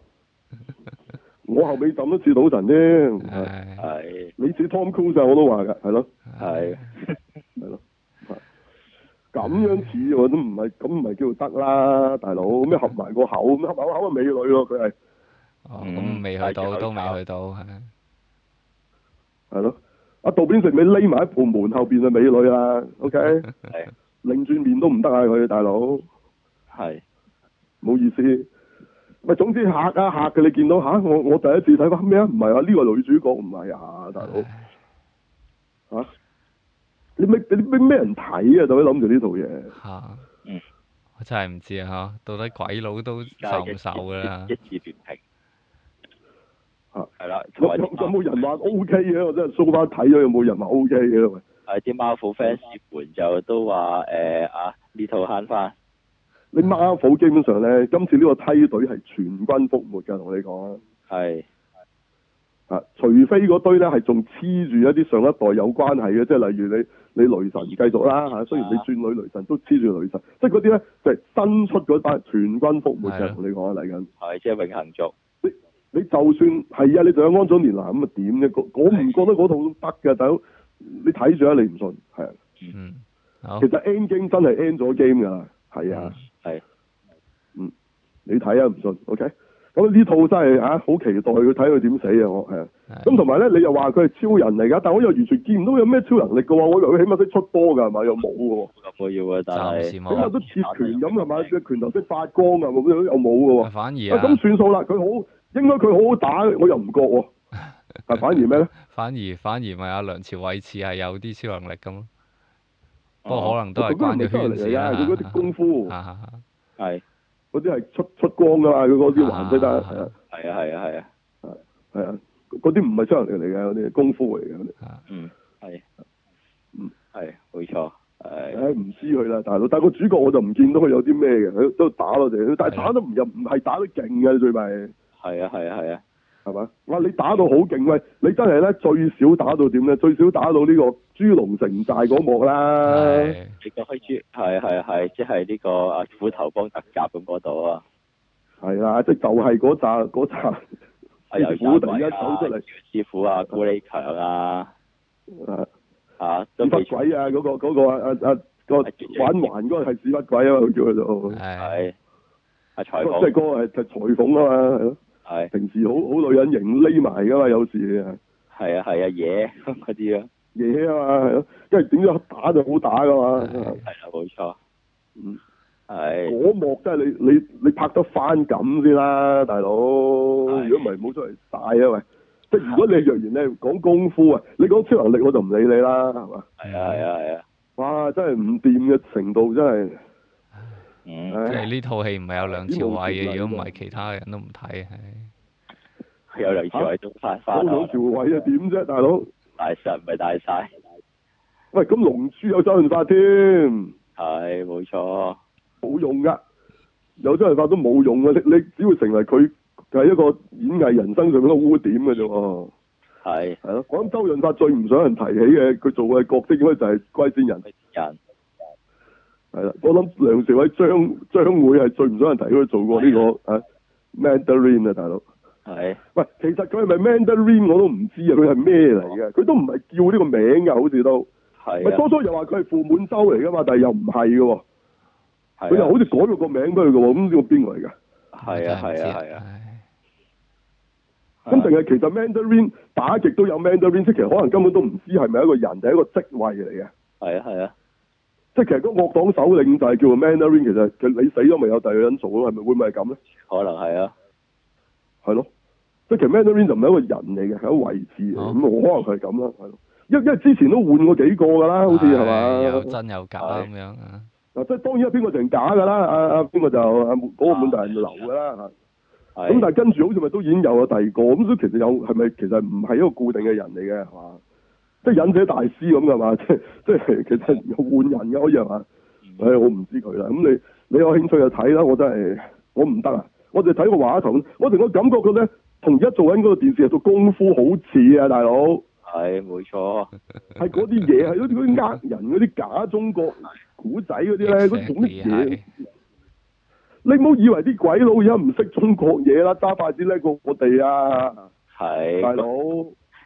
我後尾抌都似賭神啫。係。係。你似 Tom Cruise 我都話噶，係咯？係。係咯。咁樣似我 *laughs* 都唔係，咁唔係叫做得啦，大佬咩合埋個口， *laughs* 合埋個口啊美女咯，佢係。哦，咁未、嗯、去到，都未去到，係。係咯了，阿、啊、杜邊食咪匿埋喺部門後邊嘅美女啊 *laughs* ，OK。係。擰轉面都唔得啊佢，大佬。係。冇意思。咪總之嚇啊嚇嘅，你見到嚇、啊、我我第一次睇翻咩啊？唔係啊，呢個女主角唔係啊，大佬。嚇、 *laughs* 啊！你咩？你咩？咩人睇啊、嗯、啊？到底諗住呢套嘢？吓，我真係唔知啊！吓，到底鬼佬都受唔受噶啦？一二線停吓，係啦。有冇人話 O K 嘅？我真係數翻睇咗有冇人話 O K 嘅？係啲 Marvel fans 盤就都話誒、嗯、啊！呢、啊、套慳翻。啲 Marvel 基本上咧，今次呢個梯隊係全軍覆沒噶，同你講啊。係。啊，除非嗰堆咧係仲黐住一啲上一代有關係嘅，即係 *laughs* 例如你你雷神繼續啦吓、啊，雖然你轉女雷神都黐住雷神，即係嗰啲咧就係、是、新出嗰班全軍覆沒嘅，同、啊、你講嚟緊係即係永恆族，你你就算係啊，你仲有安祖蓮娜咁啊點啫？我唔覺得嗰套都得噶，大佬，你睇住啦，你唔信係啊，嗯、其實 ending 真係 end 咗 game 噶啦，係啊，係、啊，嗯，你睇啊，唔信，OK。咁呢套真係啊好期待，佢睇佢點死啊！我係咁同埋咧，你又話佢係超人嚟噶，但係我又完全見唔到有咩超能力噶喎！我以為佢起碼識出波㗎，係咪？又冇喎。我要啊，但係都切拳咁係咪？即拳頭識發光㗎，又冇嘅喎？反而啊，咁算數啦！佢好應該佢好好打，我又唔覺喎。但反而咩咧？反而反而咪阿梁朝偉似係有啲超能力咁咯？不過可能都係啲功夫係。嗰啲係出出光㗎嘛，佢嗰啲還得，係啊係啊係啊係啊，嗰啲唔係商人嚟嘅，嗰啲功夫嚟嘅，嗯係嗯係冇錯，誒唔知佢啦，大佬，但個主角我就唔見到佢有啲咩嘅，佢都打到。哋，但係打都唔入，唔係打得勁嘅最尾，係啊係啊係啊，係嘛？哇！你打到好勁喂，你真係咧最少打到點咧？最少打到呢個。豬籠城寨嗰幕啦，呢、就是這個可以，係係係，即係呢個阿斧頭幫特甲咁嗰度啊，係啦，即就係嗰集嗰集，啊啊、師傅突然間走出嚟，師傅啊，古力強啊，啊，屎、那、乜、個、鬼啊，嗰個嗰個啊啊個玩環嗰個係屎乜鬼啊，佢叫做，係，就是、是財啊裁，即係嗰個係裁縫啊嘛，係咯的，係，是嗯、平時好好女人型匿埋噶嘛，有時啊，係啊係啊嘢嗰啲啊。是嘢啊嘛，係咯，因為點樣打就好打噶嘛。係啦，冇錯。嗯，係。嗰幕真係你你你拍得翻咁先啦，大佬。如果唔係，冇出嚟晒啊喂！即係如果你若然咧講功夫啊，你講超能力我就唔理你啦，係嘛？係啊係啊係啊！哇，真係唔掂嘅程度真係。嗯。即係呢套戲唔係有梁朝偉嘅，如果唔係，其他人都唔睇。係有梁朝偉都快快。多梁朝偉啊？點啫，大佬？大神咪大晒，喂！咁龍珠有周潤發添。係冇錯，冇用噶，有周潤發都冇用噶，你你只會成為佢係一個演藝人生上嗰個污點噶啫。係係咯，我諗周潤發最唔想人提起嘅，佢做嘅角色應該就係龜仙人。係的，係啦，我諗梁朝偉將將會係最唔想人提起佢做過呢、這個的啊 Mandarin 啊大佬。係，喂，其實佢係咪 Mandarin 我都唔知啊，佢係咩嚟嘅？佢都唔係叫呢個名噶，好似都係。咪初初又話佢係傅滿洲嚟噶嘛，但係又唔係嘅，佢又好似改咗個名俾佢嘅，咁叫邊個嚟嘅？係啊係啊係啊。咁淨係其實 Mandarin 打極都有 Mandarin，即其實可能根本都唔知係咪一個人，就係一個職位嚟嘅。係啊係啊，即係其實嗰惡黨首領就係叫做 Mandarin，其實你死咗咪有第二個人做咯，係咪會唔會係咁咧？可能係啊。係咯，即係 Mandarin 唔係一個人嚟嘅，係一個位置，咁我、哦、可能佢係咁啦，係咯，因為因為之前都換過幾個噶啦，好似係嘛，哎、吧又真有假咁是樣啊，嗱，即係當然一邊、啊那個就假噶啦，阿阿邊個就嗰個滿大人就流噶啦，咁但係跟住好似咪都已經有咗第二個，咁所以其實有係咪其實唔係一個固定嘅人嚟嘅係嘛，即係忍者大師咁噶嘛，即係即係其實換人噶一樣啊，唉、嗯哎、我唔知佢啦，咁你你有興趣就睇啦，我真係我唔得啊。我哋睇個畫面，我同我感覺佢咧，同而家做緊嗰個電視劇做功夫好似啊，大佬。係，冇錯。係嗰啲嘢，係嗰啲呃人嗰啲假中國古仔嗰啲咧，嗰種啲嘢。 *laughs* 你唔好以為啲鬼佬而家唔識中國嘢啦，揸筷子叻過我哋啊！係是。大佬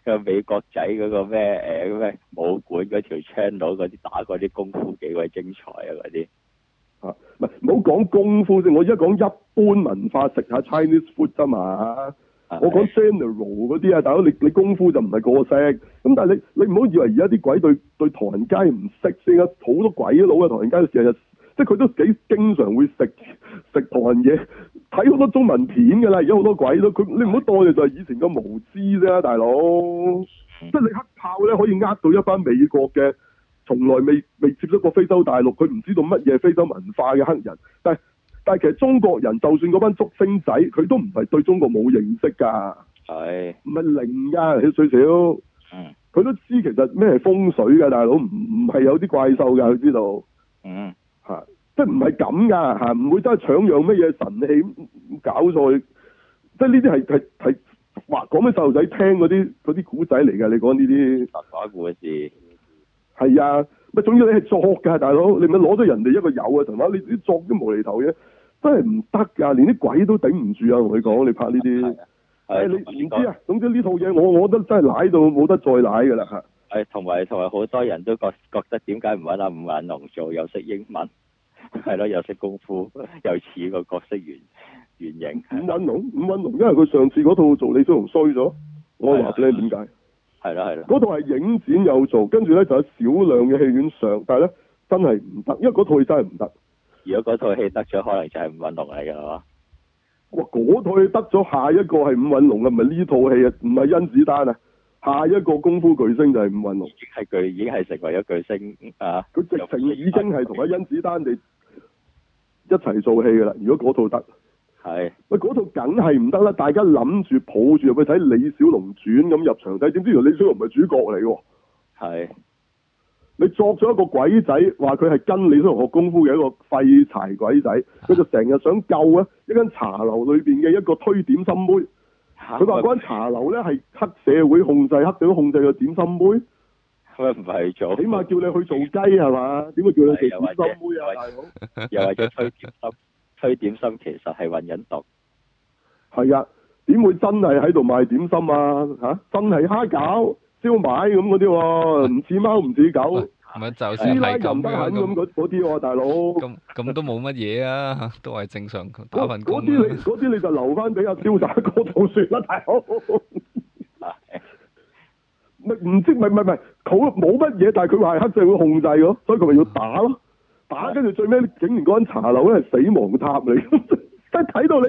哥，美國仔嗰個咩誒咩武館嗰條頻道嗰啲打嗰啲功夫幾鬼精彩啊！嗰啲。講功夫先，我而家講一般文化，食下 Chinese food 咋嘛？是不是我講 general 嗰啲啊，大佬，你你功夫就唔係個個識，咁但係你你唔好以為而家啲鬼對對唐人街唔識先啊！好多鬼佬喺唐人街，嘅日日即係佢都幾經常會食食唐人嘢，睇好多中文片㗎啦。而家好多鬼都，佢你唔好當你就係以前嘅無知啫，大佬。即係你黑豹咧，可以呃到一班美國嘅。從來未未接觸過非洲大陸，佢唔知道乜嘢非洲文化嘅黑人，但係但係其實中國人就算嗰班竹升仔，佢都唔係對中國冇認識噶，係唔係零噶，佢最少，嗯，佢都知其實咩係風水噶大佬，唔唔係有啲怪獸噶，佢知道，嗯，吓、啊，即係唔係咁噶吓，唔、啊、會真係搶樣乜嘢神器，搞錯，即係呢啲係係係，哇！講俾細路仔聽嗰啲啲古仔嚟噶，你講呢啲神話故事。係啊，咪總之你係作噶，大佬，你咪攞咗人哋一個有啊，同埋你你作啲無厘頭嘢，真係唔得噶，連啲鬼都頂唔住啊！同佢講你拍呢啲，係你唔知啊？總之呢套嘢我我覺得真係瀨到冇得再瀨噶啦吓。係、啊、同埋同埋好多人都覺覺得點解唔搵阿伍允龍做，又識英文，係咯、 *laughs* 啊，又識功夫，又似個角色原原型。伍允龍，伍允龍，因為佢上次嗰套做李小龍衰咗，啊、我話俾你點解？係啦，係啦，嗰套係影展有做，跟住咧就有少量嘅戲院上，但係咧真係唔得，因為嗰套戲真係唔得。如果嗰套戲得咗，可能就係五運龍嚟噶，係嘛？哇！嗰套戲得咗，下一個係五運龍噶，唔係呢套戲啊，唔係甄子丹啊，下一個功夫巨星就係五運龍，係佢已經係成為咗巨星啊！佢直情已經係同阿甄子丹哋一齊做戲噶啦，如果嗰套得。係喂，嗰套梗係唔得啦！大家諗住抱住入去睇《李小龍傳》咁入場睇，點知原來李小龍唔係主角嚟嘅？係的你作咗一個鬼仔，話佢係跟李小龍學功夫嘅一個廢柴鬼仔，佢就成日想救啊！一間茶樓裏邊嘅一個推點心妹，佢話嗰間茶樓呢係黑社會控制，黑社會控制嘅點心妹，唔係做起碼叫你去做雞係嘛？點會叫你做點心妹啊，大佬？又係做推點心。吹點心其實係運人毒。係啊，點會真係喺度賣點心啊？吓、啊，真係蝦餃、燒賣咁嗰啲喎，唔似貓唔似狗，唔咪、啊啊？就算係咁。依唔得閒咁嗰啲喎，大佬。咁咁那都冇乜嘢啊吓， *laughs* 都係正常打份工、啊。嗰啲你嗰啲你就留翻俾阿瀟灑哥度算啦、啊，大佬。咪唔知咪咪咪，佢冇乜嘢，但係佢話係黑社會控制咗，所以佢咪要打咯、啊。啊打跟住最尾整完嗰間茶樓咧，死亡塔嚟，即係睇到你，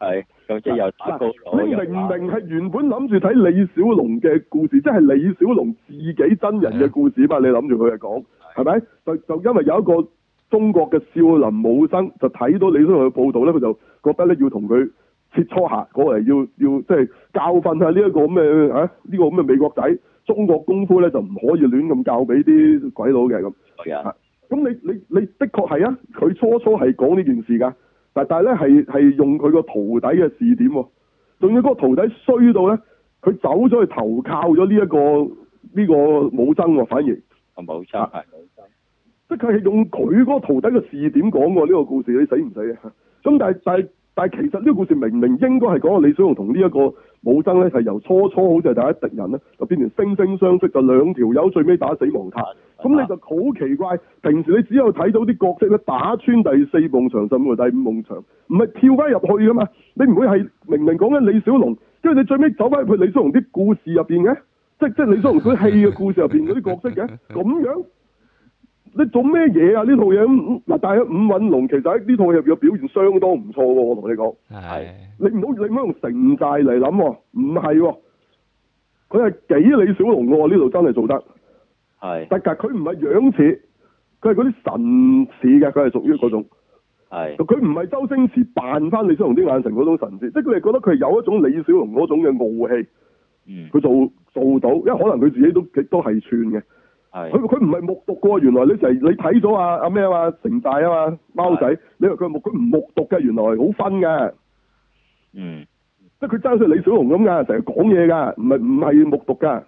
係咁即係又打過。你明明係原本諗住睇李小龍嘅故事，是的即係李小龍自己真人嘅故事嘛？的你諗住佢係講係咪？就就因為有一個中國嘅少林武僧就睇到李小龍嘅報道咧，佢就覺得咧要同佢切磋下，過嚟要要即係教訓下呢一個咁嘅吓呢個咁嘅美國仔。中國功夫咧就唔可以亂咁教俾啲鬼佬嘅咁，係啊，咁、啊、你你你的確係啊，佢初初係講呢件事噶，但但係咧係用佢個徒弟嘅視點、哦，仲要嗰個徒弟衰到咧，佢走咗去投靠咗呢一個呢、呢個武僧、哦，反而係武僧，係武僧，即係、啊就是、用佢嗰個徒弟嘅視點講喎呢、呢個故事，你死唔死啊？咁但係但係。但係其實呢個故事明明應該係講李小龍同呢一個武僧呢係、就是、由初初好似係第一敵人呢，就變成惺惺相惜，就兩條友最尾打死亡塔。咁的你就好奇怪，平時你只有睇到啲角色咧打穿第四埲牆甚至乎第五埲牆，唔係跳翻入去噶嘛？你唔會係明明講緊李小龍，跟住你最尾走翻去李小龍啲故事入邊嘅，即、就、即、是就是、李小龍佢戲嘅故事入邊嗰啲角色嘅咁樣。你做咩嘢啊？呢套嘢嗱，但係伍允龍其實喺呢套入邊表現相當唔錯喎，我同你講。係的。你唔好你唔好用城寨嚟諗喎，唔係、哦，佢係幾李小龍嘅呢度真係做得係。特別佢唔係樣似，佢係嗰啲神似嘅，佢係屬於嗰種係。佢唔係周星馳扮翻李小龍啲眼神嗰種神似，即係佢係覺得佢係有一種李小龍嗰種嘅傲氣。佢做做到，因為可能佢自己都幾都係串嘅。佢佢唔係目讀噶，原來你成你睇咗啊啊咩啊嘛，城大啊嘛，貓仔，是的 你話佢目佢唔目讀嘅？原來好分嘅，的嗯，即係佢爭上李小龍咁噶，成日講嘢噶，唔係唔係目讀噶，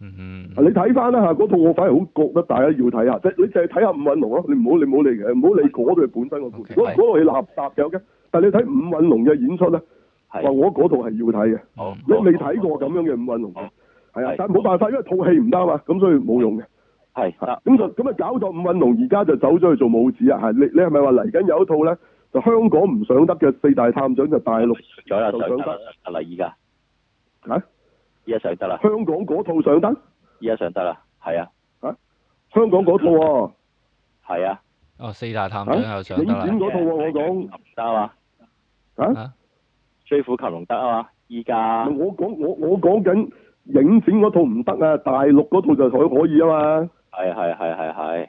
嗯、你睇翻啦嚇，嗰套我反而好覺得大家要睇下，即係你淨係睇下伍允龍咯，你唔好你唔好你唔好理嗰度、嗯、本身嘅故事，嗰嗰度係垃圾有嘅，但係你睇伍允龍嘅演出咧，話是的 我嗰套係要睇嘅，你未睇過咁樣嘅伍允龍的。哦哦係，但係冇辦法，因為套戲唔得啊嘛，咁所以冇用嘅。係，咁就咁啊，搞到五運龍，而家就走咗去做武子啊！係，你你係咪話嚟緊有一套咧？就香港唔上得嘅四大探長就大陸上得，係咪而家？啊？而家上得啦！香港嗰套上得？而家上得啦！係啊！啊？香港嗰套？係啊。哦，四大探長又上得啦。嗰套我講得啊嘛。啊？追虎擒龍得啊嘛？依家？我講我我講緊。影展嗰套唔得啊，大陸嗰套就可可以啊嘛。係係係係係。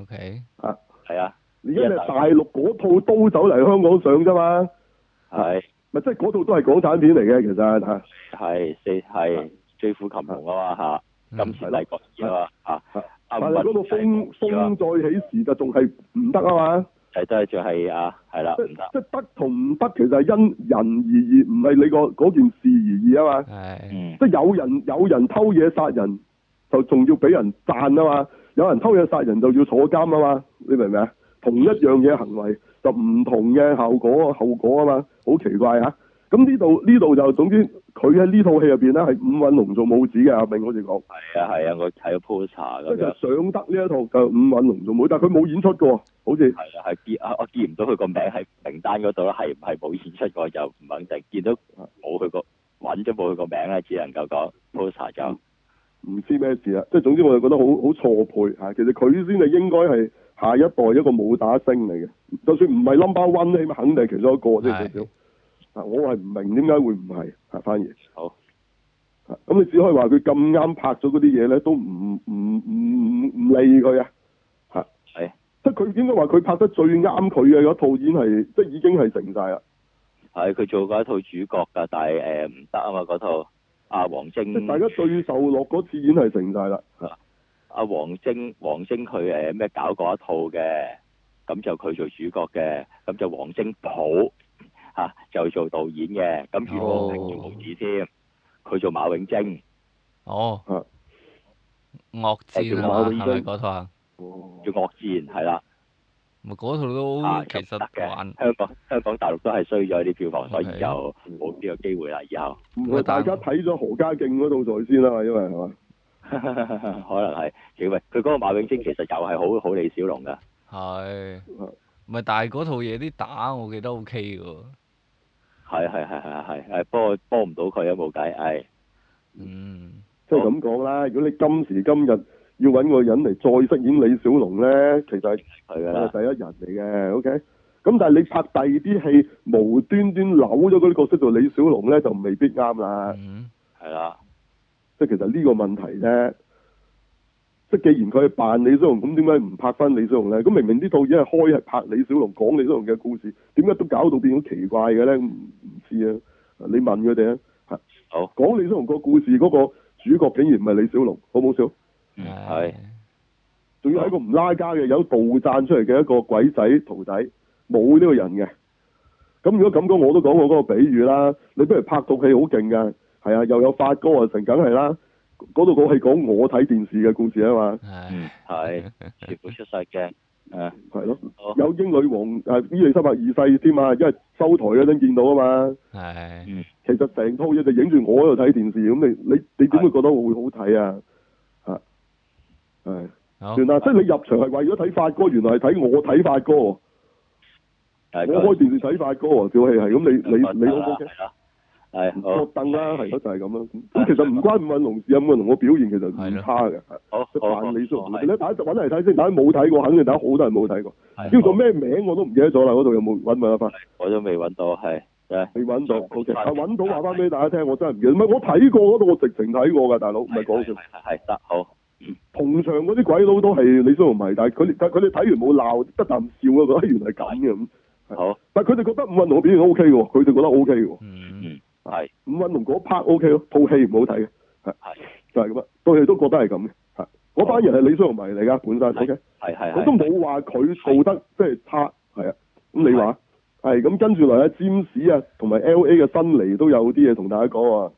O K 是、啊。啊。係啊。因為大陸嗰套都走嚟香港上啫嘛。係。咪即係嗰套都係港產片嚟嘅，其實嚇。係四係追虎擒龍啊嘛嚇，啊嗯、今時黎個啊嚇。啊啊啊但係嗰個風、啊、風再起時就仲係唔得啊嘛。 *laughs* 係都係、就係，就係啊，係啦，唔得。即係得同唔得，其實係因人而異，唔係你個嗰件事而異啊嘛。係唉，即係有人有人偷嘢殺人，就仲要俾人讚啊嘛。有人偷嘢殺人就要坐監啊嘛。你明唔明啊？同一樣嘢行為，就唔同嘅效果啊，後果啊嘛，好奇怪吓、啊。咁呢度呢度就，總之佢喺呢套戲入面咧係伍允龍做武指嘅，阿銘好似講，係啊係啊，我睇咗 poster。即係上得呢一套就伍允龍做武，但佢冇演出過，好似係啊係啊，我見唔到佢個名喺名單嗰度啦，係唔係冇演出過就唔肯定，見到冇佢個搵咗冇佢個名啦，只能夠講 poster 就唔知咩事啦。即係總之我就覺得好好錯配嚇，其實佢先係應該係下一代一個武打星嚟嘅，就算唔係 number one 肯定係其中一個少少。我係唔明點解會唔係啊，翻譯、啊、好。咁、啊、你只可以話佢咁啱拍咗嗰啲嘢咧，都唔唔唔唔唔理佢啊。係是、啊，即係佢點解話佢拍得最啱佢嘅嗰套演係，即係已經係成晒啦。係，佢做過一套主角噶，但係誒唔得啊嘛，嗰套阿、啊、王晶。即係大家最受落嗰次演係成晒啦。阿王晶，王晶佢誒咩搞過一套嘅？咁就佢做主角嘅，咁就王晶抱。啊吓就做導演嘅，跟住我聽住故事添。佢做馬永貞。哦。惡戰啦，係咪嗰套啊？叫惡戰係啦。咪嗰套都啊，其實得嘅。香港香港大陸都係衰咗啲票房，所以就冇呢個機會啦。以後大家睇咗何家勁嗰套在先啦，嘛，因為係嘛。可能係，喂，佢嗰個馬永貞其實又係好好李小龍噶。係。咪但係嗰套嘢啲打我記得 O K 嘅喎。係係係係係係，幫幫唔到佢啊，冇計係。嗯，即係咁講啦。如果你今時今日要揾個人嚟再飾演李小龍呢，其實係第一人嚟嘅。OK，咁但係你拍第二啲戲，無端端扭咗嗰啲角色做李小龍呢，就未必啱啦。嗯，係啦。即係其實呢個問題呢。即既然佢係扮李小龍，咁點解唔拍翻李小龍呢？咁明明呢套已經係開係拍李小龍，講李小龍嘅故事，點解都搞到變咗奇怪嘅呢？唔知啊，你問佢哋啊。吓、哦，講李小龍個故事嗰個主角竟然唔係李小龍，好唔好笑？係的，仲要係一個唔拉家嘅有杜撰出嚟嘅一個鬼仔徒弟，冇呢個人嘅。咁如果咁講，我都講過嗰個比喻啦。你不如拍套戲好勁噶，係啊，又有發哥啊成，梗係啦。嗰度我係講我睇電視嘅故事啊嘛，係全部出曬鏡，係咯，有英女王伊利沙伯二世添嘛，因為收台嗰陣見到啊嘛，係，其實成套嘢就影住我喺度睇電視，咁你你你點會覺得我會好睇啊？係，係，算啦即係你入場係為咗睇發哥，原來係睇我睇發哥，我開電視睇發哥小氣係咁，你你你 o 係，凳啦，係咯，就係咁啦。咁其實唔關五運龍事，有五運龍嘅表現其實唔差嘅。李好。咁你咧睇就搵嚟睇先，大家冇睇過肯定，大家好多人冇睇過。叫做咩名我都唔記得咗啦，嗰度有冇搵唔翻？我都未搵到，係，未搵到。搵到話翻俾大家聽，我真係唔記得。唔係我睇過嗰度，我直情睇過噶，大佬。係係係，得，好。同場嗰啲鬼佬都係李小龍迷，但係佢哋佢哋睇完冇鬧，得啖笑原來係假嘅咁。好，但係佢哋覺得五運龍表現 O K 佢哋覺得 O K 嗯。係是五運龍嗰 part O K 咯，套戲唔好睇嘅，係是就係咁樣，套戲都覺得係咁嘅，係嗰班人係李商迷嚟噶本身，O K，係係我都冇話佢做得即係是差，係的啊，咁你話？係咁跟住嚟咧，James 啊同埋 L A 嘅辛尼都有啲嘢同大家講啊。